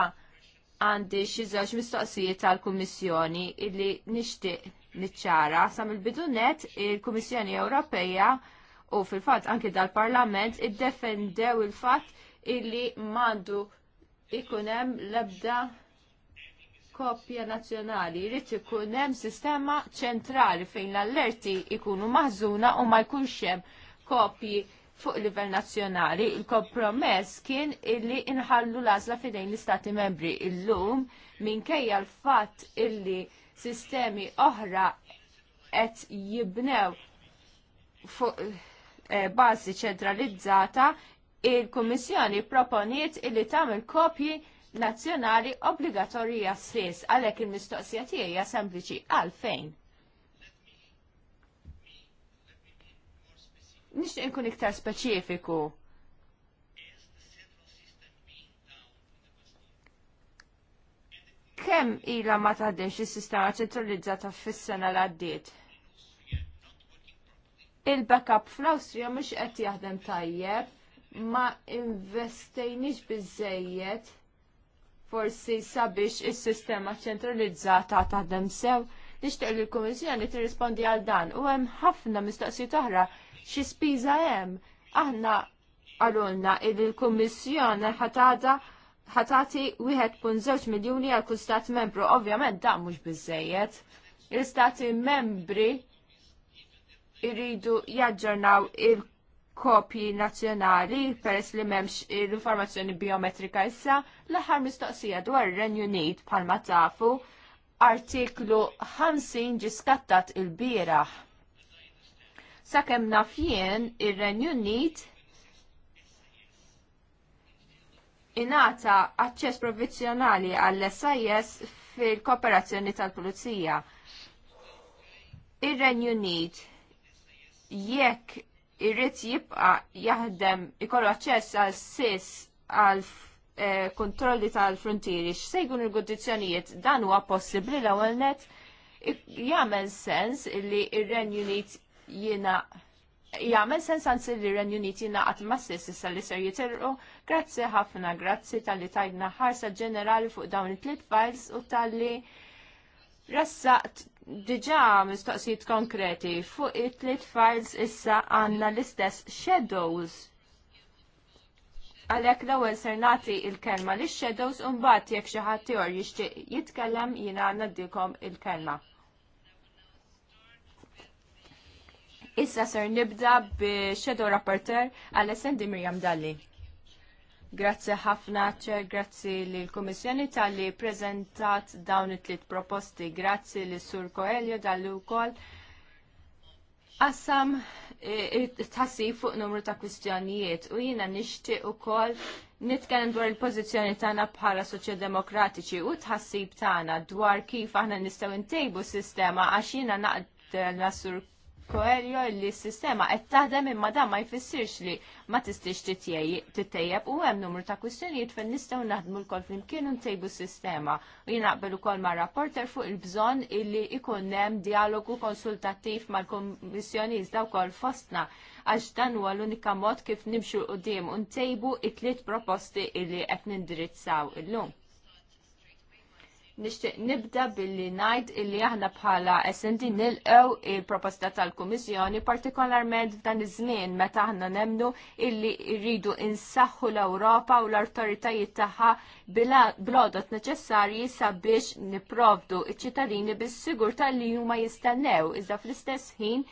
għandi xi żewġ mistoqsijiet tal-Kummissjoni illi nixtieq niċċara sa mill-bidu net il-Kummissjoni Ewropea u fil-fatt anke dal-Parlament iddefendew il-fatt illi mandu ikun hemm l-ebda koppja nazzjonali, jrid ikun hemm sistema ċentrali fejn l-allerti ikunu maħżuna u ma jkunx hemm kopji fuq livell nazzjonali. Il-kompromess kien illi inħallu l-għażla fidejn l-Istati membri illum minkejja l-fatt illi sistemi oħra qed jibnew fuq eh, bażi ċentralizzata, il-Kummissjoni proponiet illi tagħmel kopji nazzjonali obbligatorija stess għalhekk il-mistoqsija tiegħi hija sempliċi għalfejn. Nixtieq inkun iktar speċifiku. Kemm ilha ma tgħaddix is-sistema ċentralizzata fis-sena l għaddiet? Il-backup fl-Awstrija mhux qed jaħdem tajjeb ma investejniex bizzejiet forsi sabiex is-sistema ċentralizzata taħdem sew nixtieq li l-Kummissjoni tirrispondi għal dan u hemm ħafna mistaqsi oħra xi spiża hemm. Aħna għalulna li l-Kummissjoni ħatada ħatati 1.2 miljuni għal kull stat membru, ovvjament dan mhux biżejjed. Il-stati membri iridu jaġġornaw il kopji nazzjonali peress li memx l-informazzjoni biometrika issa l-aħħar mistoqsija dwar ir-Renju Unit bħalma tafu artiklu 50 ġiskattat skattat il biraħ Sakemm naf jien ir-Renju Unit inata aċċess provvizjonali għall-SIS fil-kooperazzjoni tal-Pulizija. Ir-Renju Unit jekk irrid jibqa jaħdem ikollu aċċess għal sis għal eh, kontrolli tal-frontieri x'se jkunu l-kundizzjonijiet dan huwa possibbli l-ewwel net jagħmel sens li r-Renju Unit jiena jagħmel sens anzi li r-Renju Unit qatt ma' sis issa li ser jitilqu. Grazzi ħafna, grazzi tal-li tajna ħarsa ġenerali fuq dawn it-tliet files u tal-li rassaqt diġa mistoqsijiet konkreti fuq it-tliet files issa għanna l-istess shadows. Għalek l-ewwel ser nagħti il-kelma li shadows u mbagħad jekk xi ħadd ieħor jixtieq jitkellem jiena ngħaddikom il-kelma. Issa ser nibda bi shadow rapporter għal essendi Mirjam Dalli. Grazzi ħafna ċer, grazzi li l-Komissjoni tal-li prezentat dawn it-tliet proposti. Grazzi li Sur Koelio dal-li u kol. Assam e, e, tħassib fuq numru ta' kwistjonijiet u jina nixtieq u kol nitkellem dwar il-pożizzjoni tagħna bħala soċjodemokratiċi u tħassib tagħna dwar kif aħna nistgħu ntejbu s-sistema għax jiena naqdel eh, Sur Koeljo li s-sistema qed taħdem imma dan ma jfissirx li ma tistix titejjeb u hemm numru ta' kwistjonijiet fejn nistgħu naħdmu lkoll flimkien u ntejbu s-sistema. U jien naqbel ukoll ma' rapporter fuq il-bżonn illi ikun hemm dialogu konsultattiv mal-Kummissjoni iżda wkoll fostna għax dan huwa l-unika mod kif nimxu qudiem u ntejbu it-tliet proposti illi qed nindirizzaw illum nixtieq nibda billi ngħid illi aħna bħala SND nilqew il-proposta tal-Kummissjoni partikolarment f'dan iż-żmien meta aħna nemnu illi rridu insaħħu l-Ewropa u l-awtoritajiet tagħha blodot neċessarji sabiex niprovdu iċ-ċittadini bis-sigurtà li huma jistennew iżda fl-istess ħin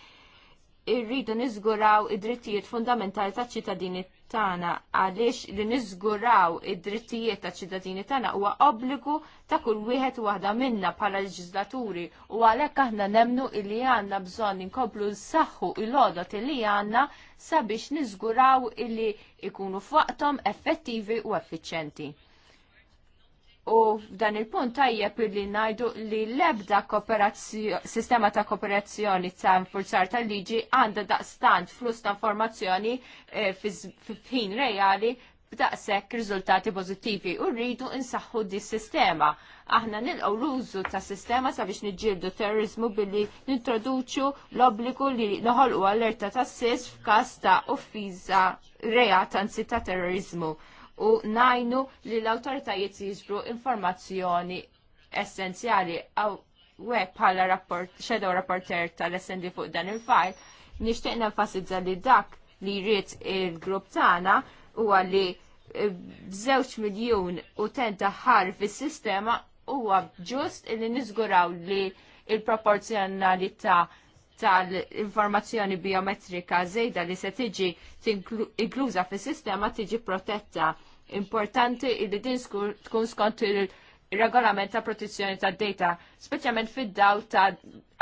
irridu niżguraw id-drittijiet fundamentali taċ-ċittadini tagħna għaliex li niżguraw id-drittijiet ta' ċittadini tagħna huwa obbligu ta' kull wieħed waħda minna bħala leġislaturi u għalhekk aħna nemnu li għandna bżonn inkomplu nsaħħu il-għodot li għandna sabiex niżguraw illi ikunu fuqthom effettivi u effiċjenti. U f'dan il-punt tajjeb li najdu li lebda sistema ta' kooperazzjoni ta' forzar tal-liġi għanda daqstant flus ta' informazzjoni eh, f'ħin reali b'daqshekk riżultati pożittivi u rridu insaħħu di sistema. Aħna nilqgħu l-użu ta' sistema sabiex niġġieldu terrorizmu billi nintroduċu l-obbligu li noħolqu allerta ta' sis f'każ ta' uffiża reat anzi ta' terrorizmu u najnu li l-autoritajiet jisbru informazzjoni essenzjali għaw web bħala rapport, shadow rapporter tal-SND fuq dan il-fajl, nishtiq nenfasizza li dak li jrid il-grupp tagħna huwa li b'żewġ e, miljun tenta ħar fis-sistema huwa ġust li niżguraw li il-proporzjonalità tal-informazzjoni biometrika żejda li se tiġi inkluża fis-sistema tiġi protetta importanti li din tkun skont il-regolament ta' protezzjoni ta' data, speċjalment fid-daw ta'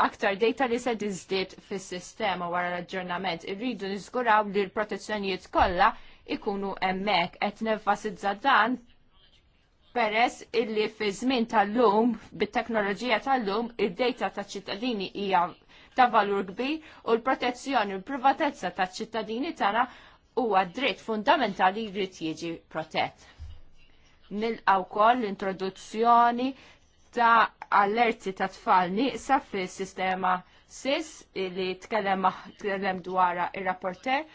aktar data li se dizdiet fis-sistema wara l-aġġornament. Irridu niżguraw li l-protezzjonijiet kollha ikunu hemmhekk qed nenfasizza dan peress illi fi żmien tal-lum, bit-teknoloġija tal-lum, id-data ta' ċittadini hija ta' valur kbir u l-protezzjoni u l-privatezza ta' ċittadini tagħna huwa dritt fundamentali jrid jiġi protett. Nilqaw wkoll l-introduzzjoni ta' allerti ta' tfal nieqsa fis-sistema SIS li tkellem dwar ir-rapporter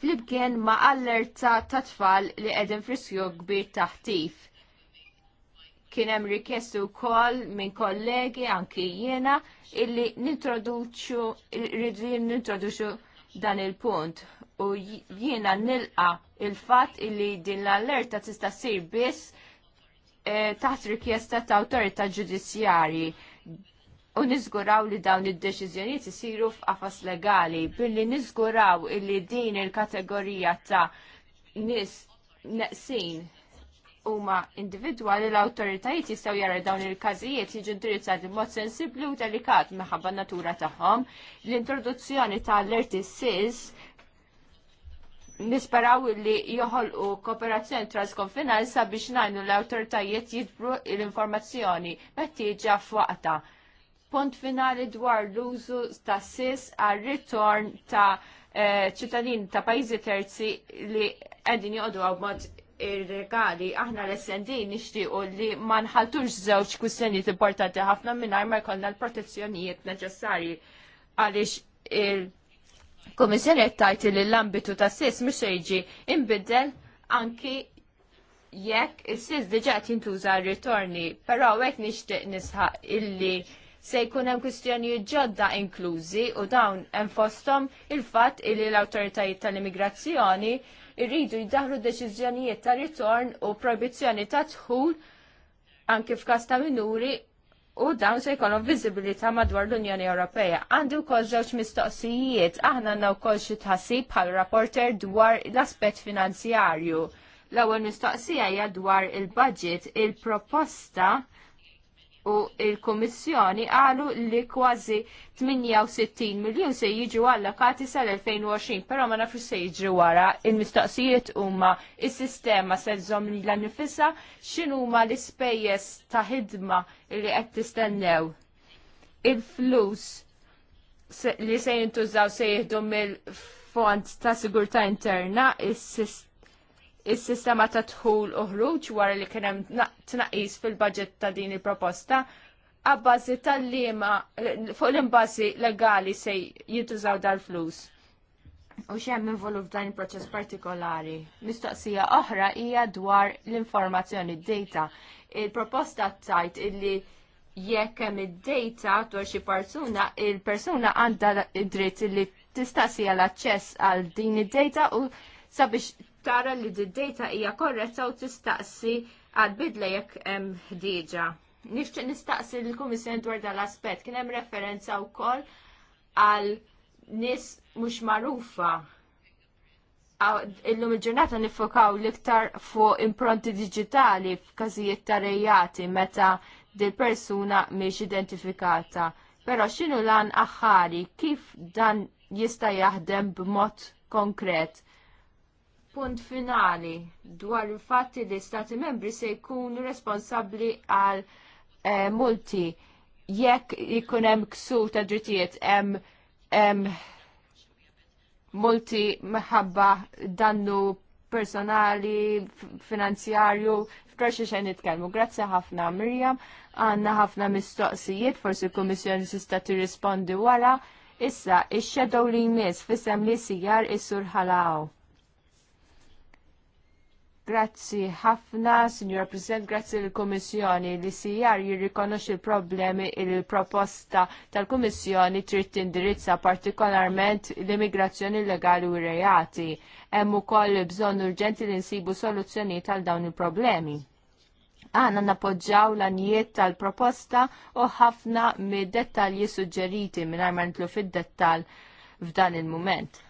flimkien ma' allerta ta' tfal li qegħdin frisju kbir taħtif. Kien hemm rikjestu wkoll minn kollegi anki jiena illi nintroduċu irridu nintroduċu dan il-punt u jiena nilqa il-fatt illi din l-allerta tista' ssir biss e, taħt rikjesta ta' autorita ġudizzjarji u nizguraw li dawn id-deċiżjonijiet isiru f'qafas legali billi nizguraw illi din il-kategorija ta' nis neqsin huma individwali l-awtoritajiet jistgħu jara dawn il-każijiet jiġu indirizzati b'mod sensibbli u delikat minħabba natura tagħhom. L-introduzzjoni ta' alerti SIS nisperaw li joħolqu kooperazzjoni transkonfinali sabiex ngħinu l-awtoritajiet jidbru l-informazzjoni mettieġa f'waqta. Punt finali dwar l-użu ta' SIS għal-ritorn ta' eh, ċittadin ta' pajjiżi terzi li għedin joqdu għaw mod ir-regali, aħna l-SND nixtiequ li ma nħaltux żewġ kwistjonijiet importanti ħafna mingħajr ma jkollna l-protezzjonijiet neċessarji għaliex il-Komissjoni qed li l-ambitu ta' sis mhux se jiġi inbidel anki jekk is-sis diġà qed jintuża r-ritorni, però hekk nixtieq nisħaq illi se jkun hemm kwistjonijiet ġodda inklużi u dawn hemm fosthom il-fatt illi l-awtoritajiet tal-immigrazzjoni irridu jidaħlu deċiżjonijiet ta' ritorn u proibizzjoni ta' dħul anke f'każ ta' minuri u dawn se jkollhom viżibilità madwar l-Unjoni Ewropea. Għandu wkoll żewġ mistoqsijiet aħna għandna wkoll xi tħassib bħal rapporter dwar l-aspett finanzjarju. L-ewwel mistoqsija hija dwar il-budget il-proposta il budget il proposta u il-Kommissjoni għalu li kważi 68 miljon se jiġu allokati sal-2020, pero ma nafx se jiġu wara il-mistoqsijiet huma is-sistema se żomm li nifissa x'inhu huma l-ispejjeż ta' ħidma li qed tistennew. Il-flus li se jintużaw se jieħdu mill-Fond ta' Sigurtà Interna, is-sistema is-sistema ta' tħul u ħruġ wara li kien hemm tnaqqis fil-budget ta' din il-proposta għabbażi tal-lima fuq l-imbażi legali se jintużaw dal-flus. U xem involu f'dan il-proċess partikolari. Mistoqsija oħra hija dwar l-informazzjoni, d-data. Il-proposta tajt illi jekk hemm id-data dwar xi persuna, il-persuna għandha id-dritt li tista' l-aċċess għal din id-data u sabiex tara li d-data hija korretta u tistaqsi għal bidla jekk hemm ħdieġa. Nixtieq nistaqsi l-Kummissjoni dwar dan l-aspett kien hemm referenza wkoll għal nies mhux magħrufa. Illum il-ġurnata nifokaw l-iktar fuq impronti diġitali f'każijiet ta' rejati meta dil-persuna mhix identifikata. Però x'inhu lan aħħari kif dan jista' jaħdem b'mod konkret? punt finali dwar il-fatti li stati membri se jkunu responsabbli għal eh, multi jekk ikun hemm ksur ta' drittijiet hemm multi meħabba dannu personali, finanzjarju, f'karxi xejn nitkellmu. Grazzi ħafna Mirjam, għandna ħafna mistoqsijiet, forsi l-Kummissjoni tista' tirrispondi wara. Issa, ix-xedow li jmiss fissem li sijar is-sur ħalaw. Grazzi ħafna, Signor President, grazzi l-Komissjoni li sijar jirrikonoxi il-problemi il-proposta tal-Komissjoni trid tindirizza partikolarment l-immigrazzjoni legali u rejati. Hemm ukoll bżonn urġenti li nsibu soluzzjoni tal dawn il-problemi. Għana napoġġaw l anjiet tal-proposta u ħafna mid-dettalji suġġeriti minn armantlu fid-dettal f'dan il-moment.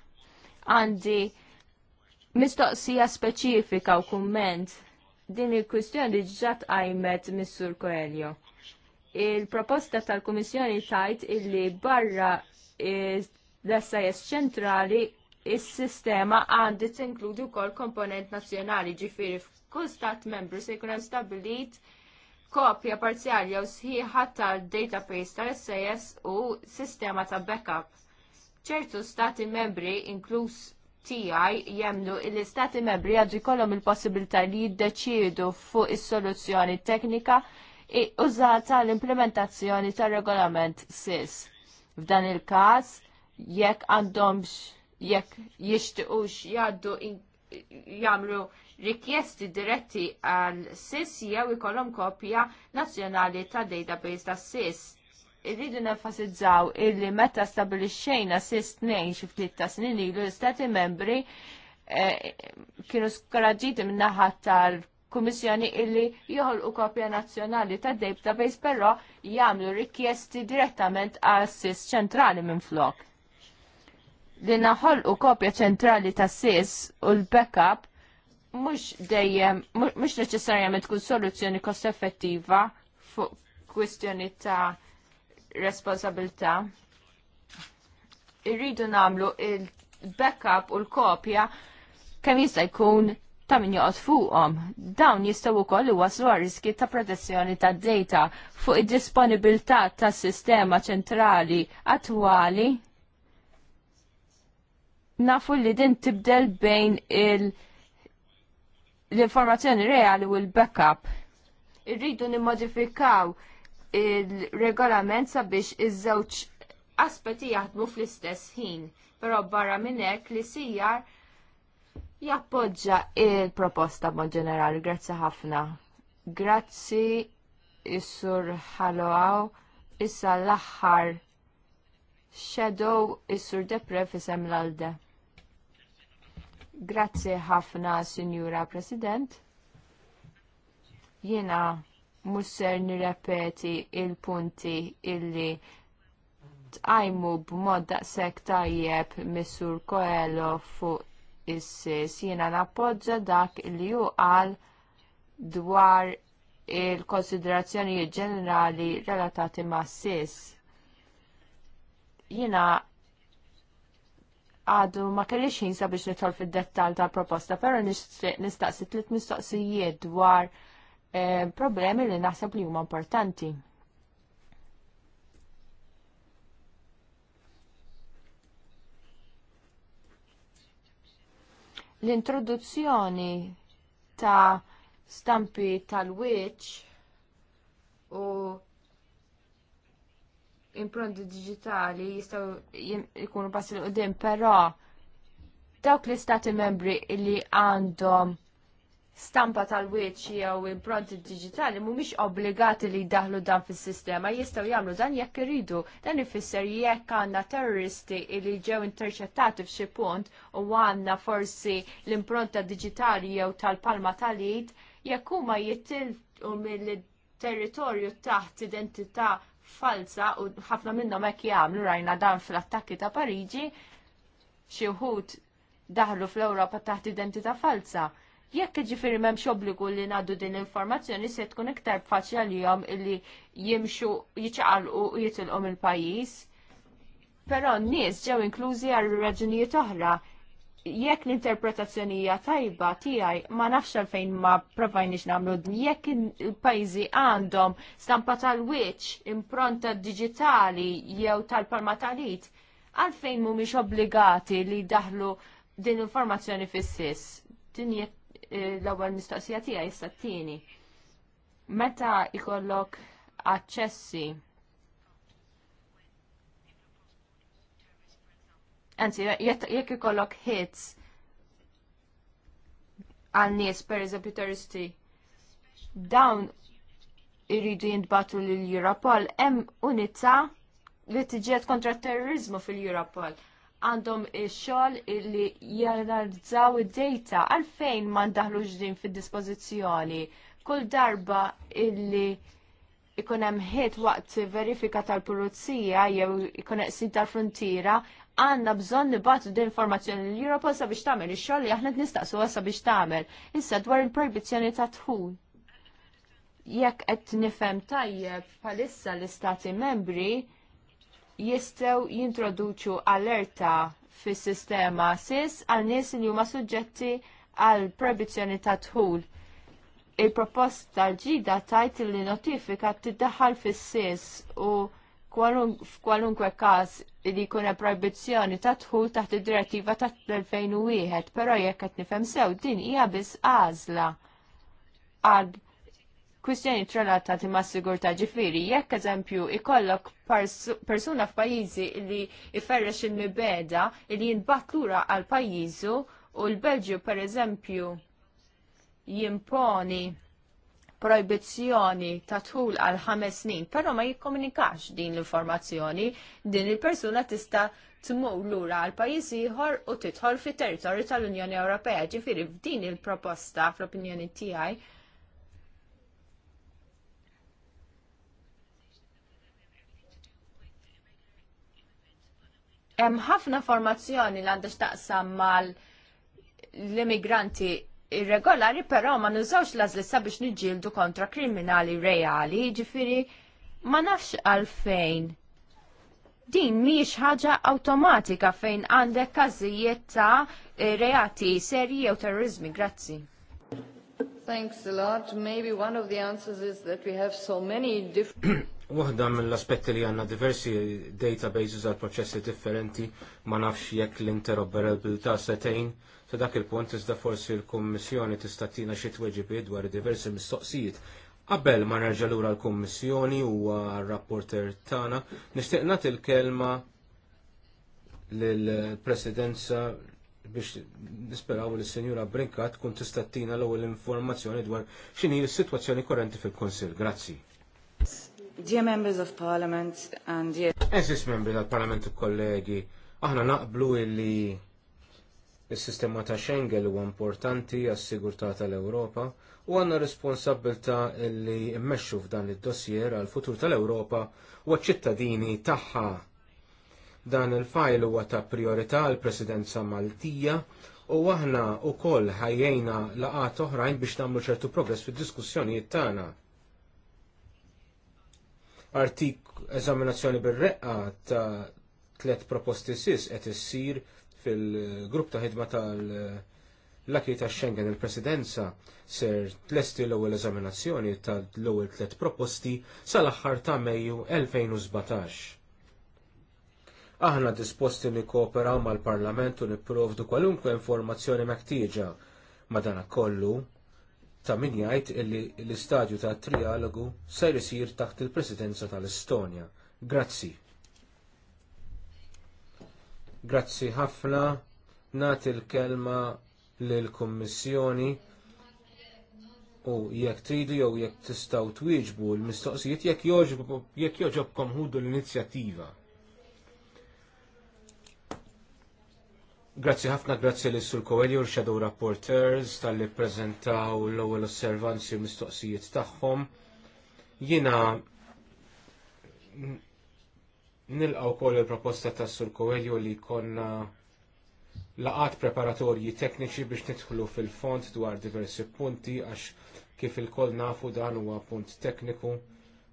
Għandi Mistoqsija speċifika u kumment din il-kwistjoni li ġat għajmet Missur Coelho. Il-proposta tal-Kummissjoni tajt illi barra l-SIS ċentrali il sistema għandi tinkludi wkoll komponent nazzjonali ġifieri f'kull stat membru se jkun hemm stabbilit kopja parzjali jew sħiħa tal-database tal sis u sistema ta' backup. ċertu stati membri inkluż tiegħi jemlu l-istati membri għadu jkollhom il-possibilità li jiddeċiedu fuq is-soluzzjoni teknika użata l-implementazzjoni tar-regolament SIS. F'dan il-każ jekk għandhom jekk jixtiqux jgħaddu jagħmlu rikjesti diretti għal SIS jew ikollhom kopja nazzjonali ta' database ta' SIS irridu nenfasizzaw illi meta stabilixxejna sist nejn xi ftit ta' snin ilu l-Istati membri eh, kienu skoraġiti min-naħa tal-Kummissjoni illi joħolqu kopja nazzjonali ta' database però jagħmlu rikjesti direttament għal sis ċentrali minn flok. Li naħolqu kopja ċentrali ta' sis u l-backup mhux dejjem mhux neċessarjament tkun soluzzjoni kost effettiva fuq kwistjoni ta' responsabilta. Irridu namlu il-backup u l-kopja kemm jista' jkun ta' min joqgħod fuqhom. Dawn jistgħu wkoll iwaslu għal riski ta' protezzjoni tad data fuq id-disponibilità tas sistema ċentrali attwali. Nafu li din tibdel bejn il- l-informazzjoni reali u l-backup. Irridu nimmodifikaw il-regolament sabiex iż-żewġ aspetti jaħdmu fl-istess ħin, però barra minn hekk li sijar jappoġġa il-proposta mod ġenerali. Grazzi ħafna. Grazzi is-sur issa l-aħħar Shadow is-sur Depre fisem l-alde. Grazzi ħafna, Sinjura President. Jiena Musser nirrepeti il-punti illi tqajmu b'mod daqshekk tajjeb Missur Koelo fuq is-sis jiena nappoġġa dak li hu qal dwar il-konsiderazzjonijiet ġenerali relatati ma' sis. Jiena għadu ma kellix jinsa biex nitħol fid dettall tal proposta, pero nistaqsi tliet mistoqsijiet dwar E, problemi li naħseb li huma importanti. L-introduzzjoni ta' stampi tal-wiċ u impronti digitali jistaw jkunu passi l-qudiem, però dawk l-istati membri li għandhom stampa tal-wieċ jew impronti digitali mhumiex obbligati li jdaħlu dan fis-sistema, jistgħu jagħmlu dan jekk iridu. Dan ifisser jekk għandna terroristi li ġew interċettati f'xi punt u għandna forsi l-impronta digitali jew tal-palma tal-id, jekk huma jittilqu mill-territorju taħt identità falsa u ħafna minnhom hekk jagħmlu rajna dan fl-attakki ta' Pariġi, xi wħud daħlu fl-Ewropa taħt identità falsa Jekk ġifiri memx obbligu li naddu din l-informazzjoni se tkun iktar faċli għalihom illi jimxu jiċaqalqu u jitilqu mill-pajjiż. Però n-nies ġew inklużi għal raġunijiet oħra. Jekk l-interpretazzjonija tajba tiegħi ma nafx għalfejn ma provajniex nagħmlu din jekk il-pajjiżi għandhom stampa tal-wiċċ, impronta digitali jew tal-palma tal għalfejn mhumiex obbligati li daħlu din informazzjoni fis-sis. Din jekk l-ewwel mistoqsija tiegħi issa t-tieni. Meta ikollok aċċessi Anzi, jekk ikollok hits għal nies pereżempju turisti dawn iridu jintbatu lill Europol hemm unità li tiġiet kontra terrorizmu fil-Europol għandhom xogħol li jarrazzaw id-data għalfejn man daħlu din fid-dispożizzjoni. Kull darba illi ikun hemm ħiet waqt verifika tal-pulizija jew ikun hemm tal-frontiera, għandna bżonn nibgħatu din informazzjoni l Europa sabiex tagħmel ix-xogħol li aħna nistaqsuha sabiex tagħmel. Issa dwar il-proibizzjoni ta' tħun. Jekk qed nifhem tajjeb bħalissa l-istati membri jistew jintroduċu allerta fis sistema SIS għal nies li huma suġġetti għal proibizzjoni ta' dħul. Il-proposta l-ġida tajt li notifika tiddaħħal fis sis u f'kwalunkwe każ li jkun proibizzjoni ta' dħul taħt id-direttiva ta' 2001, però jekk qed nifhem sew din hija biss għażla għal kwistjoni relatati ma' sigurta ġifiri, jekk eżempju ikollok persuna f'pajjiżi li iferrex il-mibeda li jinbat lura għal pajjiżu u l-Belġju per eżempju jimponi proibizzjoni ta' tħul għal ħames snin, però ma jikkomunikax din l-informazzjoni, din il-persuna tista' tmur lura għal pajjiż ieħor u titħol fit territorju tal-Unjoni Ewropea. Ġifieri f'din il-proposta fl-opinjoni tiegħi Hemm ħafna formazzjoni li għandha x'taqsam mal l-immigranti irregolari, però ma nużawx l-azlissa biex niġġieldu kontra kriminali reali, ġifiri ma nafx għalfejn. Din miex ħaġa awtomatika fejn għandek każijiet ta' eh, reati serji jew terrorizmi. Grazzi. Thanks a lot. Maybe one of the answers is that we have so many different Waħda mill-aspetti li għanna diversi databases għal proċessi differenti ma nafx jekk l-interoperabilità setejn, ta' dak il-punt iżda forsi l-Kummissjoni tista' tina xi tweġibi dwar diversi mistoqsijiet. Qabel ma nerġa' lura l-Kummissjoni u r-rapporter tagħna, nixtieq nagħti il-kelma lill-Presidenza biex nisperaw li s-Senjura Brinka tkun tista' tina l-ewwel informazzjoni dwar x'inhi s-sitwazzjoni korrenti fil-Kunsill. Grazzi. Dear members of parliament and dear... Eżis membri tal-parlament u kollegi, aħna naqblu illi il-sistema ta' Schengen huwa importanti għas sigurtà tal-Ewropa u għanna responsabilta illi immexxu f'dan id-dossier għal futur tal-Ewropa u ċittadini tagħha. Dan il-fajl huwa ta' priorità għal presidenza Maltija u aħna u koll ħajjejna laqat oħrajn biex nagħmlu ċertu progress fid-diskussjonijiet tagħna artik eżaminazzjoni bir-reqqa ta' tliet proposti sis qed issir fil-grupp ta' ħidma tal-laki ta' Schengen il-presidenza ser tlesti l-ewwel eżaminazzjoni tal-ewwel tliet proposti sal-aħħar ta' Mejju 2017. Aħna disposti nikkooperaw mal-Parlament u nipprovdu kwalunkwe informazzjoni meħtieġa madana kollu ta' min jgħid illi l-istadju ta' trialogu se jsir taħt il-presidenza tal-Estonja. Grazzi. Grazzi ħafna nat il kelma lill kummissjoni u jekk tridu jew jekk tistgħu twieġbu l-mistoqsijiet jekk jogħġobkom ħudu l-inizjattiva. Grazzi ħafna, grazzi li sur Coelho, l-Shadow Rapporteurs, tal-li prezentaw l-ewwel osservanzi u mistoqsijiet tagħhom. Jiena nilqaw kol il-proposta ta' sur Coelho li konna laqat preparatorji tekniċi biex nidħlu fil-font dwar diversi punti għax kif il kol nafu dan huwa punt tekniku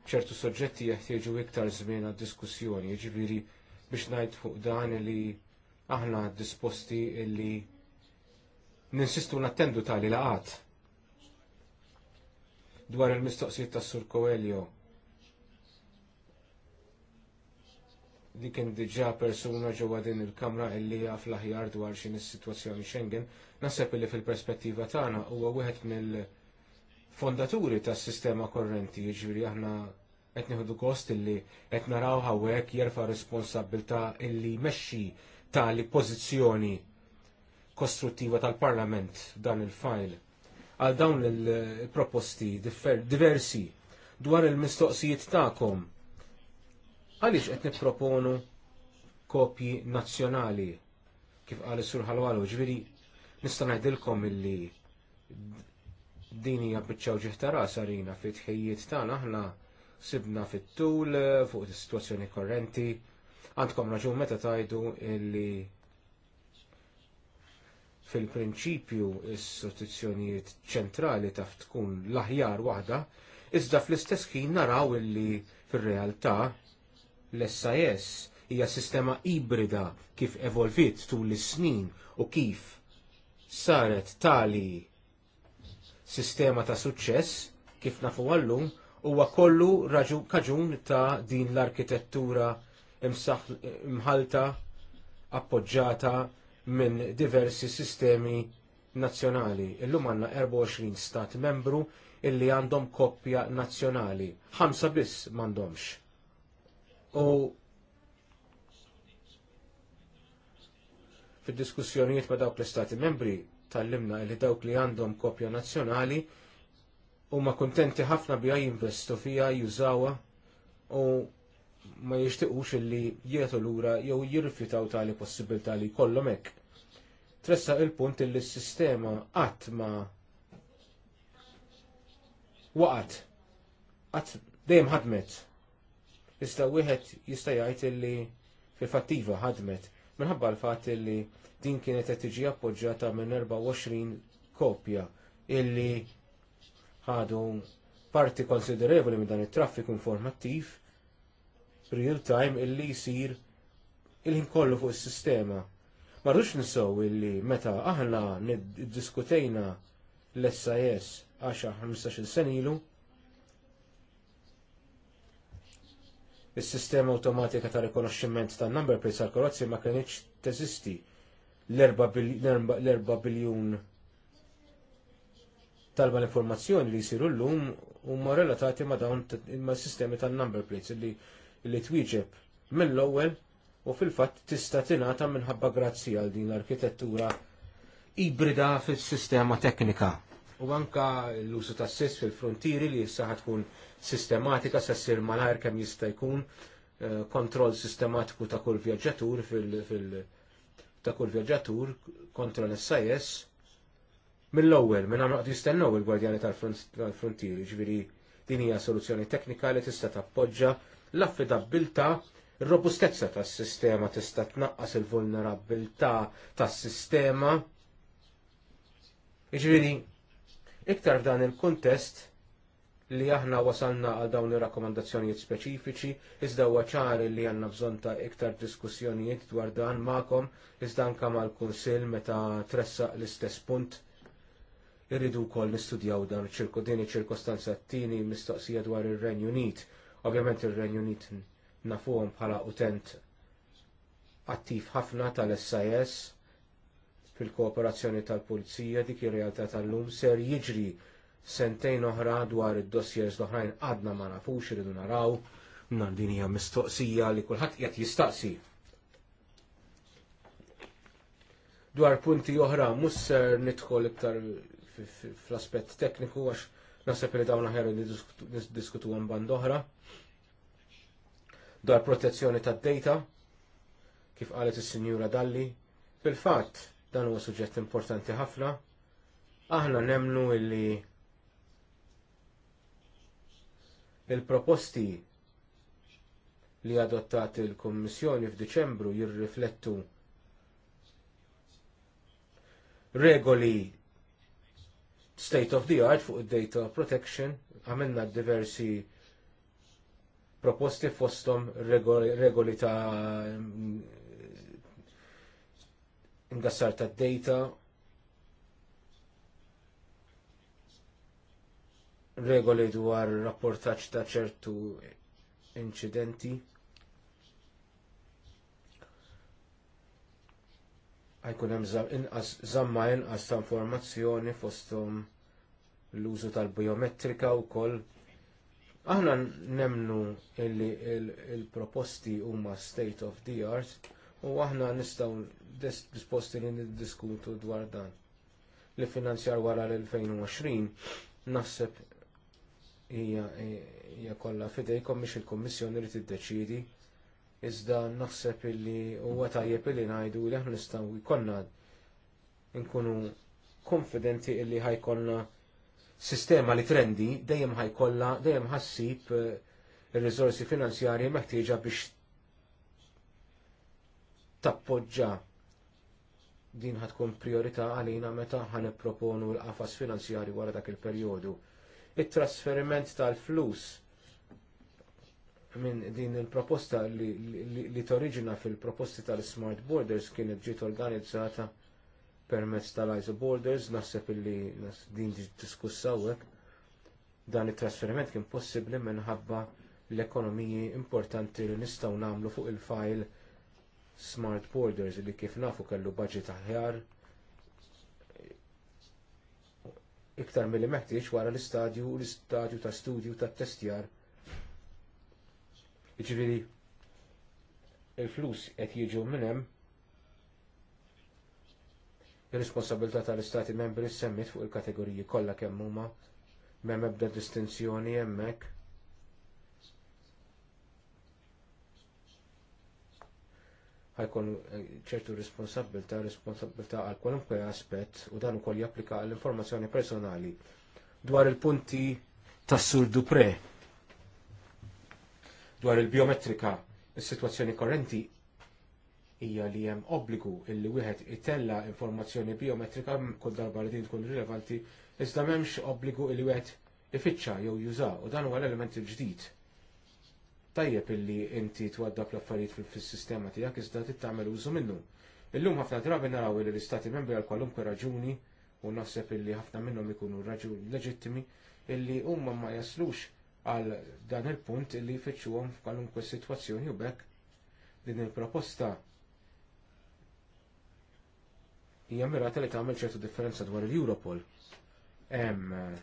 ċertu soġġetti jeħtieġu iktar żmien għad-diskussjoni, jiġifieri biex ngħid fuq dan li aħna disposti illi ninsistu nattendu tali laqat dwar il-mistoqsijiet tas Sur Coelho li kien diġà persuna ġewwa din il-kamra illi jaf l-aħjar dwar xin is-sitwazzjoni Schengen, naħseb li fil-perspettiva tagħna huwa wieħed mill-fondaturi tas-sistema korrenti, jiġri aħna qed nieħdu kost illi qed naraw hawnhekk jerfa' responsabbilta illi mexxi tali pożizzjoni kostruttiva tal-Parlament dan il-fajl għal dawn il-proposti diversi dwar il-mistoqsijiet tagħkom. Għaliex qed nipproponu kopji nazzjonali kif għal is-Sur Ħalwalu ġifieri nista' ngħidilkom illi din hija biċċaw ġiħtara sarina fit tħejjiet tagħna aħna sibna fit-tul fuq is-sitwazzjoni korrenti Għandkom raġun meta tajdu illi fil-prinċipju is-sostituzzjonijiet ċentrali taf tkun l-aħjar waħda, iżda fl-istess ħin naraw illi fir-realtà l-SIS hija sistema ibrida kif evolvit tul is-snin u kif saret tali sistema ta' suċċess kif nafu għallum huwa kollu raġun kaġun ta' din l-arkitettura mħalta appoġġata minn diversi sistemi nazzjonali. Illum għandna 24 stat membru illi għandhom koppja nazzjonali. Ħamsa biss m'għandhomx. U fid-diskussjonijiet ma' dawk l-istati membri tallimna li dawk li għandhom kopja nazzjonali huma kuntenti ħafna bija jinvestu fija jużawha u ma jixtiequx illi jietu lura jew jirrifjutaw tali possibilità li jkollhom hekk. Tressa il-punt illi s-sistema qatt ma waqgħet qatt dejjem ħadmet. Iżda wieħed jista' jgħid illi fil-fattiva ħadmet minħabba l-fatt illi din kienet qed tiġi appoġġjata minn 24 kopja illi ħadu parti konsiderevoli minn dan it-traffiku informattiv real time illi jsir il-ħin kollu fuq is-sistema. Ma rridux illi meta aħna niddiskutejna l-SIS 10-15 senilu, ilu, is-sistema automatika ta' rikonoxximent tan number plates għal karozzi ma kienx teżisti l-4 biljun talba l-informazzjoni li jsiru llum huma relatati ma' dawn ma' sistemi tan number plates li li twieġeb mill-ewwel u fil-fatt tista' tingħata minħabba grazzi għal din l-arkitettura ibrida fis-sistema teknika. U anka l-użu ta' sis fil-frontieri li issa tkun sistematika se ssir malajr kemm jista' jkun eh, kontroll sistematiku ta' kull vjaġġatur fil- ta' kull vjaġġatur kontra l-SIS mill-ewwel minn għandna jistennew il-Gwardjani tal-Frontieri, ġifieri din hija soluzzjoni teknika li tista' tappoġġa l-affidabilta il-robustezza tas sistema tista' tnaqqas il-vulnerabilità tas sistema Iġviri, iktar f'dan il-kontest li aħna wasalna għal dawn ir-rakkomandazzjonijiet speċifiċi, iżda huwa ċari li għandna bżonn ta' iktar diskussjonijiet dwar dan magħkom, iżda anke mal-Kunsill meta tressaq l-istess punt. Irridu wkoll nistudjaw dan ċirku din iċ-ċirkostanza t-tieni mistoqsija dwar ir-Renju Unit Ovvjament ir-Renju Unit nafuhom bħala utent attiv ħafna tal-SIS fil-kooperazzjoni tal-Pulizija dik ir-realtà tal-lum ser jiġri sentejn oħra dwar id-dossiers l-oħrajn għadna ma nafux iridu naraw nhar din hija mistoqsija li kulħadd qed jistaqsi. Dwar punti oħra mhux ser nidħol iktar fl-aspett tekniku għax Nasab li dawn aħjar li diskutu għan band oħra. Dwar protezzjoni tad data kif qalet is-Sinjura Dalli, fil-fatt dan huwa suġġett importanti ħafna. Aħna nemnu illi il-proposti li adottat il-Kummissjoni f'Diċembru jirriflettu regoli state of the art fuq id-data protection, għamilna diversi proposti fostom regoli, regoli ta' ingassar ta' data, regoli dwar rapportaċ ta' ċertu incidenti. għajkun hemm żamma inqas ta' informazzjoni fosthom l-użu tal-biometrika wkoll. Aħna nemnu illi il-proposti huma state of the art u aħna nistgħu disposti li niddiskutu dwar dan. Li finanzjar wara l-2020 naħseb hija kollha fidejkom biex il-Kummissjoni li tiddeċidi iżda naħseb illi huwa tajjeb illi ngħidu li aħna nistgħu jkollna nkunu konfidenti illi ħajkollna sistema li trendi dejjem ħajkollha dejjem ħassib eh, ir-riżorsi finanzjarji meħtieġa biex tappoġġa din ħatkun priorità għalina meta ħan proponu l-qafas finanzjarji wara dak il-perjodu. It-trasferiment tal-flus minn din il-proposta li, li, li torriġina fil-proposti tal-Smart Borders kienet ġiet organizzata permezz tal-ISO Borders, naħseb li din diskussawek dan it-trasferiment kien possibbli minħabba l-ekonomiji importanti li nistgħu nagħmlu fuq il-file Smart Borders li kif nafu kellu budget aħjar iktar milli meħtieġ wara l-istadju u l-istadju ta' studju ta' testjar Jiġifieri il-flus qed jiġu minn hemm ir-responsabilità tal-Istati membri semmit fuq il-kategoriji kollha kemm huma m'hemm ebda distinzjoni hemmhekk. ħajkun eh, ċertu responsabilità, responsabilità għal kwalunkwe aspett u dan ukoll japplika għall informazzjoni personali dwar il-punti tas-sur Dupre. Dwar il-biometrika, is-sitwazzjoni korrenti hija li hemm obbligu illi wieħed itella informazzjoni biometrika kull darba li din tkun rilevanti, iżda m'hemmx obbligu illi wieħed ifittxa jew juża u dan huwa l-element il-ġdid. Tajjeb illi inti twaddab l-affarijiet fis-sistema tiegħek iżda trid tagħmel użu minnu. Illum ħafna drabi naraw li l-istati membri għal kwalunkwe raġuni u naħseb illi ħafna minnhom ikunu raġuni leġittimi illi huma ma jaslux għal dan il-punt li jfittxuhom f'kwalunkwe sitwazzjoni u bekk din il-proposta hija mirata li tagħmel ċertu differenza dwar il-Europol. Hemm eh,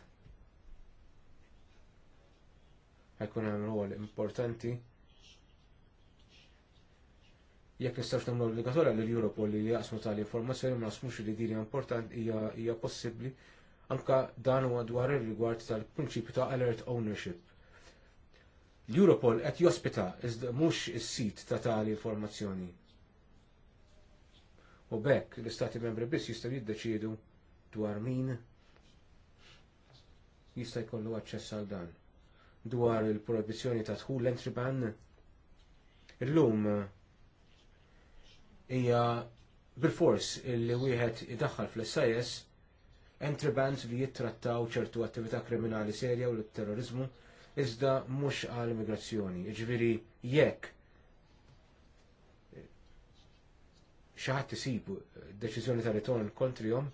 ħajkun hemm rol importanti jekk nistax nagħmlu obbligatorja lill Europol li jaqsmu tal-informazzjoni ma nasmux li din hija importanti hija possibbli anke dan huwa dwar ir-rigward tal-prinċipju ta' alert ownership. L-Europol qed jospita iżda mhux is-sit ta' tali informazzjoni. U bekk l-Istati membri biss jistgħu jiddeċiedu dwar min jista' jkollu aċċess għal dan. Dwar il-proibizzjoni ta' dħul l-entry ban. Illum hija bil-fors li wieħed idaħħal fl-SIS entry bans li jittrattaw ċertu attività kriminali serja u l-terrorizmu iżda mhux għall immigrazzjoni. Jiġifieri jekk xi ħadd isib deċiżjoni ta' return kontrihom,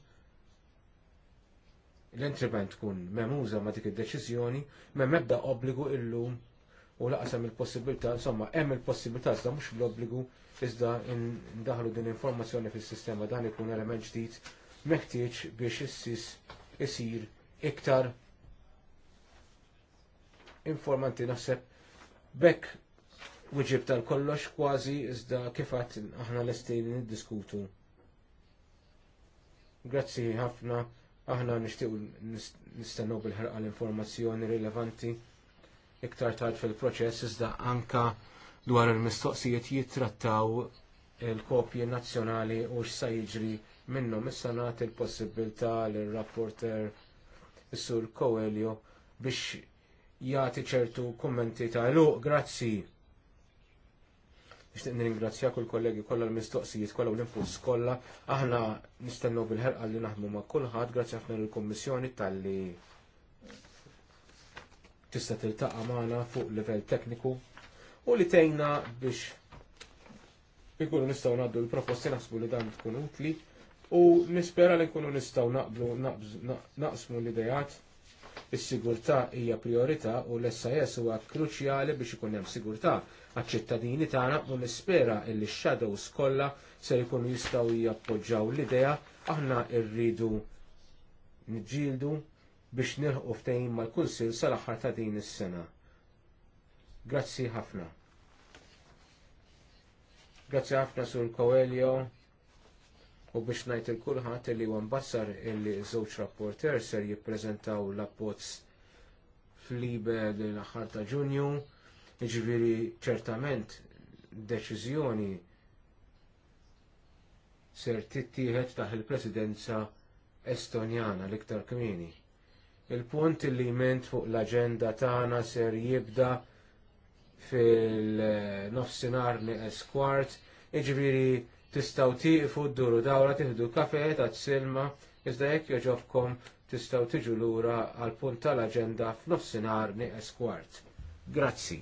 l-entriment tkun memuża ma' dik id-deċiżjoni, m'hemm ebda obbligu illum u laqsam il-possibilità, insomma, hemm il-possibilità iżda mhux bl-obbligu iżda ndaħlu din informazzjoni fis-sistema dan ikun element ġdid meħtieġ biex issis isir iktar informanti naħseb bekk wieġib tal-kollox kważi iżda kifat aħna l-estin niddiskutu. Grazzi ħafna aħna nixtiequ nistennu bil-ħarqa l-informazzjoni rilevanti iktar tard fil-proċess iżda anka dwar il-mistoqsijiet jittrattaw il-kopji nazzjonali u x'sa jiġri minnhom issa nagħti l-possibilità l rapporter is-sur Coelho biex jagħti ċertu kummenti ta' luq, grazzi. Nixtieq ringrazzja kull kollegi kollha l-mistoqsijiet kollha u l infus kollha. Aħna nistennu bil-ħerqa li naħdmu ma' kulħadd, grazzi ħafna lill-Kummissjoni talli tista' tiltaqa' magħna fuq livell tekniku u li tejna biex ikunu nistgħu ngħaddu l-proposti naħsbu li dan tkun utli u nispera li nkunu nistgħu naqblu naqsmu l-idejat Is-sigurtà hija priorità u l-SIS huwa kruċjali biex ikun hemm sigurtà għaċ-ċittadini tagħna u nispera li x-shadows kollha se jkunu jistgħu jappoġġjaw l-idea aħna rridu niġġieldu biex nilħqu ftehim mal-Kunsill sal-aħħar ta' din is-sena. Grazzi ħafna. Grazzi ħafna sur Coelho u biex ngħid il kulħadd li huwa mbassar illi żewġ rapporter ser jippreżentaw l-appozz fl l-aħħar ta' Ġunju, jiġifieri ċertament deċiżjoni ser tittieħed taħ il-presidenza Estonjana l-iktar kmieni. Il-punt li jment fuq l-aġenda tagħna ser jibda fil-nofsinhar eskwart, kwart, jiġifieri tistaw tiqfu d-duru dawra tiħdu kafe ta' silma iżda jekk joġobkom tistaw tiġu lura għal punt tal-agenda f'nofsinhar nieqes kwart. Grazzi.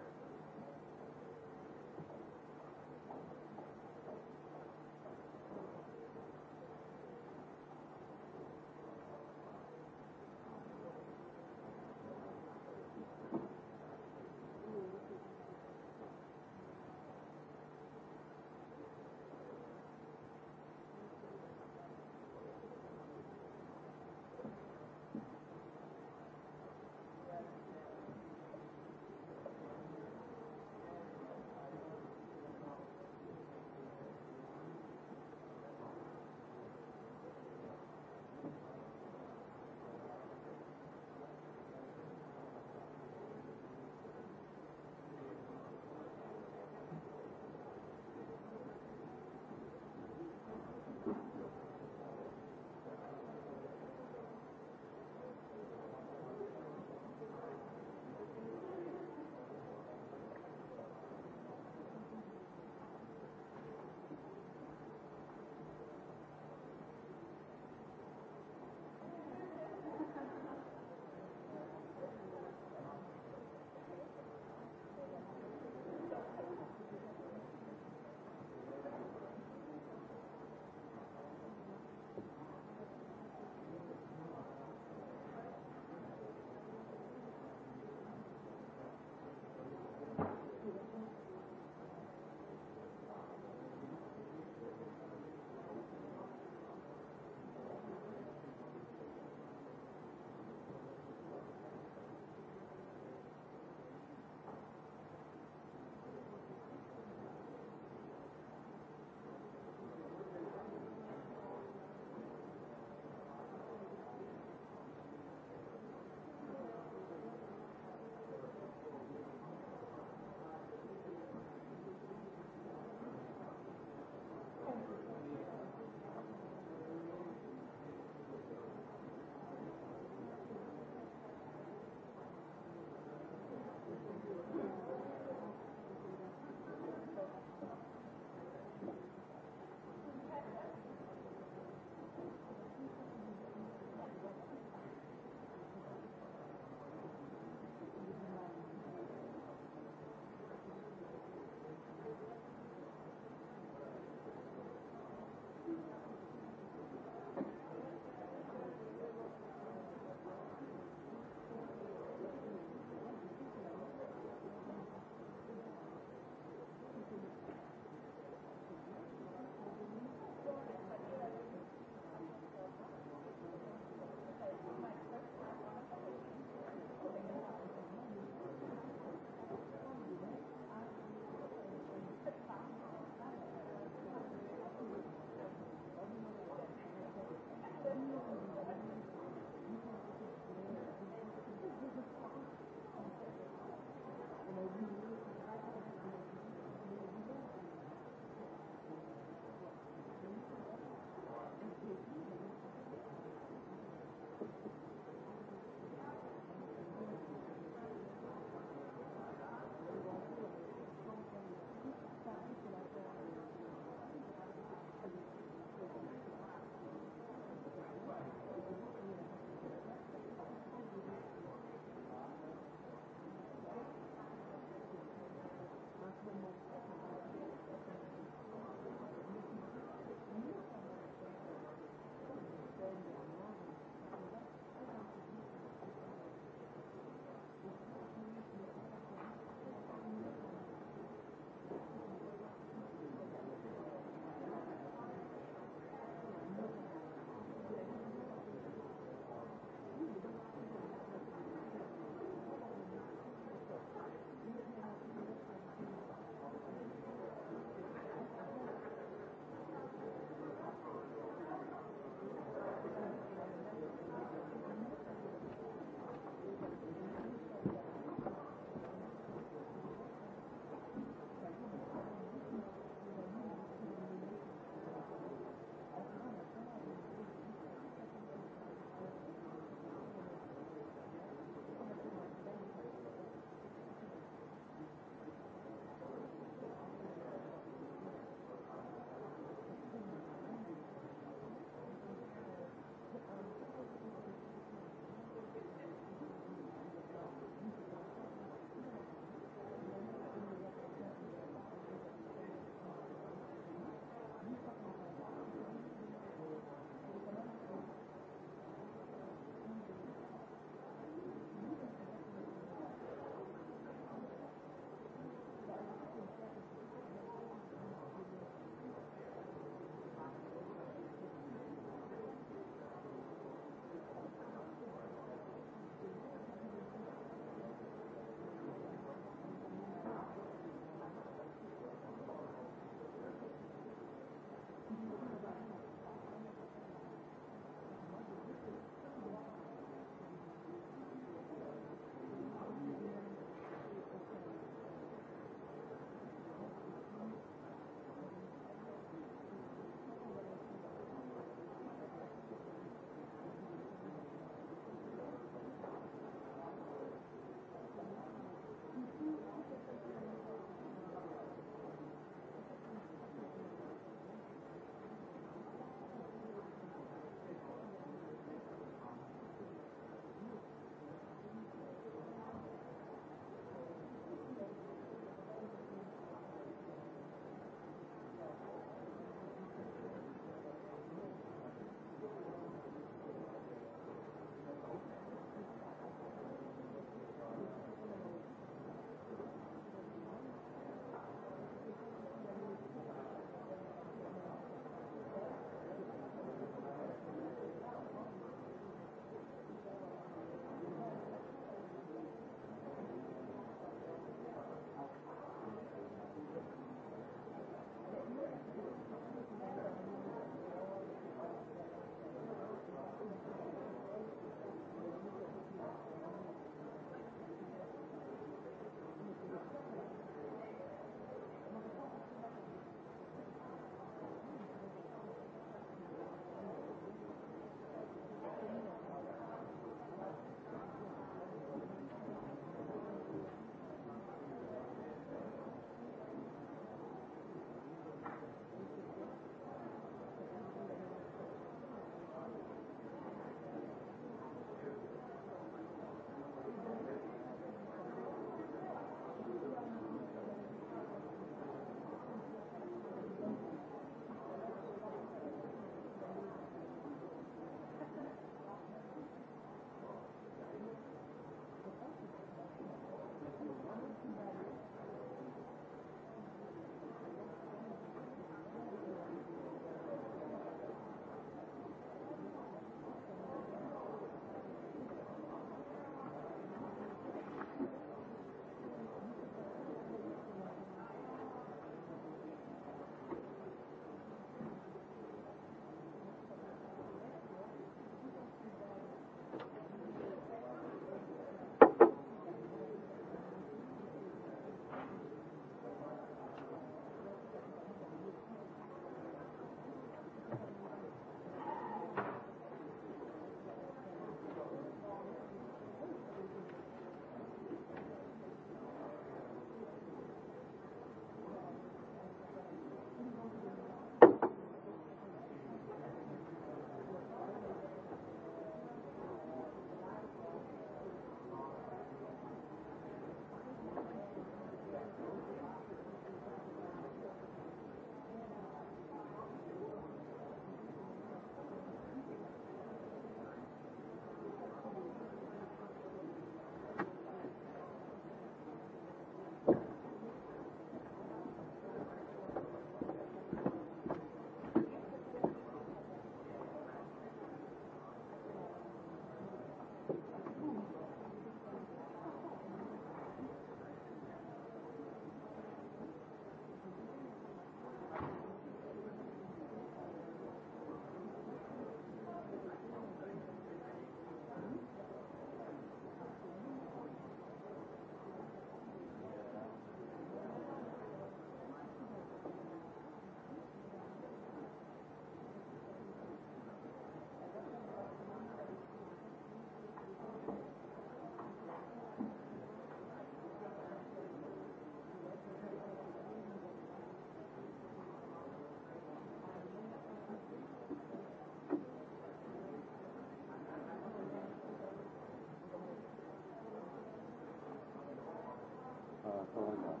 paragaf.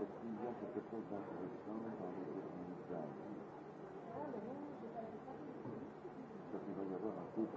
Est-ce qu'il y a quelque chose d'intéressant dans les organisations Parce qu'il va y avoir un peu de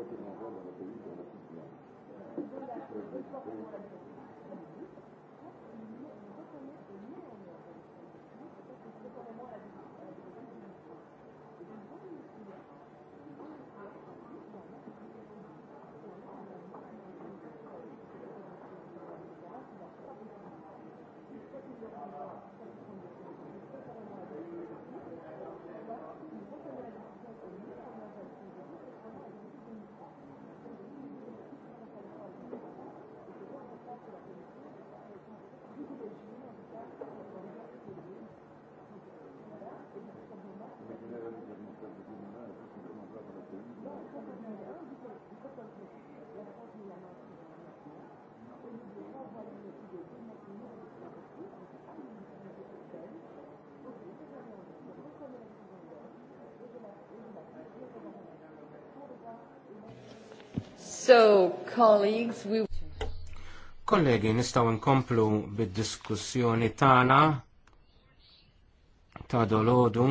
Thank you. So, colleagues, we... Kollegi, nistaw nkomplu bid-diskussjoni tana ta' dolodu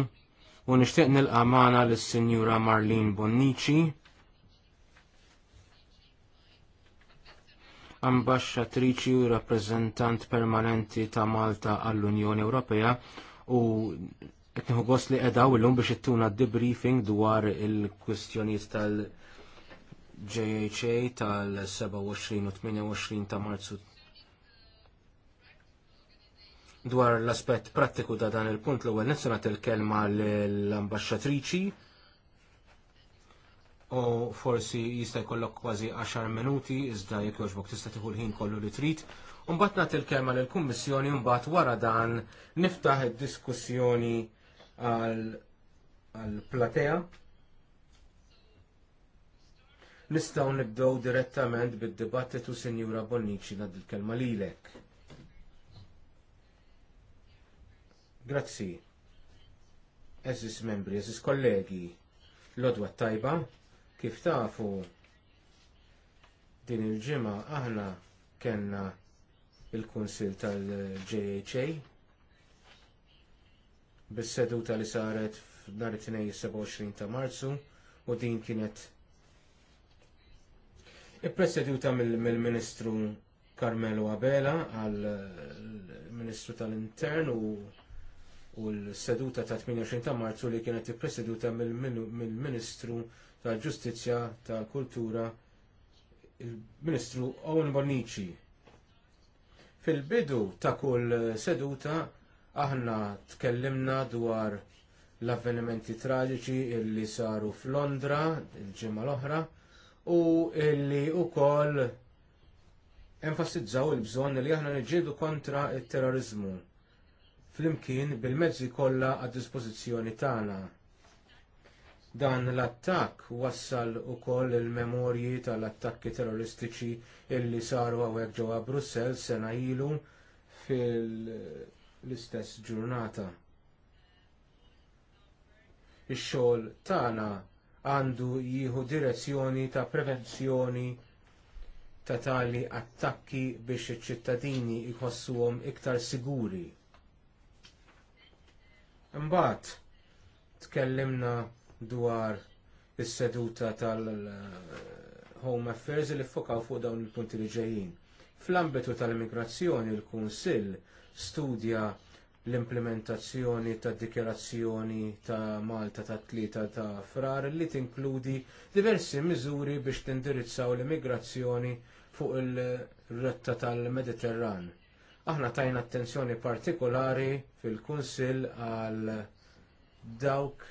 u nishtiq nilqa' magħna l sinjura Marlene Bonnici, ambasċatriċi u rappresentant permanenti ta' Malta għall-Unjoni Ewropea u etniħu nieħu gost li qiegħda illum biex it-tuna debriefing dwar il-kwistjonijiet tal- JHA tal-27 u 28 ta' marzu dwar l-aspett prattiku ta' dan il-punt l-ewwel nagħti il-kelma l-ambasċatriċi u forsi jista' jkollok kważi 10 minuti iżda jekk jogħġbok tista' tieħu l-ħin kollu li trid. Mbagħad nagħti l-kelma lill-Kummissjoni mbagħad wara dan niftaħ id-diskussjoni għal platea Nistgħu nibdew direttament bid-dibattitu Sinjura Bonnici nad il-kelma lilek. Grazzi. Eżis membri, eżis kollegi, l-odwa tajba, kif tafu din il-ġimgħa aħna kellna il-Kunsil tal-JHA bis-seduta li saret f'nar it-tnejn 27 ta' Marzu u din kienet Ippreseduta mill-Ministru Carmelo Abela għal eh, Ministru tal-Intern u u l-seduta ta' 28 ta' Marzu li kienet ippreseduta mill-Ministru tal-Ġustizzja tal-Kultura il-Ministru Owen Bonici. Fil-bidu ta' kull seduta aħna tkellimna dwar l avvenimenti traġiċi li saru f'Londra il-ġimgħa l-oħra u illi wkoll enfasizzaw il-bżonn li aħna nġidu kontra t terrorizmu flimkien bil-mezzi kollha għad-dispożizzjoni tagħna. Dan l-attakk wassal ukoll il-memorji tal-attakki terroristiċi illi saru għawek ġewwa Brussels sena ilu fil-istess ġurnata. Ix-xogħol tagħna għandu jieħu direzzjoni ta' prevenzjoni ta' tali attakki biex iċ-ċittadini jħossuhom iktar siguri. Imbagħad tkellimna dwar is-seduta tal-Home Affairs li ffokaw fuq dawn il-punti li ġejjin. Fl-ambitu tal-immigrazzjoni il-Kunsill studja l-implementazzjoni tad dikjarazzjoni ta' Malta ta' tlieta ta' frar li tinkludi diversi miżuri biex tindirizzaw l-immigrazzjoni fuq il-rotta tal-Mediterran. Aħna tajna attenzjoni partikolari fil-Kunsill għal dawk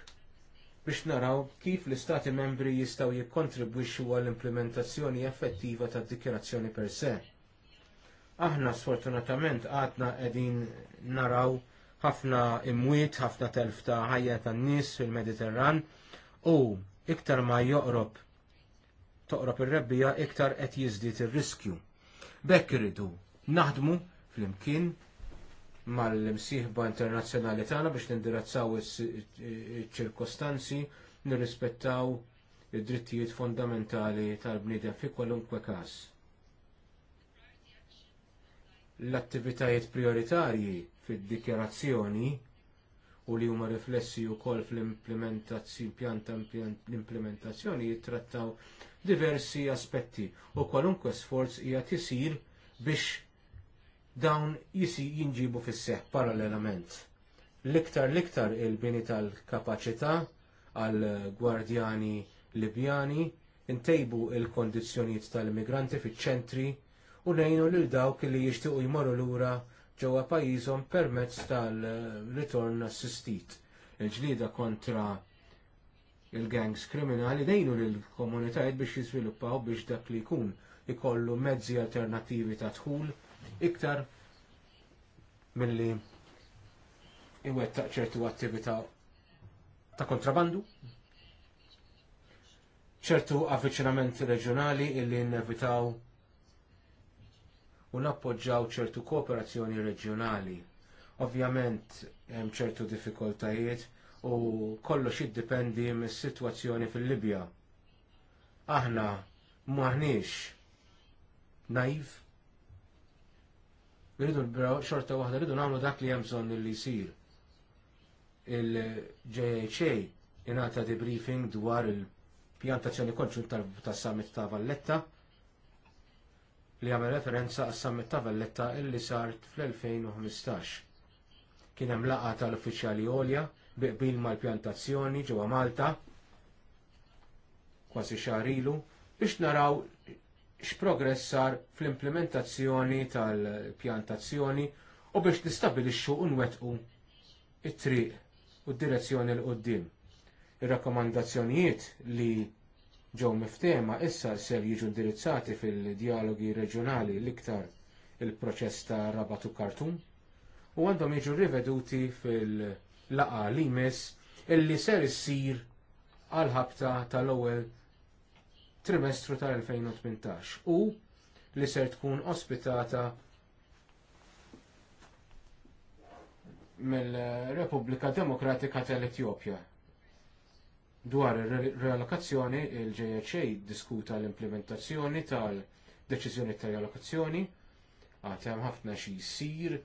biex naraw kif l-Istati membri jistgħu jikkontribwixxu għall-implementazzjoni effettiva tad dikjarazzjoni per se aħna sfortunatament għadna qegħdin naraw ħafna imwiet, ħafna telf ta' ħajja tan-nies fil-Mediterran u iktar ma joqrob toqrob ir-rebbija iktar qed jiżdied ir-riskju. Bekk irridu naħdmu flimkien mal-imsieħba internazzjonali tagħna biex nindirazzaw iċ-ċirkostanzi nirrispettaw id-drittijiet fondamentali tal-bniedem fi kwalunkwe każ. L-attivitajiet prioritarji fid-dikjerazzjoni u li huma riflessi wkoll fl-implementazzjoni l-implementazzjoni jittrattaw diversi aspetti u kwalunkwe sforz qiegħed isir biex dawn jisi jinġibu fis-seħħ parallelament. L-iktar l-iktar il-bini tal-kapaċità għall gwardjani Libjani ntejbu l kondizzjonijiet tal-immigranti fiċ-ċentri u nejnu lil dawk li jixtiequ jmorru lura ġewwa pajjiżhom permezz tal-ritorn assistit. Il-ġlieda kontra il-gangs kriminali dejnu lill komunitajiet biex jiżviluppaw biex dak li jkun ikollu mezzi alternattivi ta' dħul iktar milli iwettaq ċertu attività ta' kontrabandu, ċertu avviċinamenti reġjonali illi nevitaw u nappoġġaw ċertu kooperazzjoni reġjonali. Ovvjament hemm ċertu diffikultajiet u kollox jiddependi mis-sitwazzjoni fil-Libja. Aħna maħniex naiv. Rridu xorta waħda rridu nagħmlu dak li hemm bżonn li jsir. Il-JHA ingħata debriefing dwar il-pjantazzjoni konġunt tas-summit ta' Valletta li għamel referenza għas summit ta' Valletta illi sart fl-2015. Kien hemm laqgħa tal-uffiċjali għolja biqbil mal-pjantazzjoni ġewwa Malta kważi xahar ilu biex naraw x'progress sar fl-implementazzjoni tal-pjantazzjoni u biex nistabilixxu u nwettqu it-triq u d-direzzjoni l qudiem Ir-rakkomandazzjonijiet li ġew miftema issa ser jiġu indirizzati fil-dialogi reġjonali l-iktar il-proċess ta' rabat u kartum u għandhom jiġu riveduti fil laqgħa li jmiss illi ser issir għal ħabta tal-ewwel trimestru tal-2018 u li ser tkun ospitata mill-Repubblika Demokratika tal-Etjopja Dwar ir relokazzjoni il-JHA diskuta l-implementazzjoni tal-deċiżjoni tal-realokazzjoni, għatem ħafna xi jsir,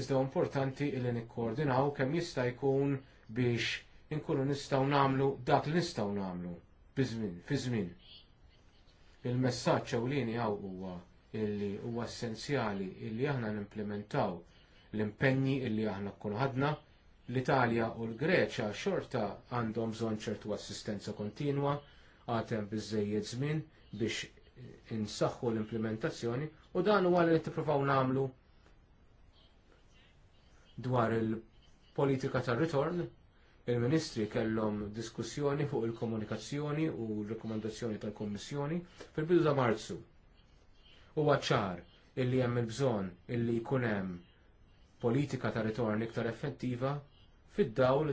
iżda importanti li nikkoordinaw kemm jista' jkun biex inkunu nistgħu nagħmlu dak li nistgħu nagħmlu biżmin, fi żmien. Il-messaġġ ewlieni hawn huwa illi huwa essenzjali illi aħna nimplementaw l-impenni illi aħna nkunu ħadna L-Italja u l-Greċa xorta għandhom bżonn ċertu assistenza kontinwa, għatem biżżejjed żmien biex insaħħu l-implementazzjoni u dan huwa li tippruvaw nagħmlu dwar il-politika tar-ritorn il-ministri kellhom diskussjoni fuq il-komunikazzjoni u l-rekomendazzjoni tal kummissjoni fil-bidu ta' Marzu. Huwa ċar illi hemm il-bżonn illi jkun hemm politika ta' ritorn iktar effettiva fid-dawl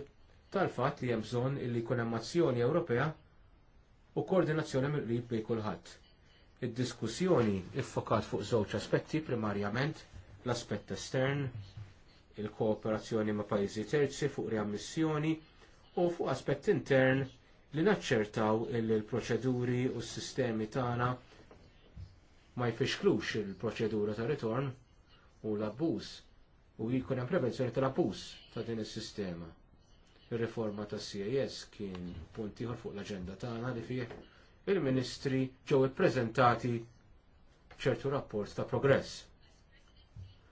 tal-fatt li hemm bżonn li jkun hemm azzjoni Ewropea u koordinazzjoni mill-qrib bejn kulħadd. Id-diskussjoni iffokat fuq żewġ aspetti primarjament l-aspett estern, il-kooperazzjoni ma' pajjiżi terzi fuq riammissjoni u fuq aspett intern li naċċertaw il-proċeduri u s-sistemi tagħna ma jfixklux il-proċedura ta' ritorn u l-abbuż u jkun hemm prevenzjoni tal-abuż ta' din is-sistema. Ir-riforma tas CAS kien punt ieħor fuq l-aġenda tagħna li fih il-Ministri ġew ippreżentati ċertu rapport ta' progress.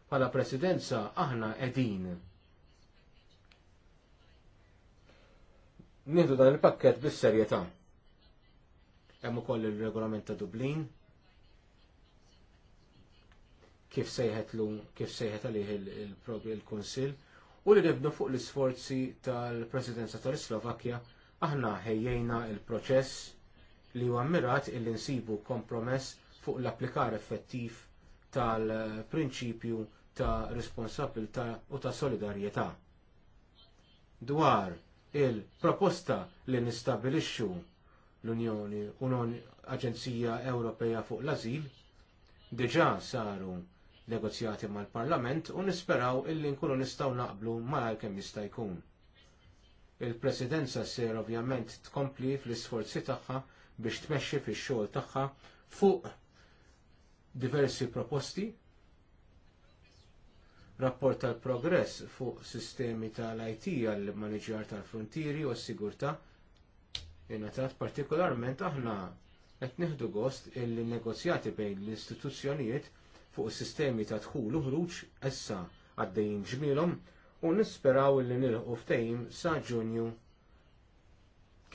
Bħala Presidenza aħna qegħdin Nieħdu dan il-pakket bis-serjetà. Hemm ukoll ir regolament ta' Dublin, kif sejħetlu kif sejħet għalih il-Kunsill u li nibnu fuq l-isforzi tal-Presidenza tal-Slovakkja aħna ħejjejna il-proċess li huwa mirat il nsibu kompromess fuq l-applikar effettiv tal-prinċipju ta' responsabilità u ta' solidarjetà. Dwar il-proposta li nistabilixxu l-Unjoni Aġenzija Ewropea fuq l-Azil diġà saru negozjati mal-Parlament u nisperaw illi nkunu nistgħu naqblu malajr kemm jista' jkun. Il-Presidenza ssir ovvjament tkompli fl-isforzi tagħha biex tmexxi fix-xogħol tagħha fuq diversi proposti rapport tal-progress fuq sistemi tal-IT għall maniġjar tal-frontieri u s-sigurtà ingħatat partikolarment aħna qed nieħdu gost il-negozjati bejn l-istituzzjonijiet fuq is-sistemi ta' dħul u ħruġ issa għaddejjin ġmielhom u nisperaw li nilħu ftehim sa' Ġunju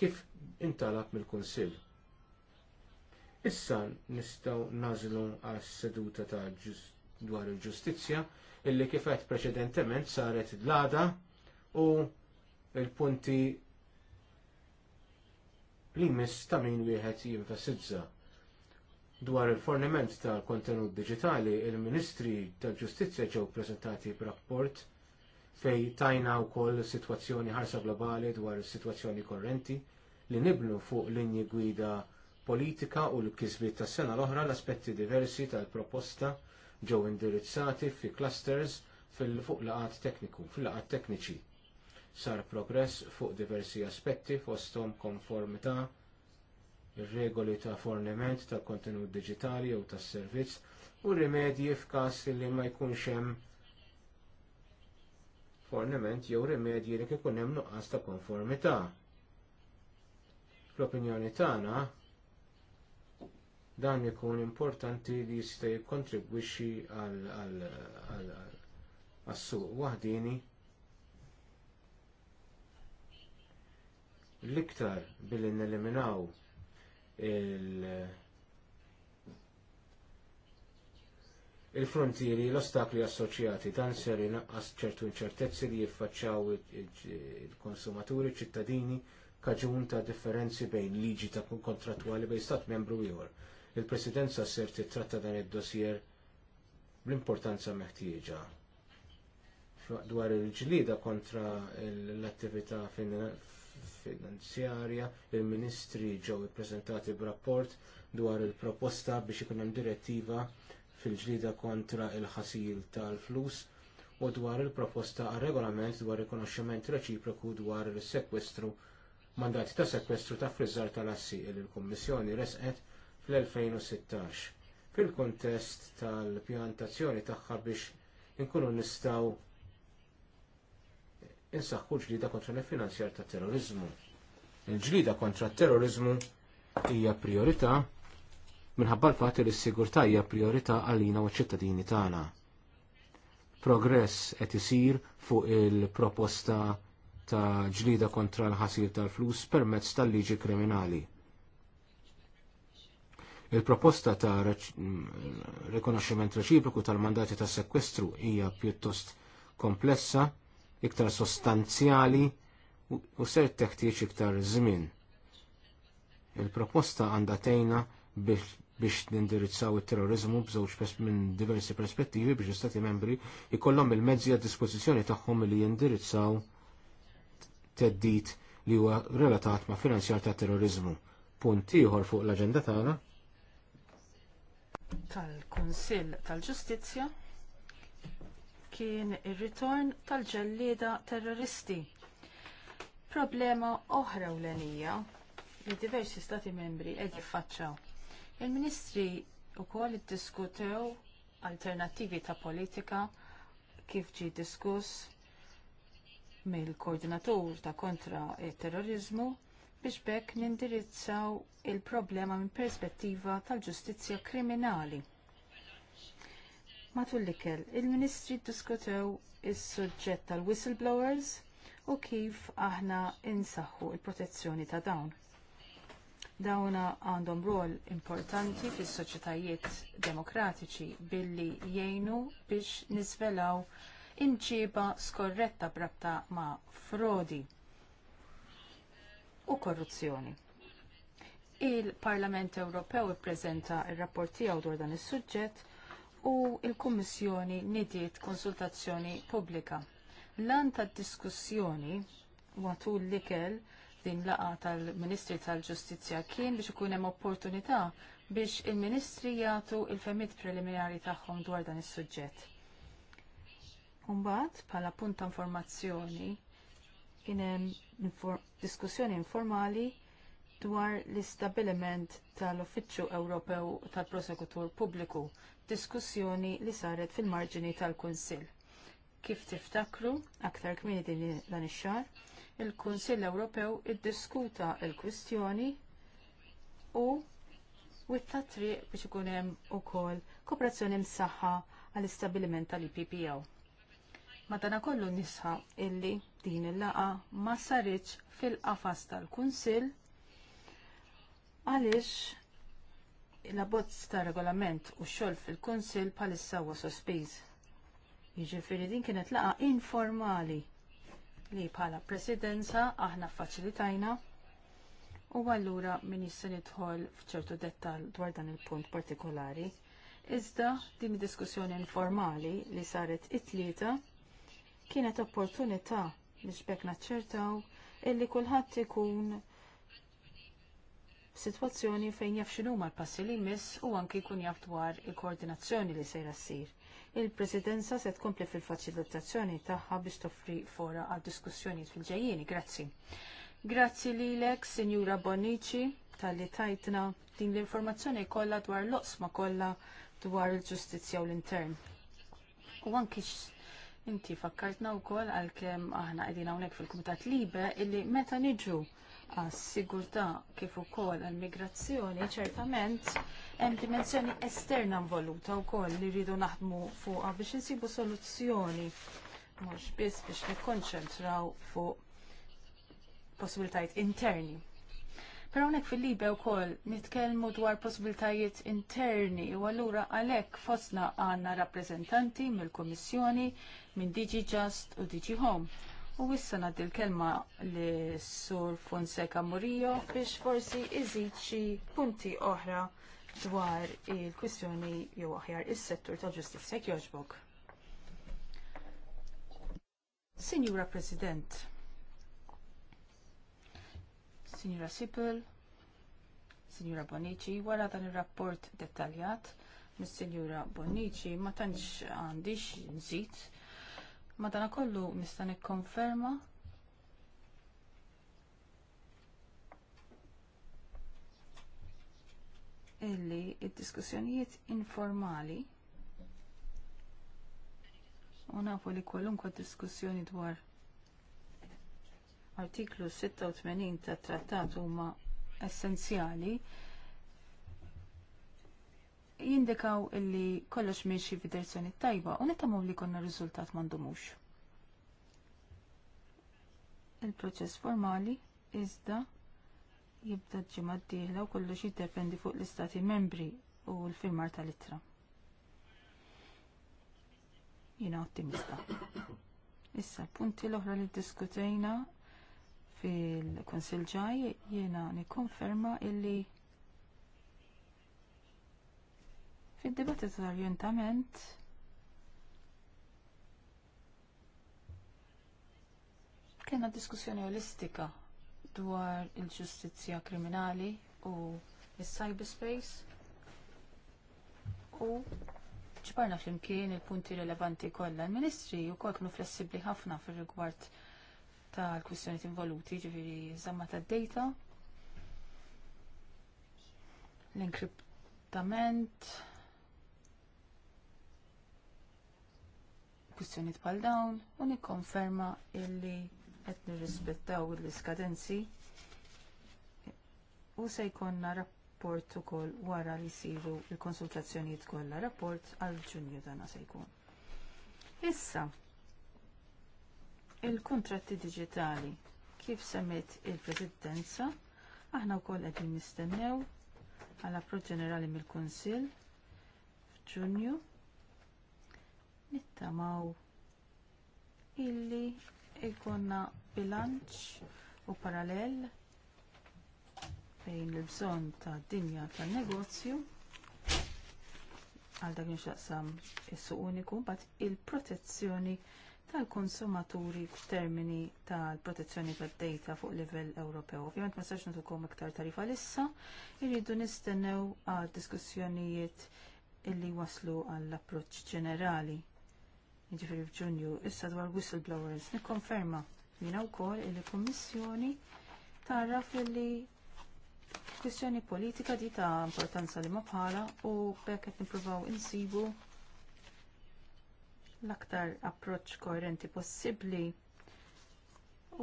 kif intalab mill-Kunsill. Issa nistgħu nażlu għas seduta ta' dwar il-ġustizzja illi kif qed preċedentement saret l-għada u l punti li mis ta' min wieħed jinfasizza. Dwar il-forniment tal-kontenut digitali, il-Ministri tal-Ġustizzja ġew ppreżentati b'rapport fejn tajna wkoll sitwazzjoni ħarsa globali dwar is-sitwazzjoni korrenti li nibnu fuq linji gwida politika u l-kisbiet tas sena l-oħra l-aspetti diversi tal-proposta ġew indirizzati fi clusters fil-fuq laqat tekniku, fil-laqat tekniċi. Sar progress fuq diversi aspetti fosthom konformità ir-regoli ta' forniment ta' kontenut diġitali jew tas servizz u rimedji f'każ li ma jkunx hemm forniment jew rimedji li ikun hemm nuqqas ta' konformità. Fl-opinjoni tagħna dan ikun importanti li jista' jikkontribwixxi għas-suq waħdini l-iktar billi neliminaw il-frontieri, l-ostakli assoċjati dan ser inaqqas ċertu inċertezzi li jiffaċċjaw il-konsumaturi, ċittadini, kaġun ta' differenzi bejn liġi ta' kontrattwali bejn stat membru ieħor. Il-presidenza ser titratta dan id-dossier bl-importanza meħtieġa. Dwar il-ġlida kontra l-attività finanzjarja, il-ministri ġew ippreżentati b'rapport dwar il-proposta biex ikun hemm direttiva fil ġlieda kontra il-ħasil tal-flus u dwar il-proposta għal regolament dwar rikonoxximent reċiproku dwar is sekwestru mandati ta' sekwestru ta' frizzar tal-assi li l kummissjoni resqet fl-2016 fil kuntest tal-pjantazzjoni tagħha biex inkunu nistgħu insaħħu l-ġlida kontra l-finanzjar ta' terrorizmu. Il-ġlida kontra terrorizmu hija priorità minħabba l-fatt li s-sigurtà hija priorità għalina u ċittadini tagħna. Progress qed isir fuq il-proposta ta' ġlida kontra l-ħasir tal-flus permezz tal-liġi kriminali. Il-proposta ta' rekonoxximent mm, reċiproku tal-mandati ta' sekwestru hija pjuttost komplessa iktar sostanzjali u ser teħtieġ iktar żmien. Il-proposta għandha tejna biex nindirizzaw it-terrorizmu bżewġ minn diversi perspettivi biex l-Stati membri jkollhom il-mezzi għad dispożizzjoni tagħhom li jindirizzaw teddit li huwa relatat ma' finanzjar ta' terrorizmu. Punt ieħor fuq l-aġenda tagħna tal-Kunsill tal-Ġustizzja kien ir-ritorn tal-ġellieda terroristi. Problema oħra ewlenija li diversi stati membri qed jiffaċċaw. Il-Ministri wkoll iddiskutew alternattivi ta' politika kif ġie diskuss mill-koordinatur ta' kontra t terrorizmu biex bekk nindirizzaw il-problema minn perspettiva tal-ġustizzja kriminali matul l-ikel. Il-Ministri ddiskutew is-suġġett tal-whistleblowers u kif aħna insaħħu l protezzjoni ta' dawn. Dawna għandhom rol importanti fis soċjetajiet demokratiċi billi jgħinu biex niżvelaw imġiba skorretta brabta ma' frodi u korruzzjoni. Il-Parlament Ewropew ippreżenta r rapport tiegħu dwar dan is-suġġett u il-Kummissjoni nidiet konsultazzjoni pubblika. Lan tad diskussjoni matul l-ikel din laqa tal-Ministri tal-Ġustizzja kien biex ikun hemm opportunità biex il-Ministri jagħtu il-femmit preliminari tagħhom dwar dan is-suġġett. Imbagħad, bħala punt ta' informazzjoni kien hemm inform diskussjoni informali dwar l-istabiliment tal-Uffiċċju Ewropew tal-Prosekutur Pubbliku, diskussjoni li saret fil-marġini tal-Kunsill. Kif tiftakru, aktar kmini din dan ix-xahar, il-Kunsill Ewropew iddiskuta l kwistjoni u witta triq biex ikun hemm ukoll kooperazzjoni msaħħa għall-istabiliment tal-IPPO. Madanakollu nisħa illi din il laqgħa ma saritx fil-qafas tal-Kunsill għaliex l-abbozz ta' regolament u xogħol fil-Kunsill bħalissa huwa sospiż. Jiġifieri din kienet laqgħa informali li bħala presidenza aħna faċilitajna u allura min jista' nidħol f'ċertu dettal dwar dan il-punt partikolari. Iżda din id diskussjoni informali li saret it-tlieta kienet opportunità biex bekk naċċertaw illi kulħadd ikun situazzjoni fejn jaf x'inhuma l-passi li jmiss u anki jkun jaf dwar il-koordinazzjoni li sejra ssir. Il-Presidenza se tkompli fil-faċilitazzjoni tagħha biex toffri fora għal diskussjonijiet fil-ġejjieni. Grazzi. Grazzi lilek, Sinjura Bonici, tal-li tajtna din l-informazzjoni kollha dwar l-oqsma kollha dwar il-ġustizzja u l-intern. U anki inti fakkartna wkoll għalkemm aħna qegħdin hawnhekk fil-Kumitat Libe illi meta niġu għas-sigurtà kif ukoll għall-migrazzjoni ċertament hemm dimensjoni esterna involuta wkoll li rridu naħdmu fuqha biex insibu soluzzjoni mhux biss biex nikkonċentraw fuq possibilitajiet interni. Però hawnhekk fil liba wkoll nitkellmu dwar possibilitajiet interni u allura għalhekk fostna għandna rappreżentanti mill-Kummissjoni minn DG Just u DG Home U issa naddi l-kelma li sur Fonseca Murillo biex forsi iżid xi punti oħra dwar il-kwistjoni jew aħjar is-settur tal-ġustizzja jogħġbok. Sinjura President, Sinjura Sipel, Sinjura Bonici, wara dan ir-rapport dettaljat mis-Sinjura Bonici ma tantx għandix nżid Madana kollu nista' nikkonferma illi id-diskussjonijiet informali u nafu li kwalunkwa diskussjoni dwar artiklu 86 tat trattat huma essenzjali jindikaw illi kollox miexi f'direzzjoni tajba u nittamu li konna riżultat mandumux. Il-proċess formali iżda jibda ġimgħa d-dieħla u kollox jiddependi fuq l-istati membri u l-firmar tal-ittra. Jina ottimista. Issa, punti l-oħra li diskutejna fil-Konsil ġaj jiena nikkonferma illi Fid-dibattitu tal-orientament kena diskussjoni olistika dwar il-ġustizja kriminali u il-cyberspace u fl flimkien il-punti rilevanti kollha. Il-Ministri u kol kienu flessibli ħafna fil rigward tal-kwistjoniet involuti, ġifiri zamma ta' data, l-inkriptament, kwistjoniet bħal dawn u nikkonferma illi qed nirrispettaw l-iskadenzi u se jkollna rapport ukoll wara li jsiru l-konsultazzjonijiet kollha rapport għal Ġunju dana se jkun. Issa il-kuntratti diġitali kif semmet il-Presidenza aħna wkoll qegħdin nistennew għal approċ ġenerali mill-Kunsill f'Ġunju nittamaw illi ikonna bilanċ u parallel bejn il-bżonn tad dinja tan negozju għal dak nixaqsam is-suq uniku mbagħad il-protezzjoni tal-konsumaturi f'termini tal-protezzjoni tad-dejta fuq livell Ewropew. Ovvjament ma sarx nagħtukom iktar tarifa issa, irridu nistennew għal diskussjonijiet illi waslu għall approċċ ġenerali ġifiri f'Ġunju, issa dwar whistleblowers, nikkonferma u wkoll il kummissjoni tarraf li kwistjoni politika di ta' importanza li ma bħala u bekk qed nippruvaw insibu l-aktar approċċ koerenti possibbli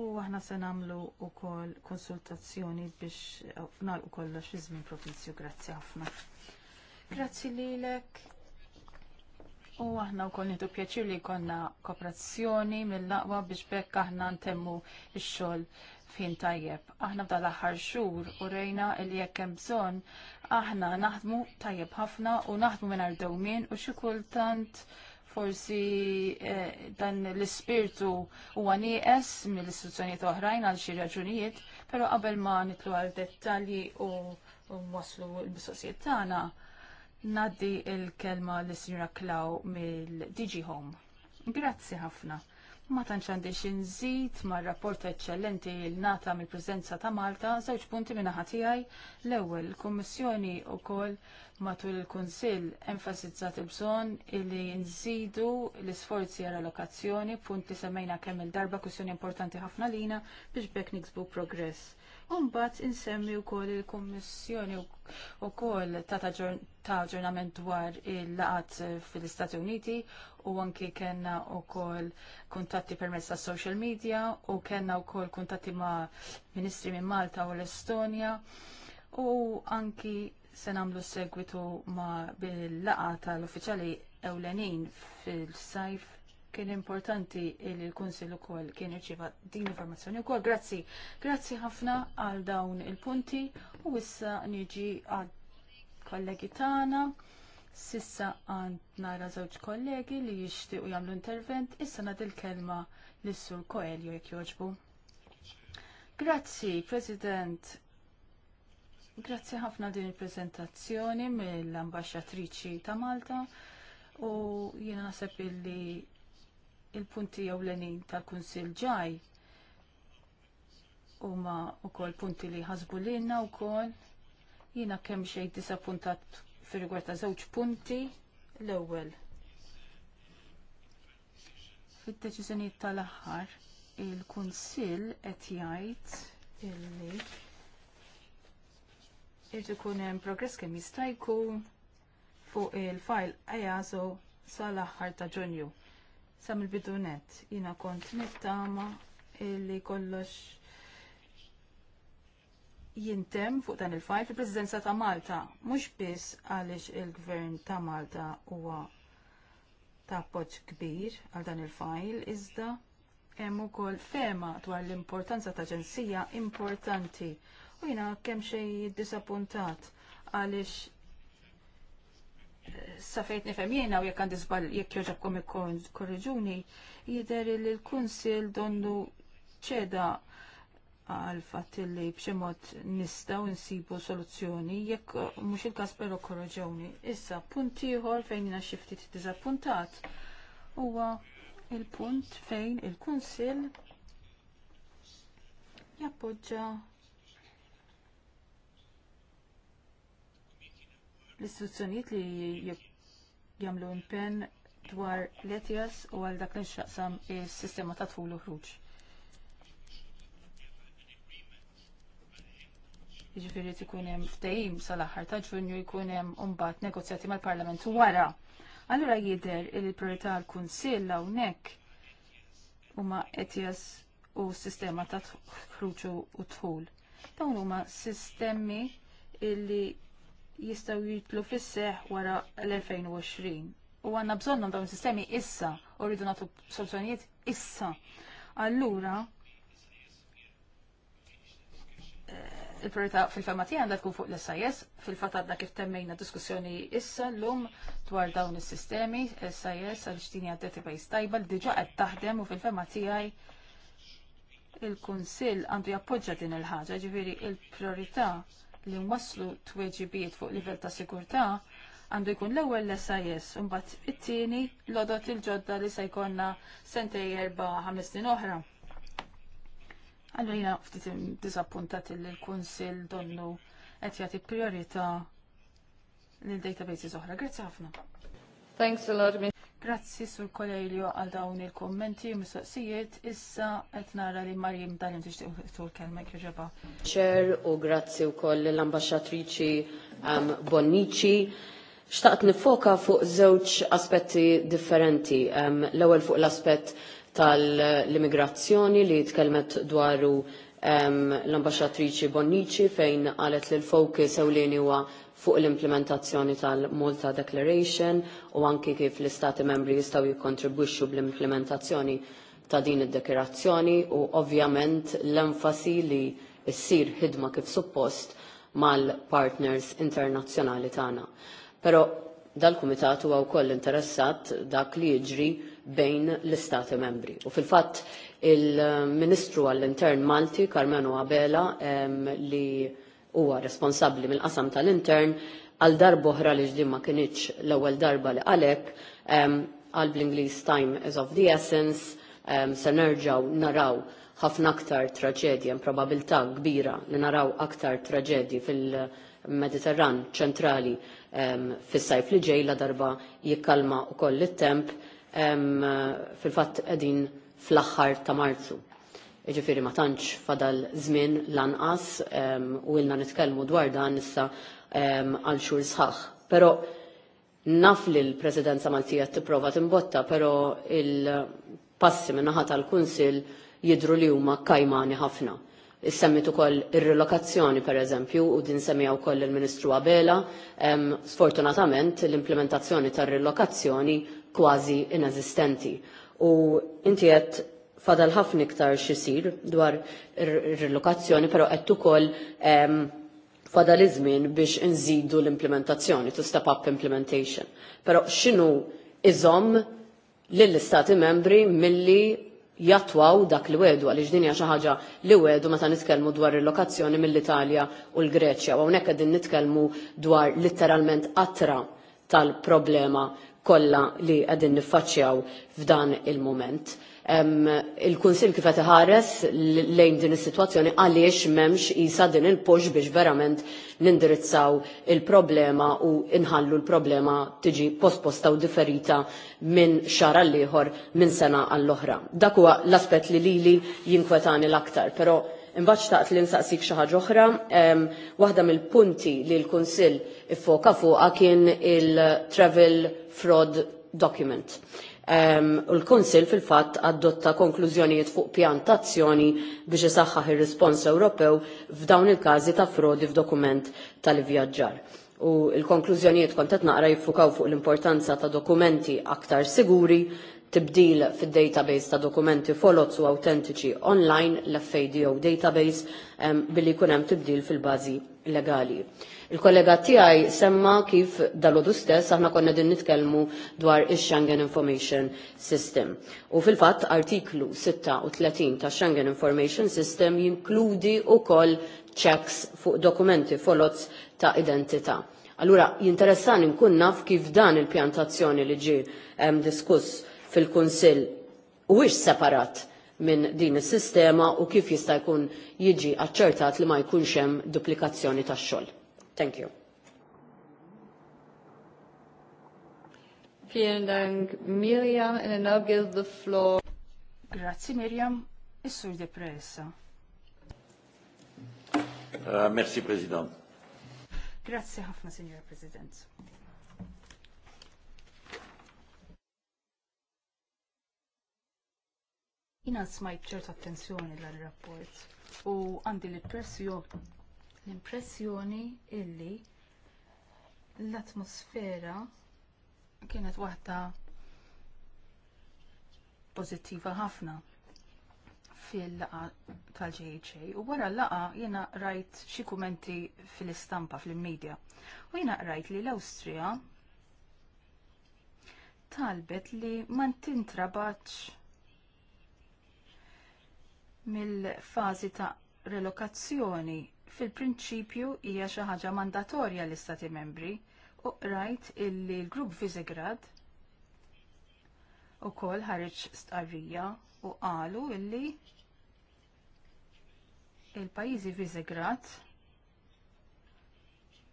u aħna se nagħmlu wkoll konsultazzjoni biex nagħlqu kollox fi żmien propizju. Grazzi ħafna. Grazzi lilek. U aħna u koll nitu pjaċir li konna kooperazzjoni mill-laqwa biex bekk aħna ntemmu x-xol fin tajjeb. Aħna f'dal aħħar xhur u rejna li jekk hemm bżonn aħna naħdmu tajjeb ħafna u naħdmu mingħajr dewmien u xi kultant forsi eh, dan l-ispirtu huwa nieqes mill-istituzzjonijiet oħrajn għal xi raġunijiet, però qabel ma nitlu għal dettalji u, u waslu l-mistoqsijiet tagħna Naddi il-kelma l sinjura Klaw mill-DG Home. Grazzi ħafna. Ma tantx għandi xinżid ma' rapport eċċellenti l nata mill prezenza ta' Malta, żewġ punti minna tiegħi. L-ewwel, kommissjoni u wkoll matul il-Kunsill enfasizzat il-bżonn illi nżidu l-isforzi għal allokazzjoni, punti semmejna kemm il-darba kussjoni importanti ħafna lina biex bekk niksbu progress. Umbat insemmi u koll il-Kommissjoni u koll ta' ġurnament dwar il-laqat fil-Istati Uniti u anki kena u koll kontatti permezz ta' social media u kena u koll kontatti ma' ministri minn Malta u l-Estonja u anki se namlu segwitu ma bil laqat tal-uffiċjali ewlenin fil-sajf kien importanti li l u kol kien irċiva din informazzjoni u kol. Grazzi. Grazzi ħafna għal dawn il-punti u issa niġi għad kollegi tagħna. Sissa għand nara żewġ kollegi li jixtiequ jagħmlu intervent, issa nad il-kelma lis-sur Koelju jekk jogħġbu. Grazzi, President. Grazzi ħafna din il-prezentazzjoni mill-Ambaxxatriċi ta' Malta. U jiena naħseb illi il-punti ewlenin tal-Kunsill ġaj huma wkoll punti li ħasbu lilna wkoll jiena kemm xejn disappuntat fir ta' żewġ punti l-ewwel fid-deċiżjonijiet tal-aħħar il-kunsill qed jgħid illi irid ikun hemm progress kemm jista' jkun fuq il-file EASO sal-aħħar ta' Ġunju. Sam il-bidunet, jina kont nittama illi kollox jintem fuq dan il-fajl fil-Presidenza ta' Malta, mhux biss għaliex il-Gvern ta' Malta huwa ta' poċ kbir għal dan il-fajl, iżda hemm ukoll fema dwar l-importanza ta' ġensija importanti. U jiena kemm xejn disappuntat għaliex safejt nifem jena u jekk għandi zbal jekk joġabkom korreġuni, jider li l-kunsil donnu ċeda għal fatt li bximot nistaw nsibu soluzzjoni, jekk mux il-kas pero korreġuni. Issa, punt ieħor fejn jina t dizappuntat huwa il-punt fejn il-kunsil jappoġġa l-istituzzjonijiet li jagħmlu impenn dwar l-ETIAS u għal dak li xaqsam is-sistema ta' tfulu ħruġ. Jiġifieri ikun hemm ftejim sal-aħħar ta' Ġunju jkun hemm mbagħad negozjati mal-Parlament wara. Allura jidher li l kunsil la' kunsill hawnhekk huma etjas u sistema ta' ħruġ u tħul. Dawn huma sistemi illi jistaw jitlu fisseħ wara l-2020. U għanna bżonnhom dawn sistemi issa u rridu nagħtu soluzzjonijiet issa. Allura eh, il-priorità fil femmati għanda għandha tkun fuq l-SIS, fil fatta għadna kif temmejna diskussjoni issa llum dwar dawn is-sistemi, SIS għal xtini għad database tajba li diġà qed taħdem u fil-fema tiegħi il-Kunsill għandu jappoġġa din il-ħaġa, ġifieri il-priorità il ħaġa ġifieri il priorità il priorità li nwasslu tweġibiet fuq livell ta' sigurtà għandu jkun l-ewwel l-SIS u mbagħad it-tieni l-odot il-ġodda li se jkollna sentej erba' ħames snin oħra. Allura jiena ftit disappuntat li l-Kunsill donnu qed jagħti priorità lil databases oħra. Grazzi ħafna. Thanks a lot, Grazzi sur Kolejlio għal dawn il-kommenti u mistoqsijiet. Issa qed nara li Marjim Dalim tixtieq tul kelma kieġeba. Ċer u grazzi wkoll l-ambaxxatriċi um, Bonnici. Xtaqt nifoka fuq żewġ aspetti differenti. Um, l-ewwel fuq l-aspett tal-immigrazzjoni li tkellmet dwaru um, l-ambaxxatriċi Bonnici fejn qalet li l-fokus ewlieni huwa fuq l-implementazzjoni tal multa Declaration u anki kif l-Istati membri jistaw jikontribwixxu bl-implementazzjoni ta' din id-dekirazzjoni u ovvjament l-enfasi li ssir ħidma kif suppost mal-partners internazzjonali tagħna. Però dal-Kumitat huwa wkoll interessat dak li jiġri bejn l-Istati membri. U fil-fatt il-Ministru għall-Intern Malti, Carmenu Abela, li huwa responsabbli mill-qasam tal-intern għal darba oħra li ġdim ma kienieċ l-ewwel darba li għalek għal bl-Inglis time is of the essence um, se nerġaw naraw ħafna aktar traġedji, probabilità kbira li naraw aktar traġedji fil-Mediterran ċentrali um, fis-sajf li ġej la darba jikkalma u koll it-temp um, fil-fatt edin fl-axħar ta' marzu. Ġifiri ma tantx fadal żmien lanqas u ilna nitkellmu dwar dan issa għal xhur sħaħ. Però naf li l-Presidenza Maltija tipprova timbotta, però il-passi minnaħa tal-Kunsil jidru li huma kajmani ħafna. Issemmit ukoll ir-relokazzjoni pereżempju u din semmija wkoll il-Ministru Abela, sfortunatament l-implementazzjoni tar-relokazzjoni kważi inesistenti. U inti qed fadal ħafna iktar xisir dwar il relokazzjoni pero qed ukoll ehm, fadal izmin żmien biex nżidu l-implementazzjoni, to step up implementation. Pero x'inhu izom lill-istati membri milli jatwaw dak li wedu għal ġdinja xaħġa li wedu meta nitkellmu dwar il-lokazzjoni mill-Italja u l-Greċja. U hawnhekk qegħdin nitkellmu dwar literalment qatra tal-problema kollha li qegħdin niffaċċjaw f'dan il-moment il-Kunsil kif qed iħares lejn din is-sitwazzjoni għaliex m'hemmx isa din il-push biex verament nindirizzaw il-problema u inħallu l-problema tiġi posposta u differita minn xara għal ieħor minn sena għall oħra Dak huwa l-aspett li lili jinkwetani l-aktar, però Imbagħad xtaqt li nsaqsik xi ħaġa oħra, waħda mill-punti li l-Kunsill iffoka fuqha kien il-travel fraud document u l-Kunsil fil-fatt adotta konklużjonijiet fuq pjan ta' azzjoni biex isaħħaħ ir-rispons Ewropew f'dawn il-każi ta' frodi f'dokument tal-ivvjaġġar. U l-konklużjonijiet kont qed naqra jiffukaw fuq l-importanza ta' dokumenti aktar siguri, tibdil fid-database ta' dokumenti folots u autentiċi online l-FADO database billi jkun hemm tibdil fil-bażi legali. Il-kollega tiegħi semma kif dalodu stess aħna konna din nitkellmu dwar ix-Schengen Information System. U fil-fatt artiklu 36 ta' Schengen Information System jinkludi wkoll checks fuq dokumenti folots ta' identità. Allura, jinteressan nkun naf kif dan il-pjantazzjoni li ġi diskuss fil-Kunsill u separat minn din is-sistema u kif jista' jkun jiġi aċċertat li ma jkunx hemm duplikazzjoni tax-xogħol. Thank you. Vielen Dank, Miriam. And I now give the floor. Grazie, Miriam. E sur depressa. Uh, eh, merci, President. Grazie ħafna, Signor President. Jina smajt ċerta attenzjoni l-rapport u għandi l-impressjoni l-impressjoni illi l-atmosfera kienet waħda pożittiva ħafna fil laqgħa tal-JHA u wara l laqgħa jiena rajt xi kumenti fil-istampa fil-medja u jiena rajt li l-Awstrija talbet li ma tintrabax mill-fażi ta' relokazzjoni fil-prinċipju hija xi ħaġa mandatorja l-Istati membri u rajt illi l-grupp Visegrad ukoll ħareġ stqarrija u qalu illi il-pajjiżi Visegrad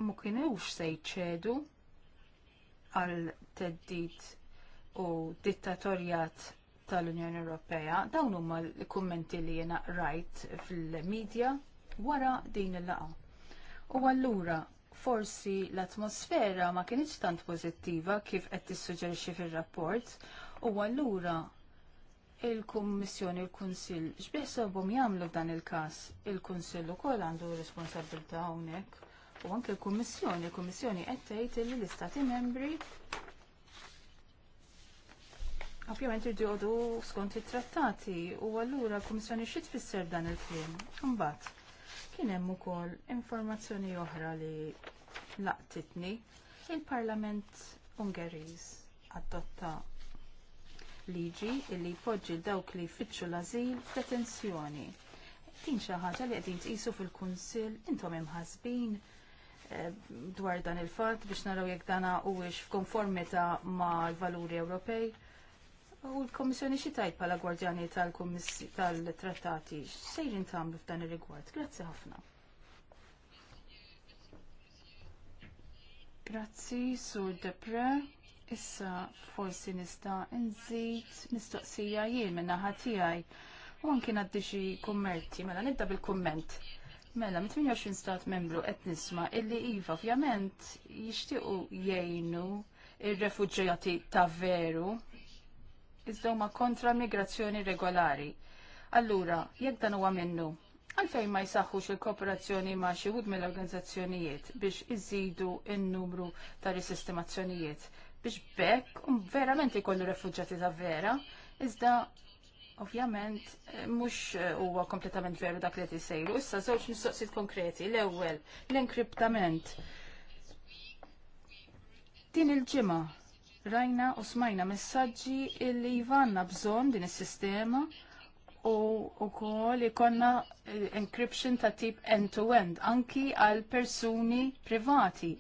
ma kinux se jċedu għal teddit u dittatorjat tal-Unjoni Ewropea. Dawn huma l-kummenti li jiena rajt fil-medja wara din il laqgħa U allura forsi l-atmosfera ma kienx tant pożittiva kif qed tissuġġerixxi fir-rapport u allura il-Kummissjoni l kunsill x'beħsebhom jagħmlu f'dan il-każ? Il-Kunsill ukoll għandu responsabilità hawnhekk u anke l-Kummissjoni, l kummissjoni qed tgħid li l-Istati membri Ovvjament irdu skont it-trattati u allura l-Kummissjoni xi tfisser dan il-kliem. Imbagħad Kien hemm ukoll informazzjoni oħra li laqtitni il-Parlament Ungeriż adotta liġi li jpoġġi dawk li jfittxu l-azil f'detenzjoni. Din xi ħaġa li qegħdin tqisu fil-Kunsill intom imħasbin eh, dwar dan il-fatt biex naraw jekk dana huwiex f'konformità mal valuri Ewropej U l-Komissjoni xi tajt bħala gwardjani tal-trattati x'sejrin tagħmlu f'dan ir-rigward. Grazzi ħafna. Grazzi, Sur Depre. Issa forsi nista' nżid mistoqsija jien minn naħa tiegħi. U anki ngħaddi xi kummerti, mela nibda bil-kumment. Mela, mit 28 stat membru qed nisma' illi iva ovvjament jixtiequ jgħinu ir-refuġjati ta' veru iżda huma kontra migrazzjoni regolari. Allura, jekk dan huwa minnu, għalfejn ma jsaħħux il-kooperazzjoni ma' xi wħud mill-organizzazzjonijiet biex iżidu n-numru ta' risistemazzjonijiet biex bekk um, verament ikollu refuġġati ta' vera, iżda Ovvjament, eh, mhux eh, huwa kompletament veru dak li tisejru. Issa, żewġ mistoqsijiet konkreti. l ewwel l-enkriptament. Din il ġimgħa rajna u smajna messaġġi illi jivanna bżon din is-sistema u wkoll ikonna eh, encryption ta' tip end-to-end anki għal persuni privati.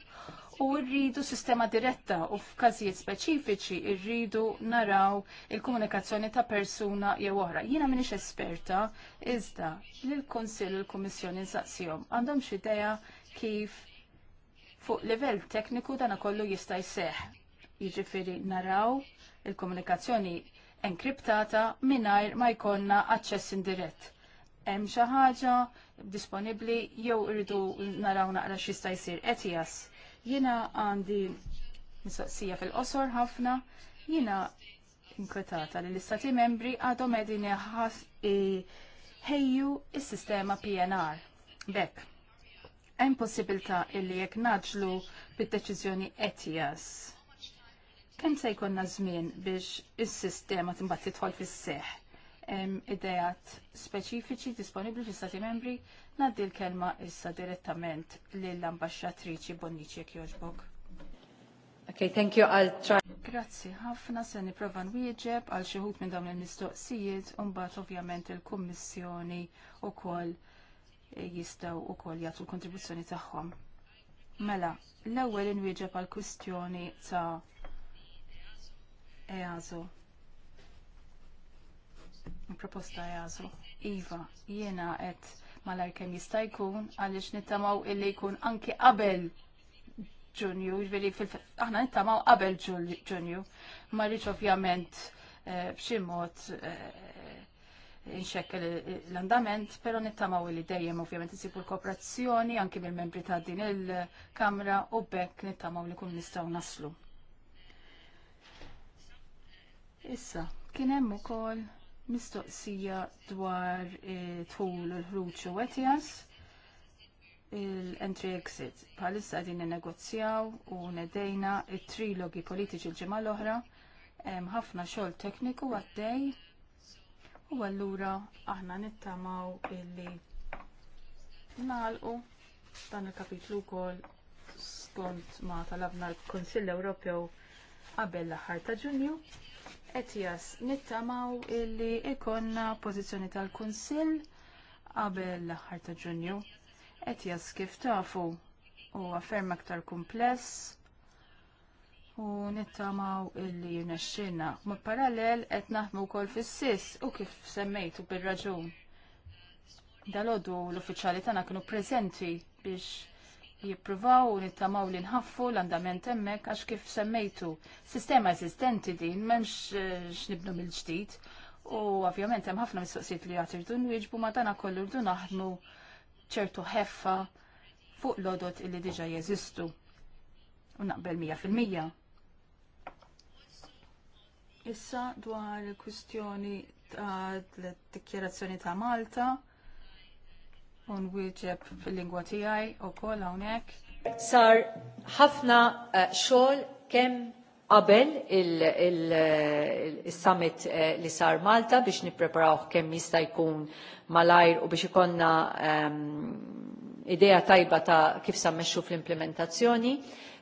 U rridu sistema diretta u f'każijiet speċifiċi rridu naraw il-komunikazzjoni ta' persuna jew oħra. Jiena m'hinix esperta, iżda lill-Kunsill u l-Kummissjoni nsaqsihom għandhom xi idea kif fuq livell tekniku dan kollu jista' jseħħ jiġifieri naraw il-komunikazzjoni enkriptata mingħajr ma jkollna aċċess indirett. Hemm xi ħaġa disponibbli jew irridu naraw naqra x'jista' jsir ETIAS. Jiena għandi mistoqsija fil-qosor ħafna, jiena inkwetata li l-istati membri għadhom qegħdin ħejju s-sistema PNR. Bekk, hemm possibilità illi jekk naġlu bid-deċiżjoni ETIAS Kemm se jkollna żmien biex is-sistema timbagħad tidħol fis-seħħ? idejat speċifiċi disponibli fis stati membri, naddi l-kelma issa direttament lill-ambasċatriċi Bonnici Kjoġbog. Okay, thank you, I'll try. Grazzi, ħafna se nipprova nwieġeb għal xi ħut minn dawn il-mistoqsijiet u mbagħad ovvjament il-Kummissjoni wkoll jistgħu wkoll jagħtu l-kontribuzzjoni tagħhom. Mela, l-ewwel inwieġeb għal kwistjoni ta' EASO. Proposta Eazo. Iva, jiena et malar kemm jista' jkun għaliex nittamaw illi jkun anki qabel Ġunju, ġveri aħna nittamaw qabel Ġunju. Ma rridx ovvjament e, b'xi mod e, inxekkel l-andament, pero nittamaw li dejjem ovvjament isibu l-kooperazzjoni anki mill-membri ta' din il-Kamra u bekk nittamaw li kun nistgħu naslu. Issa, kien hemm ukoll mistoqsija dwar eh, tħul il ħruġ u il-entry exit. Bħalissa din negozjaw u nedejna il trilogi politiċi l-ġimgħa l-oħra hemm ħafna xogħol tekniku għaddej u allura aħna nittamaw illi nagħlqu dan il-kapitlu wkoll skont ma talabna l-Konsill Ewropew qabel l-aħħar ta' Ġunju Etjas, nittamaw illi ikonna pożizzjoni tal-Kunsill qabel l-aħħar ta' Ġunju. Etjas kif tafu huwa ferm aktar kumpless u nittamaw illi jirnexxina. Ma parallel qed naħdmu wkoll fis u kif semmejtu bil raġun Dal-oddu l-uffiċjali tagħna kienu preżenti biex jippruvaw u nittamaw li nħaffu l-andament emmek għax kif semmejtu sistema eżistenti din memx eh, xnibnu mill-ġdid u ovvjament hemm ħafna mistoqsijiet li għatirdu nwieġbu ma dana kollu rdu naħdmu ċertu ħeffa fuq lodot illi diġa jeżistu. U naqbel mija fil-mija. Issa dwar il-kwistjoni ta' l-dikjerazzjoni ta' Malta un wieġeb fil-lingwa tiegħi wkoll hawnhekk. Sar ħafna eh, xogħol kemm qabel eh, il-summit eh, li sar Malta biex nippreparaw kemm jista' jkun malajr u biex ikonna ehm, idea tajba ta' kif sammexxu fl-implementazzjoni,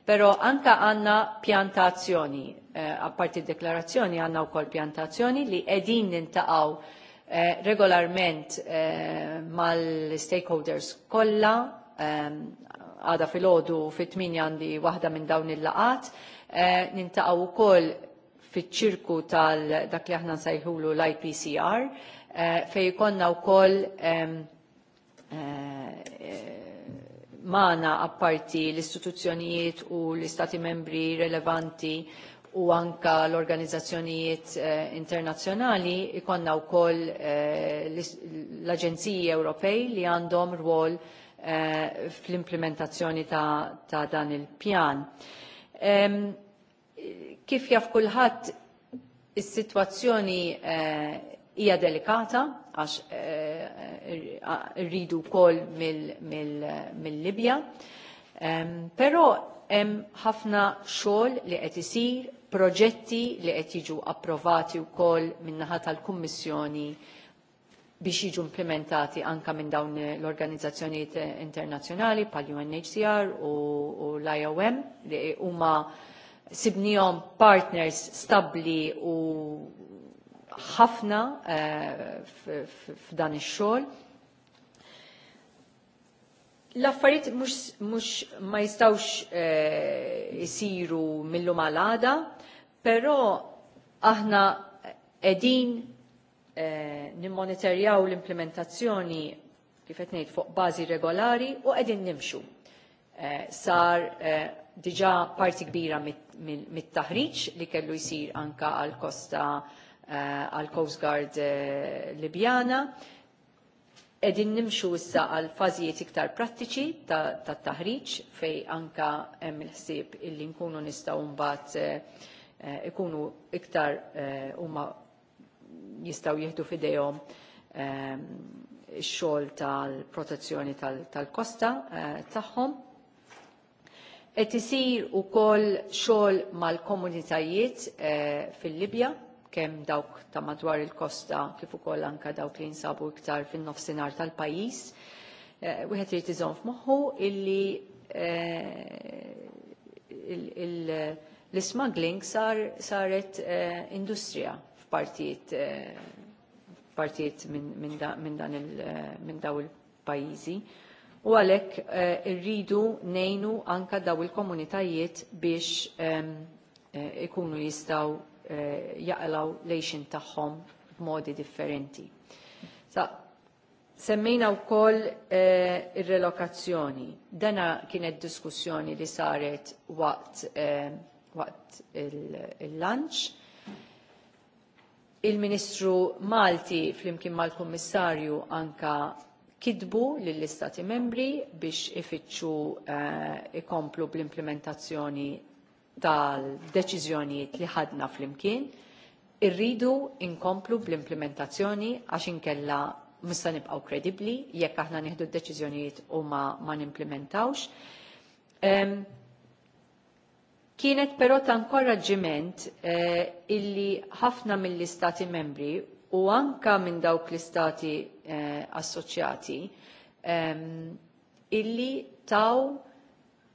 pero anka għanna pjantazzjoni, eh, apparti deklarazzjoni għanna u kol pjantazzjoni li qegħdin nintaqaw Eh, regolarment eh, mal-stakeholders kollha ehm, għada fil-ħodu fit-tminja għandi waħda minn dawn il-laqat, nintaqaw eh, nintaqgħu wkoll fit ċirku tal-dak li aħna nsajħulu l-IPCR, fej konna wkoll ehm, eh, maħna apparti l-istituzzjonijiet u l-istati membri relevanti u anka l-organizzazzjonijiet eh, internazzjonali ikonna wkoll eh, l-Aġenziji Ewropej li għandhom rwol eh, fl-implementazzjoni ta' dan il-pjan. Kif jaf kulħadd is-sitwazzjoni hija delikata għax rridu wkoll mill-Libja. Però hemm ħafna xogħol li qed isir, proġetti li qed jiġu approvati wkoll min-naħa tal-Kummissjoni biex jiġu implementati anka minn dawn l-organizzazzjonijiet internazzjonali bħal UNHCR u, u l-IOM li huma sibniehom partners stabbli u ħafna uh, f'dan ix-xogħol L-affarijiet mhux ma jistawx eh, isiru millu malada, però aħna qegħdin eh, nimmonitorjaw l-implementazzjoni kif qed ngħid fuq bażi regolari u qegħdin nimxu. Eh, sar diġà parti kbira mit-taħriġ li kellu jsir anka għal kosta għal Coast Guard Libjana Edin nimxu issa għal fażijiet iktar prattiċi ta' taħriġ fej anka hemm il-ħsieb illi nkunu nistgħu mbagħad eh, ikunu iktar eh, huma jistgħu jieħdu f'idejhom eh, ix-xogħol tal-protezzjoni tal-kosta tagħhom. Qed isir ukoll xogħol mal-komunitajiet fil-Libja kemm dawk ta' madwar il-kosta kif ukoll anke dawk li jinsabu iktar fin-nofsinhar tal-pajjiż. Uh, Wieħed irid iżomm f'moħħu illi uh, eh, l ismuggling sar, saret uh, industrija f'partijiet partijiet minn min da, min min daw il-pajjiżi. U għalhekk irridu ngħinu anke daw il-komunitajiet biex um, ikunu jistgħu Eh, jaqlaw lejxin tagħhom b'modi differenti. Sa, semmejna wkoll eh, ir-relokazzjoni. Dana kienet diskussjoni li saret waqt eh, waqt il-lunch. Il Il-Ministru Malti flimkien mal-Kummissarju anka kidbu lill-Istati membri biex ifittxu eh, ikomplu bl-implementazzjoni tal-deċiżjonijiet li ħadna flimkien, irridu inkomplu bl-implementazzjoni għax inkella mista nibqgħu kredibbli jekk aħna nieħdu d-deċiżjonijiet u ma, ma nimplementawx. Um, kienet però ta' inkoraġġiment eh, illi ħafna mill-istati membri u anka minn dawk l-istati eh, assoċjati illi taw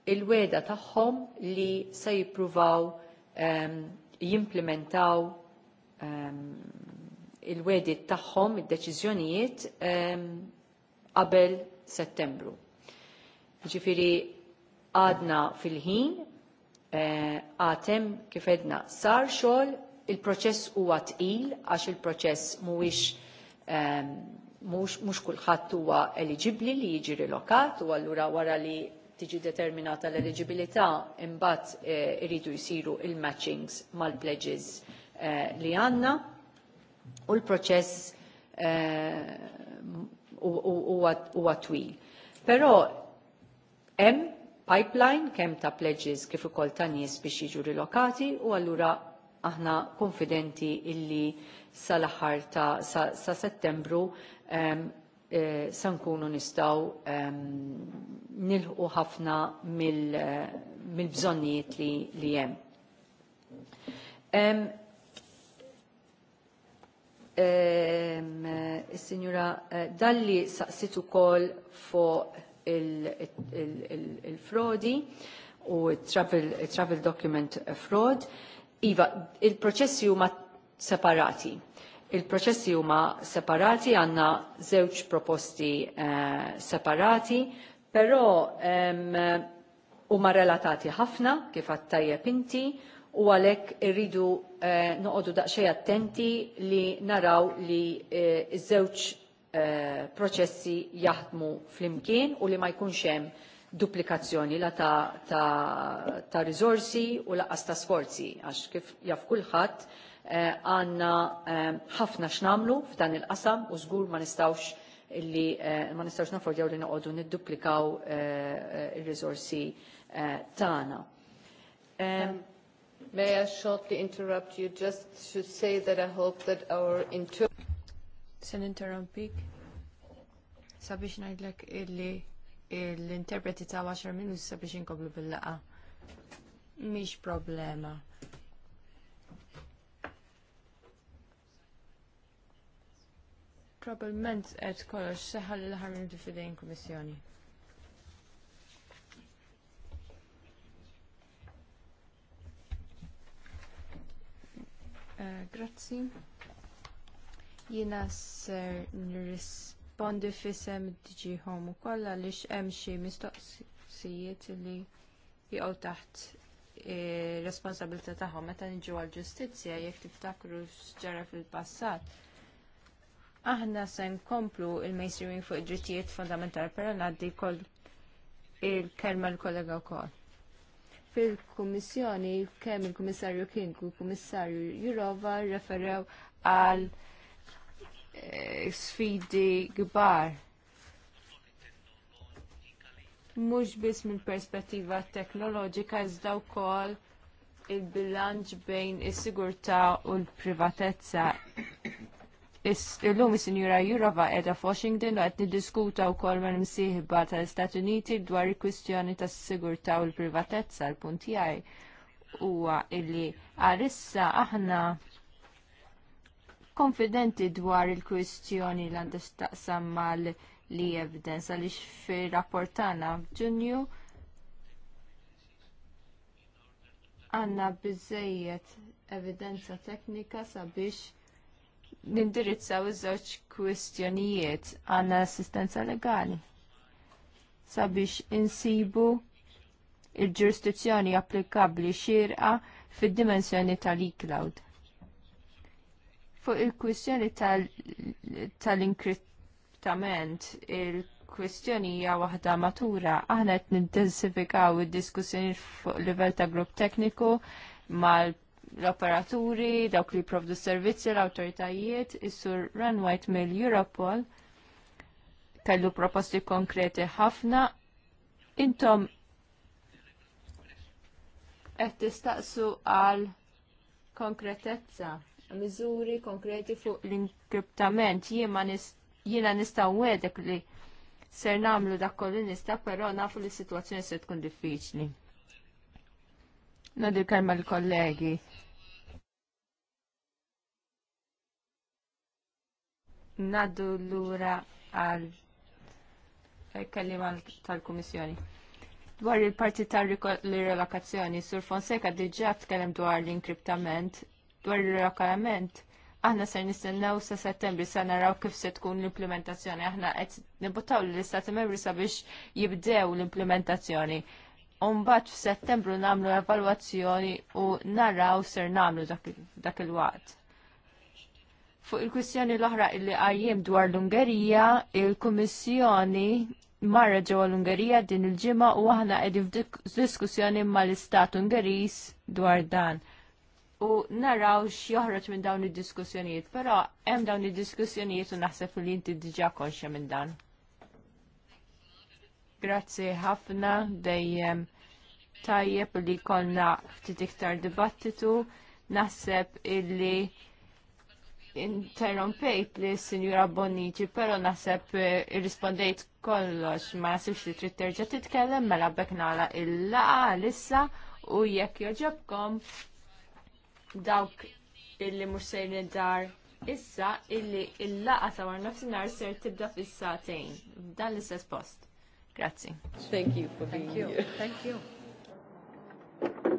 il-weda tagħhom li se jippruvaw um, jimplementaw um, il-wedi tagħhom id-deċiżjonijiet ehm, qabel Settembru. Ġifiri għadna fil-ħin, eh, għatem uh, kif edna sar xogħol, il-proċess huwa tqil għax il-proċess mhuwiex mhux um, kulħadd huwa eliġibbli li jiġi lokat, u allura wara li tiġi determinata l-eligibilità imbagħad eh, iridu jsiru l matchings mal-pledges eh, li għandna u l-proċess eh, huwa twil. Però hemm pipeline kemm ta' pledges kif ukoll ta' nies biex jiġu rilokati u allura aħna konfidenti illi sal-aħħar ta' sa, settembru ehm, Eh, se sankunu nistaw eh, nilħu ħafna mill-bżonnijiet eh, li hemm. Is-sinjura ehm, ehm, eh, dalli saqsit ukoll fuq il-frodi u travel document fraud. Iva, il-proċessi huma separati Il-proċessi huma separati, għanna żewġ proposti eh, separati, però ehm, huma relatati ħafna kif għattajjeb inti u għalhekk irridu eh, noqogħdu daqsxejn attenti li naraw li eh, ż żewġ proċessi jaħdmu flimkien u li ma jkunx hemm duplikazzjoni la ta', ta, ta riżorsi u laqas ta' sforzi għax kif jaf kulħadd Eh, għanna ehm, ħafna x'namlu f'dan il-qasam u zgur ma nistawx illi eh, ma nistawx nafordjaw li noqogħdu nidduplikaw eh, il-rizorsi tagħna. Ehm, um, may I shortly interrupt you just to say that I hope that our inter Sen interrompik sabiex ngħidlek illi l-interpreti ta' 10 minuti sabiex inkomplu bil-laqa. Mhix problema. probablement qed kollox seħal l aħħar minuti fidejn kummissjoni. Eh, grazzi. Jiena ser nirrispondi sem diġi Home ukoll għaliex hemm xi mistoqsijiet li jgħu taħt eh, responsabilità tagħhom meta niġu għall-ġustizzja jekk tiftakru x'ġara fil-passat Aħna se nkomplu il-mainstreaming fuq id-drittijiet fundamentali però ngħaddi kol il-kelma l-kollega wkoll. Fil-Kummissjoni kemm il-Kummissarju King u l-Kummissarju Jurova referew għal eh, sfidi kbar mhux biss minn perspettiva teknoloġika iżda wkoll il-bilanċ bejn is-sigurtà u l-privatezza Illum is-Sinjura Jurova edha Washington u qed niddiskuta wkoll mal-imsieħba tal-Istati Uniti dwar il-kwistjoni tas-sigurtà u l-privatezza l-punt tiegħi huwa illi għalissa aħna konfidenti dwar il-kwistjoni l għandha x'taqsam mal-li evidenza għaliex fi rapportana tagħna f'Ġunju għandna biżejjed evidenza teknika sabiex nindirizzaw iż-żewġ kwistjonijiet għandna assistenza legali sabiex insibu il-ġurisdizzjoni applikabbli xirqa fid-dimensjoni tal-e-cloud. Fuq il-kwistjoni tal-inkriptament, tal e cloud fuq il kwistjoni tal inkriptament il kwistjoni hija waħda matura, aħna qed nintensifikaw id-diskussjoni fuq livell ta' grupp tekniku mal l-operaturi, dawk li provdu servizzi l-autoritajiet, is-sur Run White mill Europol kellu proposti konkreti ħafna. Intom qed tistaqsu għal konkretezza, miżuri konkreti fuq l-inkriptament. Jiena nista' wedek li ser namlu dak kollu nista, però nafu li s-sitwazzjoni se tkun diffiċli. Nadir kelma l-kollegi. naddu l-ura għal kellima tal-Kummissjoni. Dwar il-parti tal-relokazzjoni, Sur Fonseca diġà tkellem dwar l-inkriptament, dwar il-relokament, aħna ser nistennew sa settembri sa naraw kif se tkun l-implementazzjoni. Aħna qed nibutaw l-Istati Membri sabiex jibdew l-implementazzjoni. Umbat f'Settembru nagħmlu evalwazzjoni u naraw ser nagħmlu dak il-waqt. Fuq il-kwistjoni l-oħra illi għajjem dwar l-Ungerija, il-Kummissjoni marra ġewwa l-Ungerija din il-ġimgħa u aħna qegħdin f'diskussjoni mal-Istat Ungeriż dwar dan. U naraw x'joħroġ minn dawn id-diskussjonijiet, però hemm dawn id-diskussjonijiet u naħseb li inti diġà konxja minn dan. Grazzi ħafna dejjem tajjeb li konna ftit iktar dibattitu. Naħseb illi interrompejt li s-Sinjura Bonici, pero naħseb eh, irrispondejt kollox ma nasibx li trid terġa' titkellem mela beknala il-laqa lissa u jekk joġobkom dawk illi mhux sejrin dar issa illi il-laqa ta' war nofsinhar ser tibda fis-satejn f'dan l-istess post. Grazzi. Thank you for being Thank you. here. Thank you.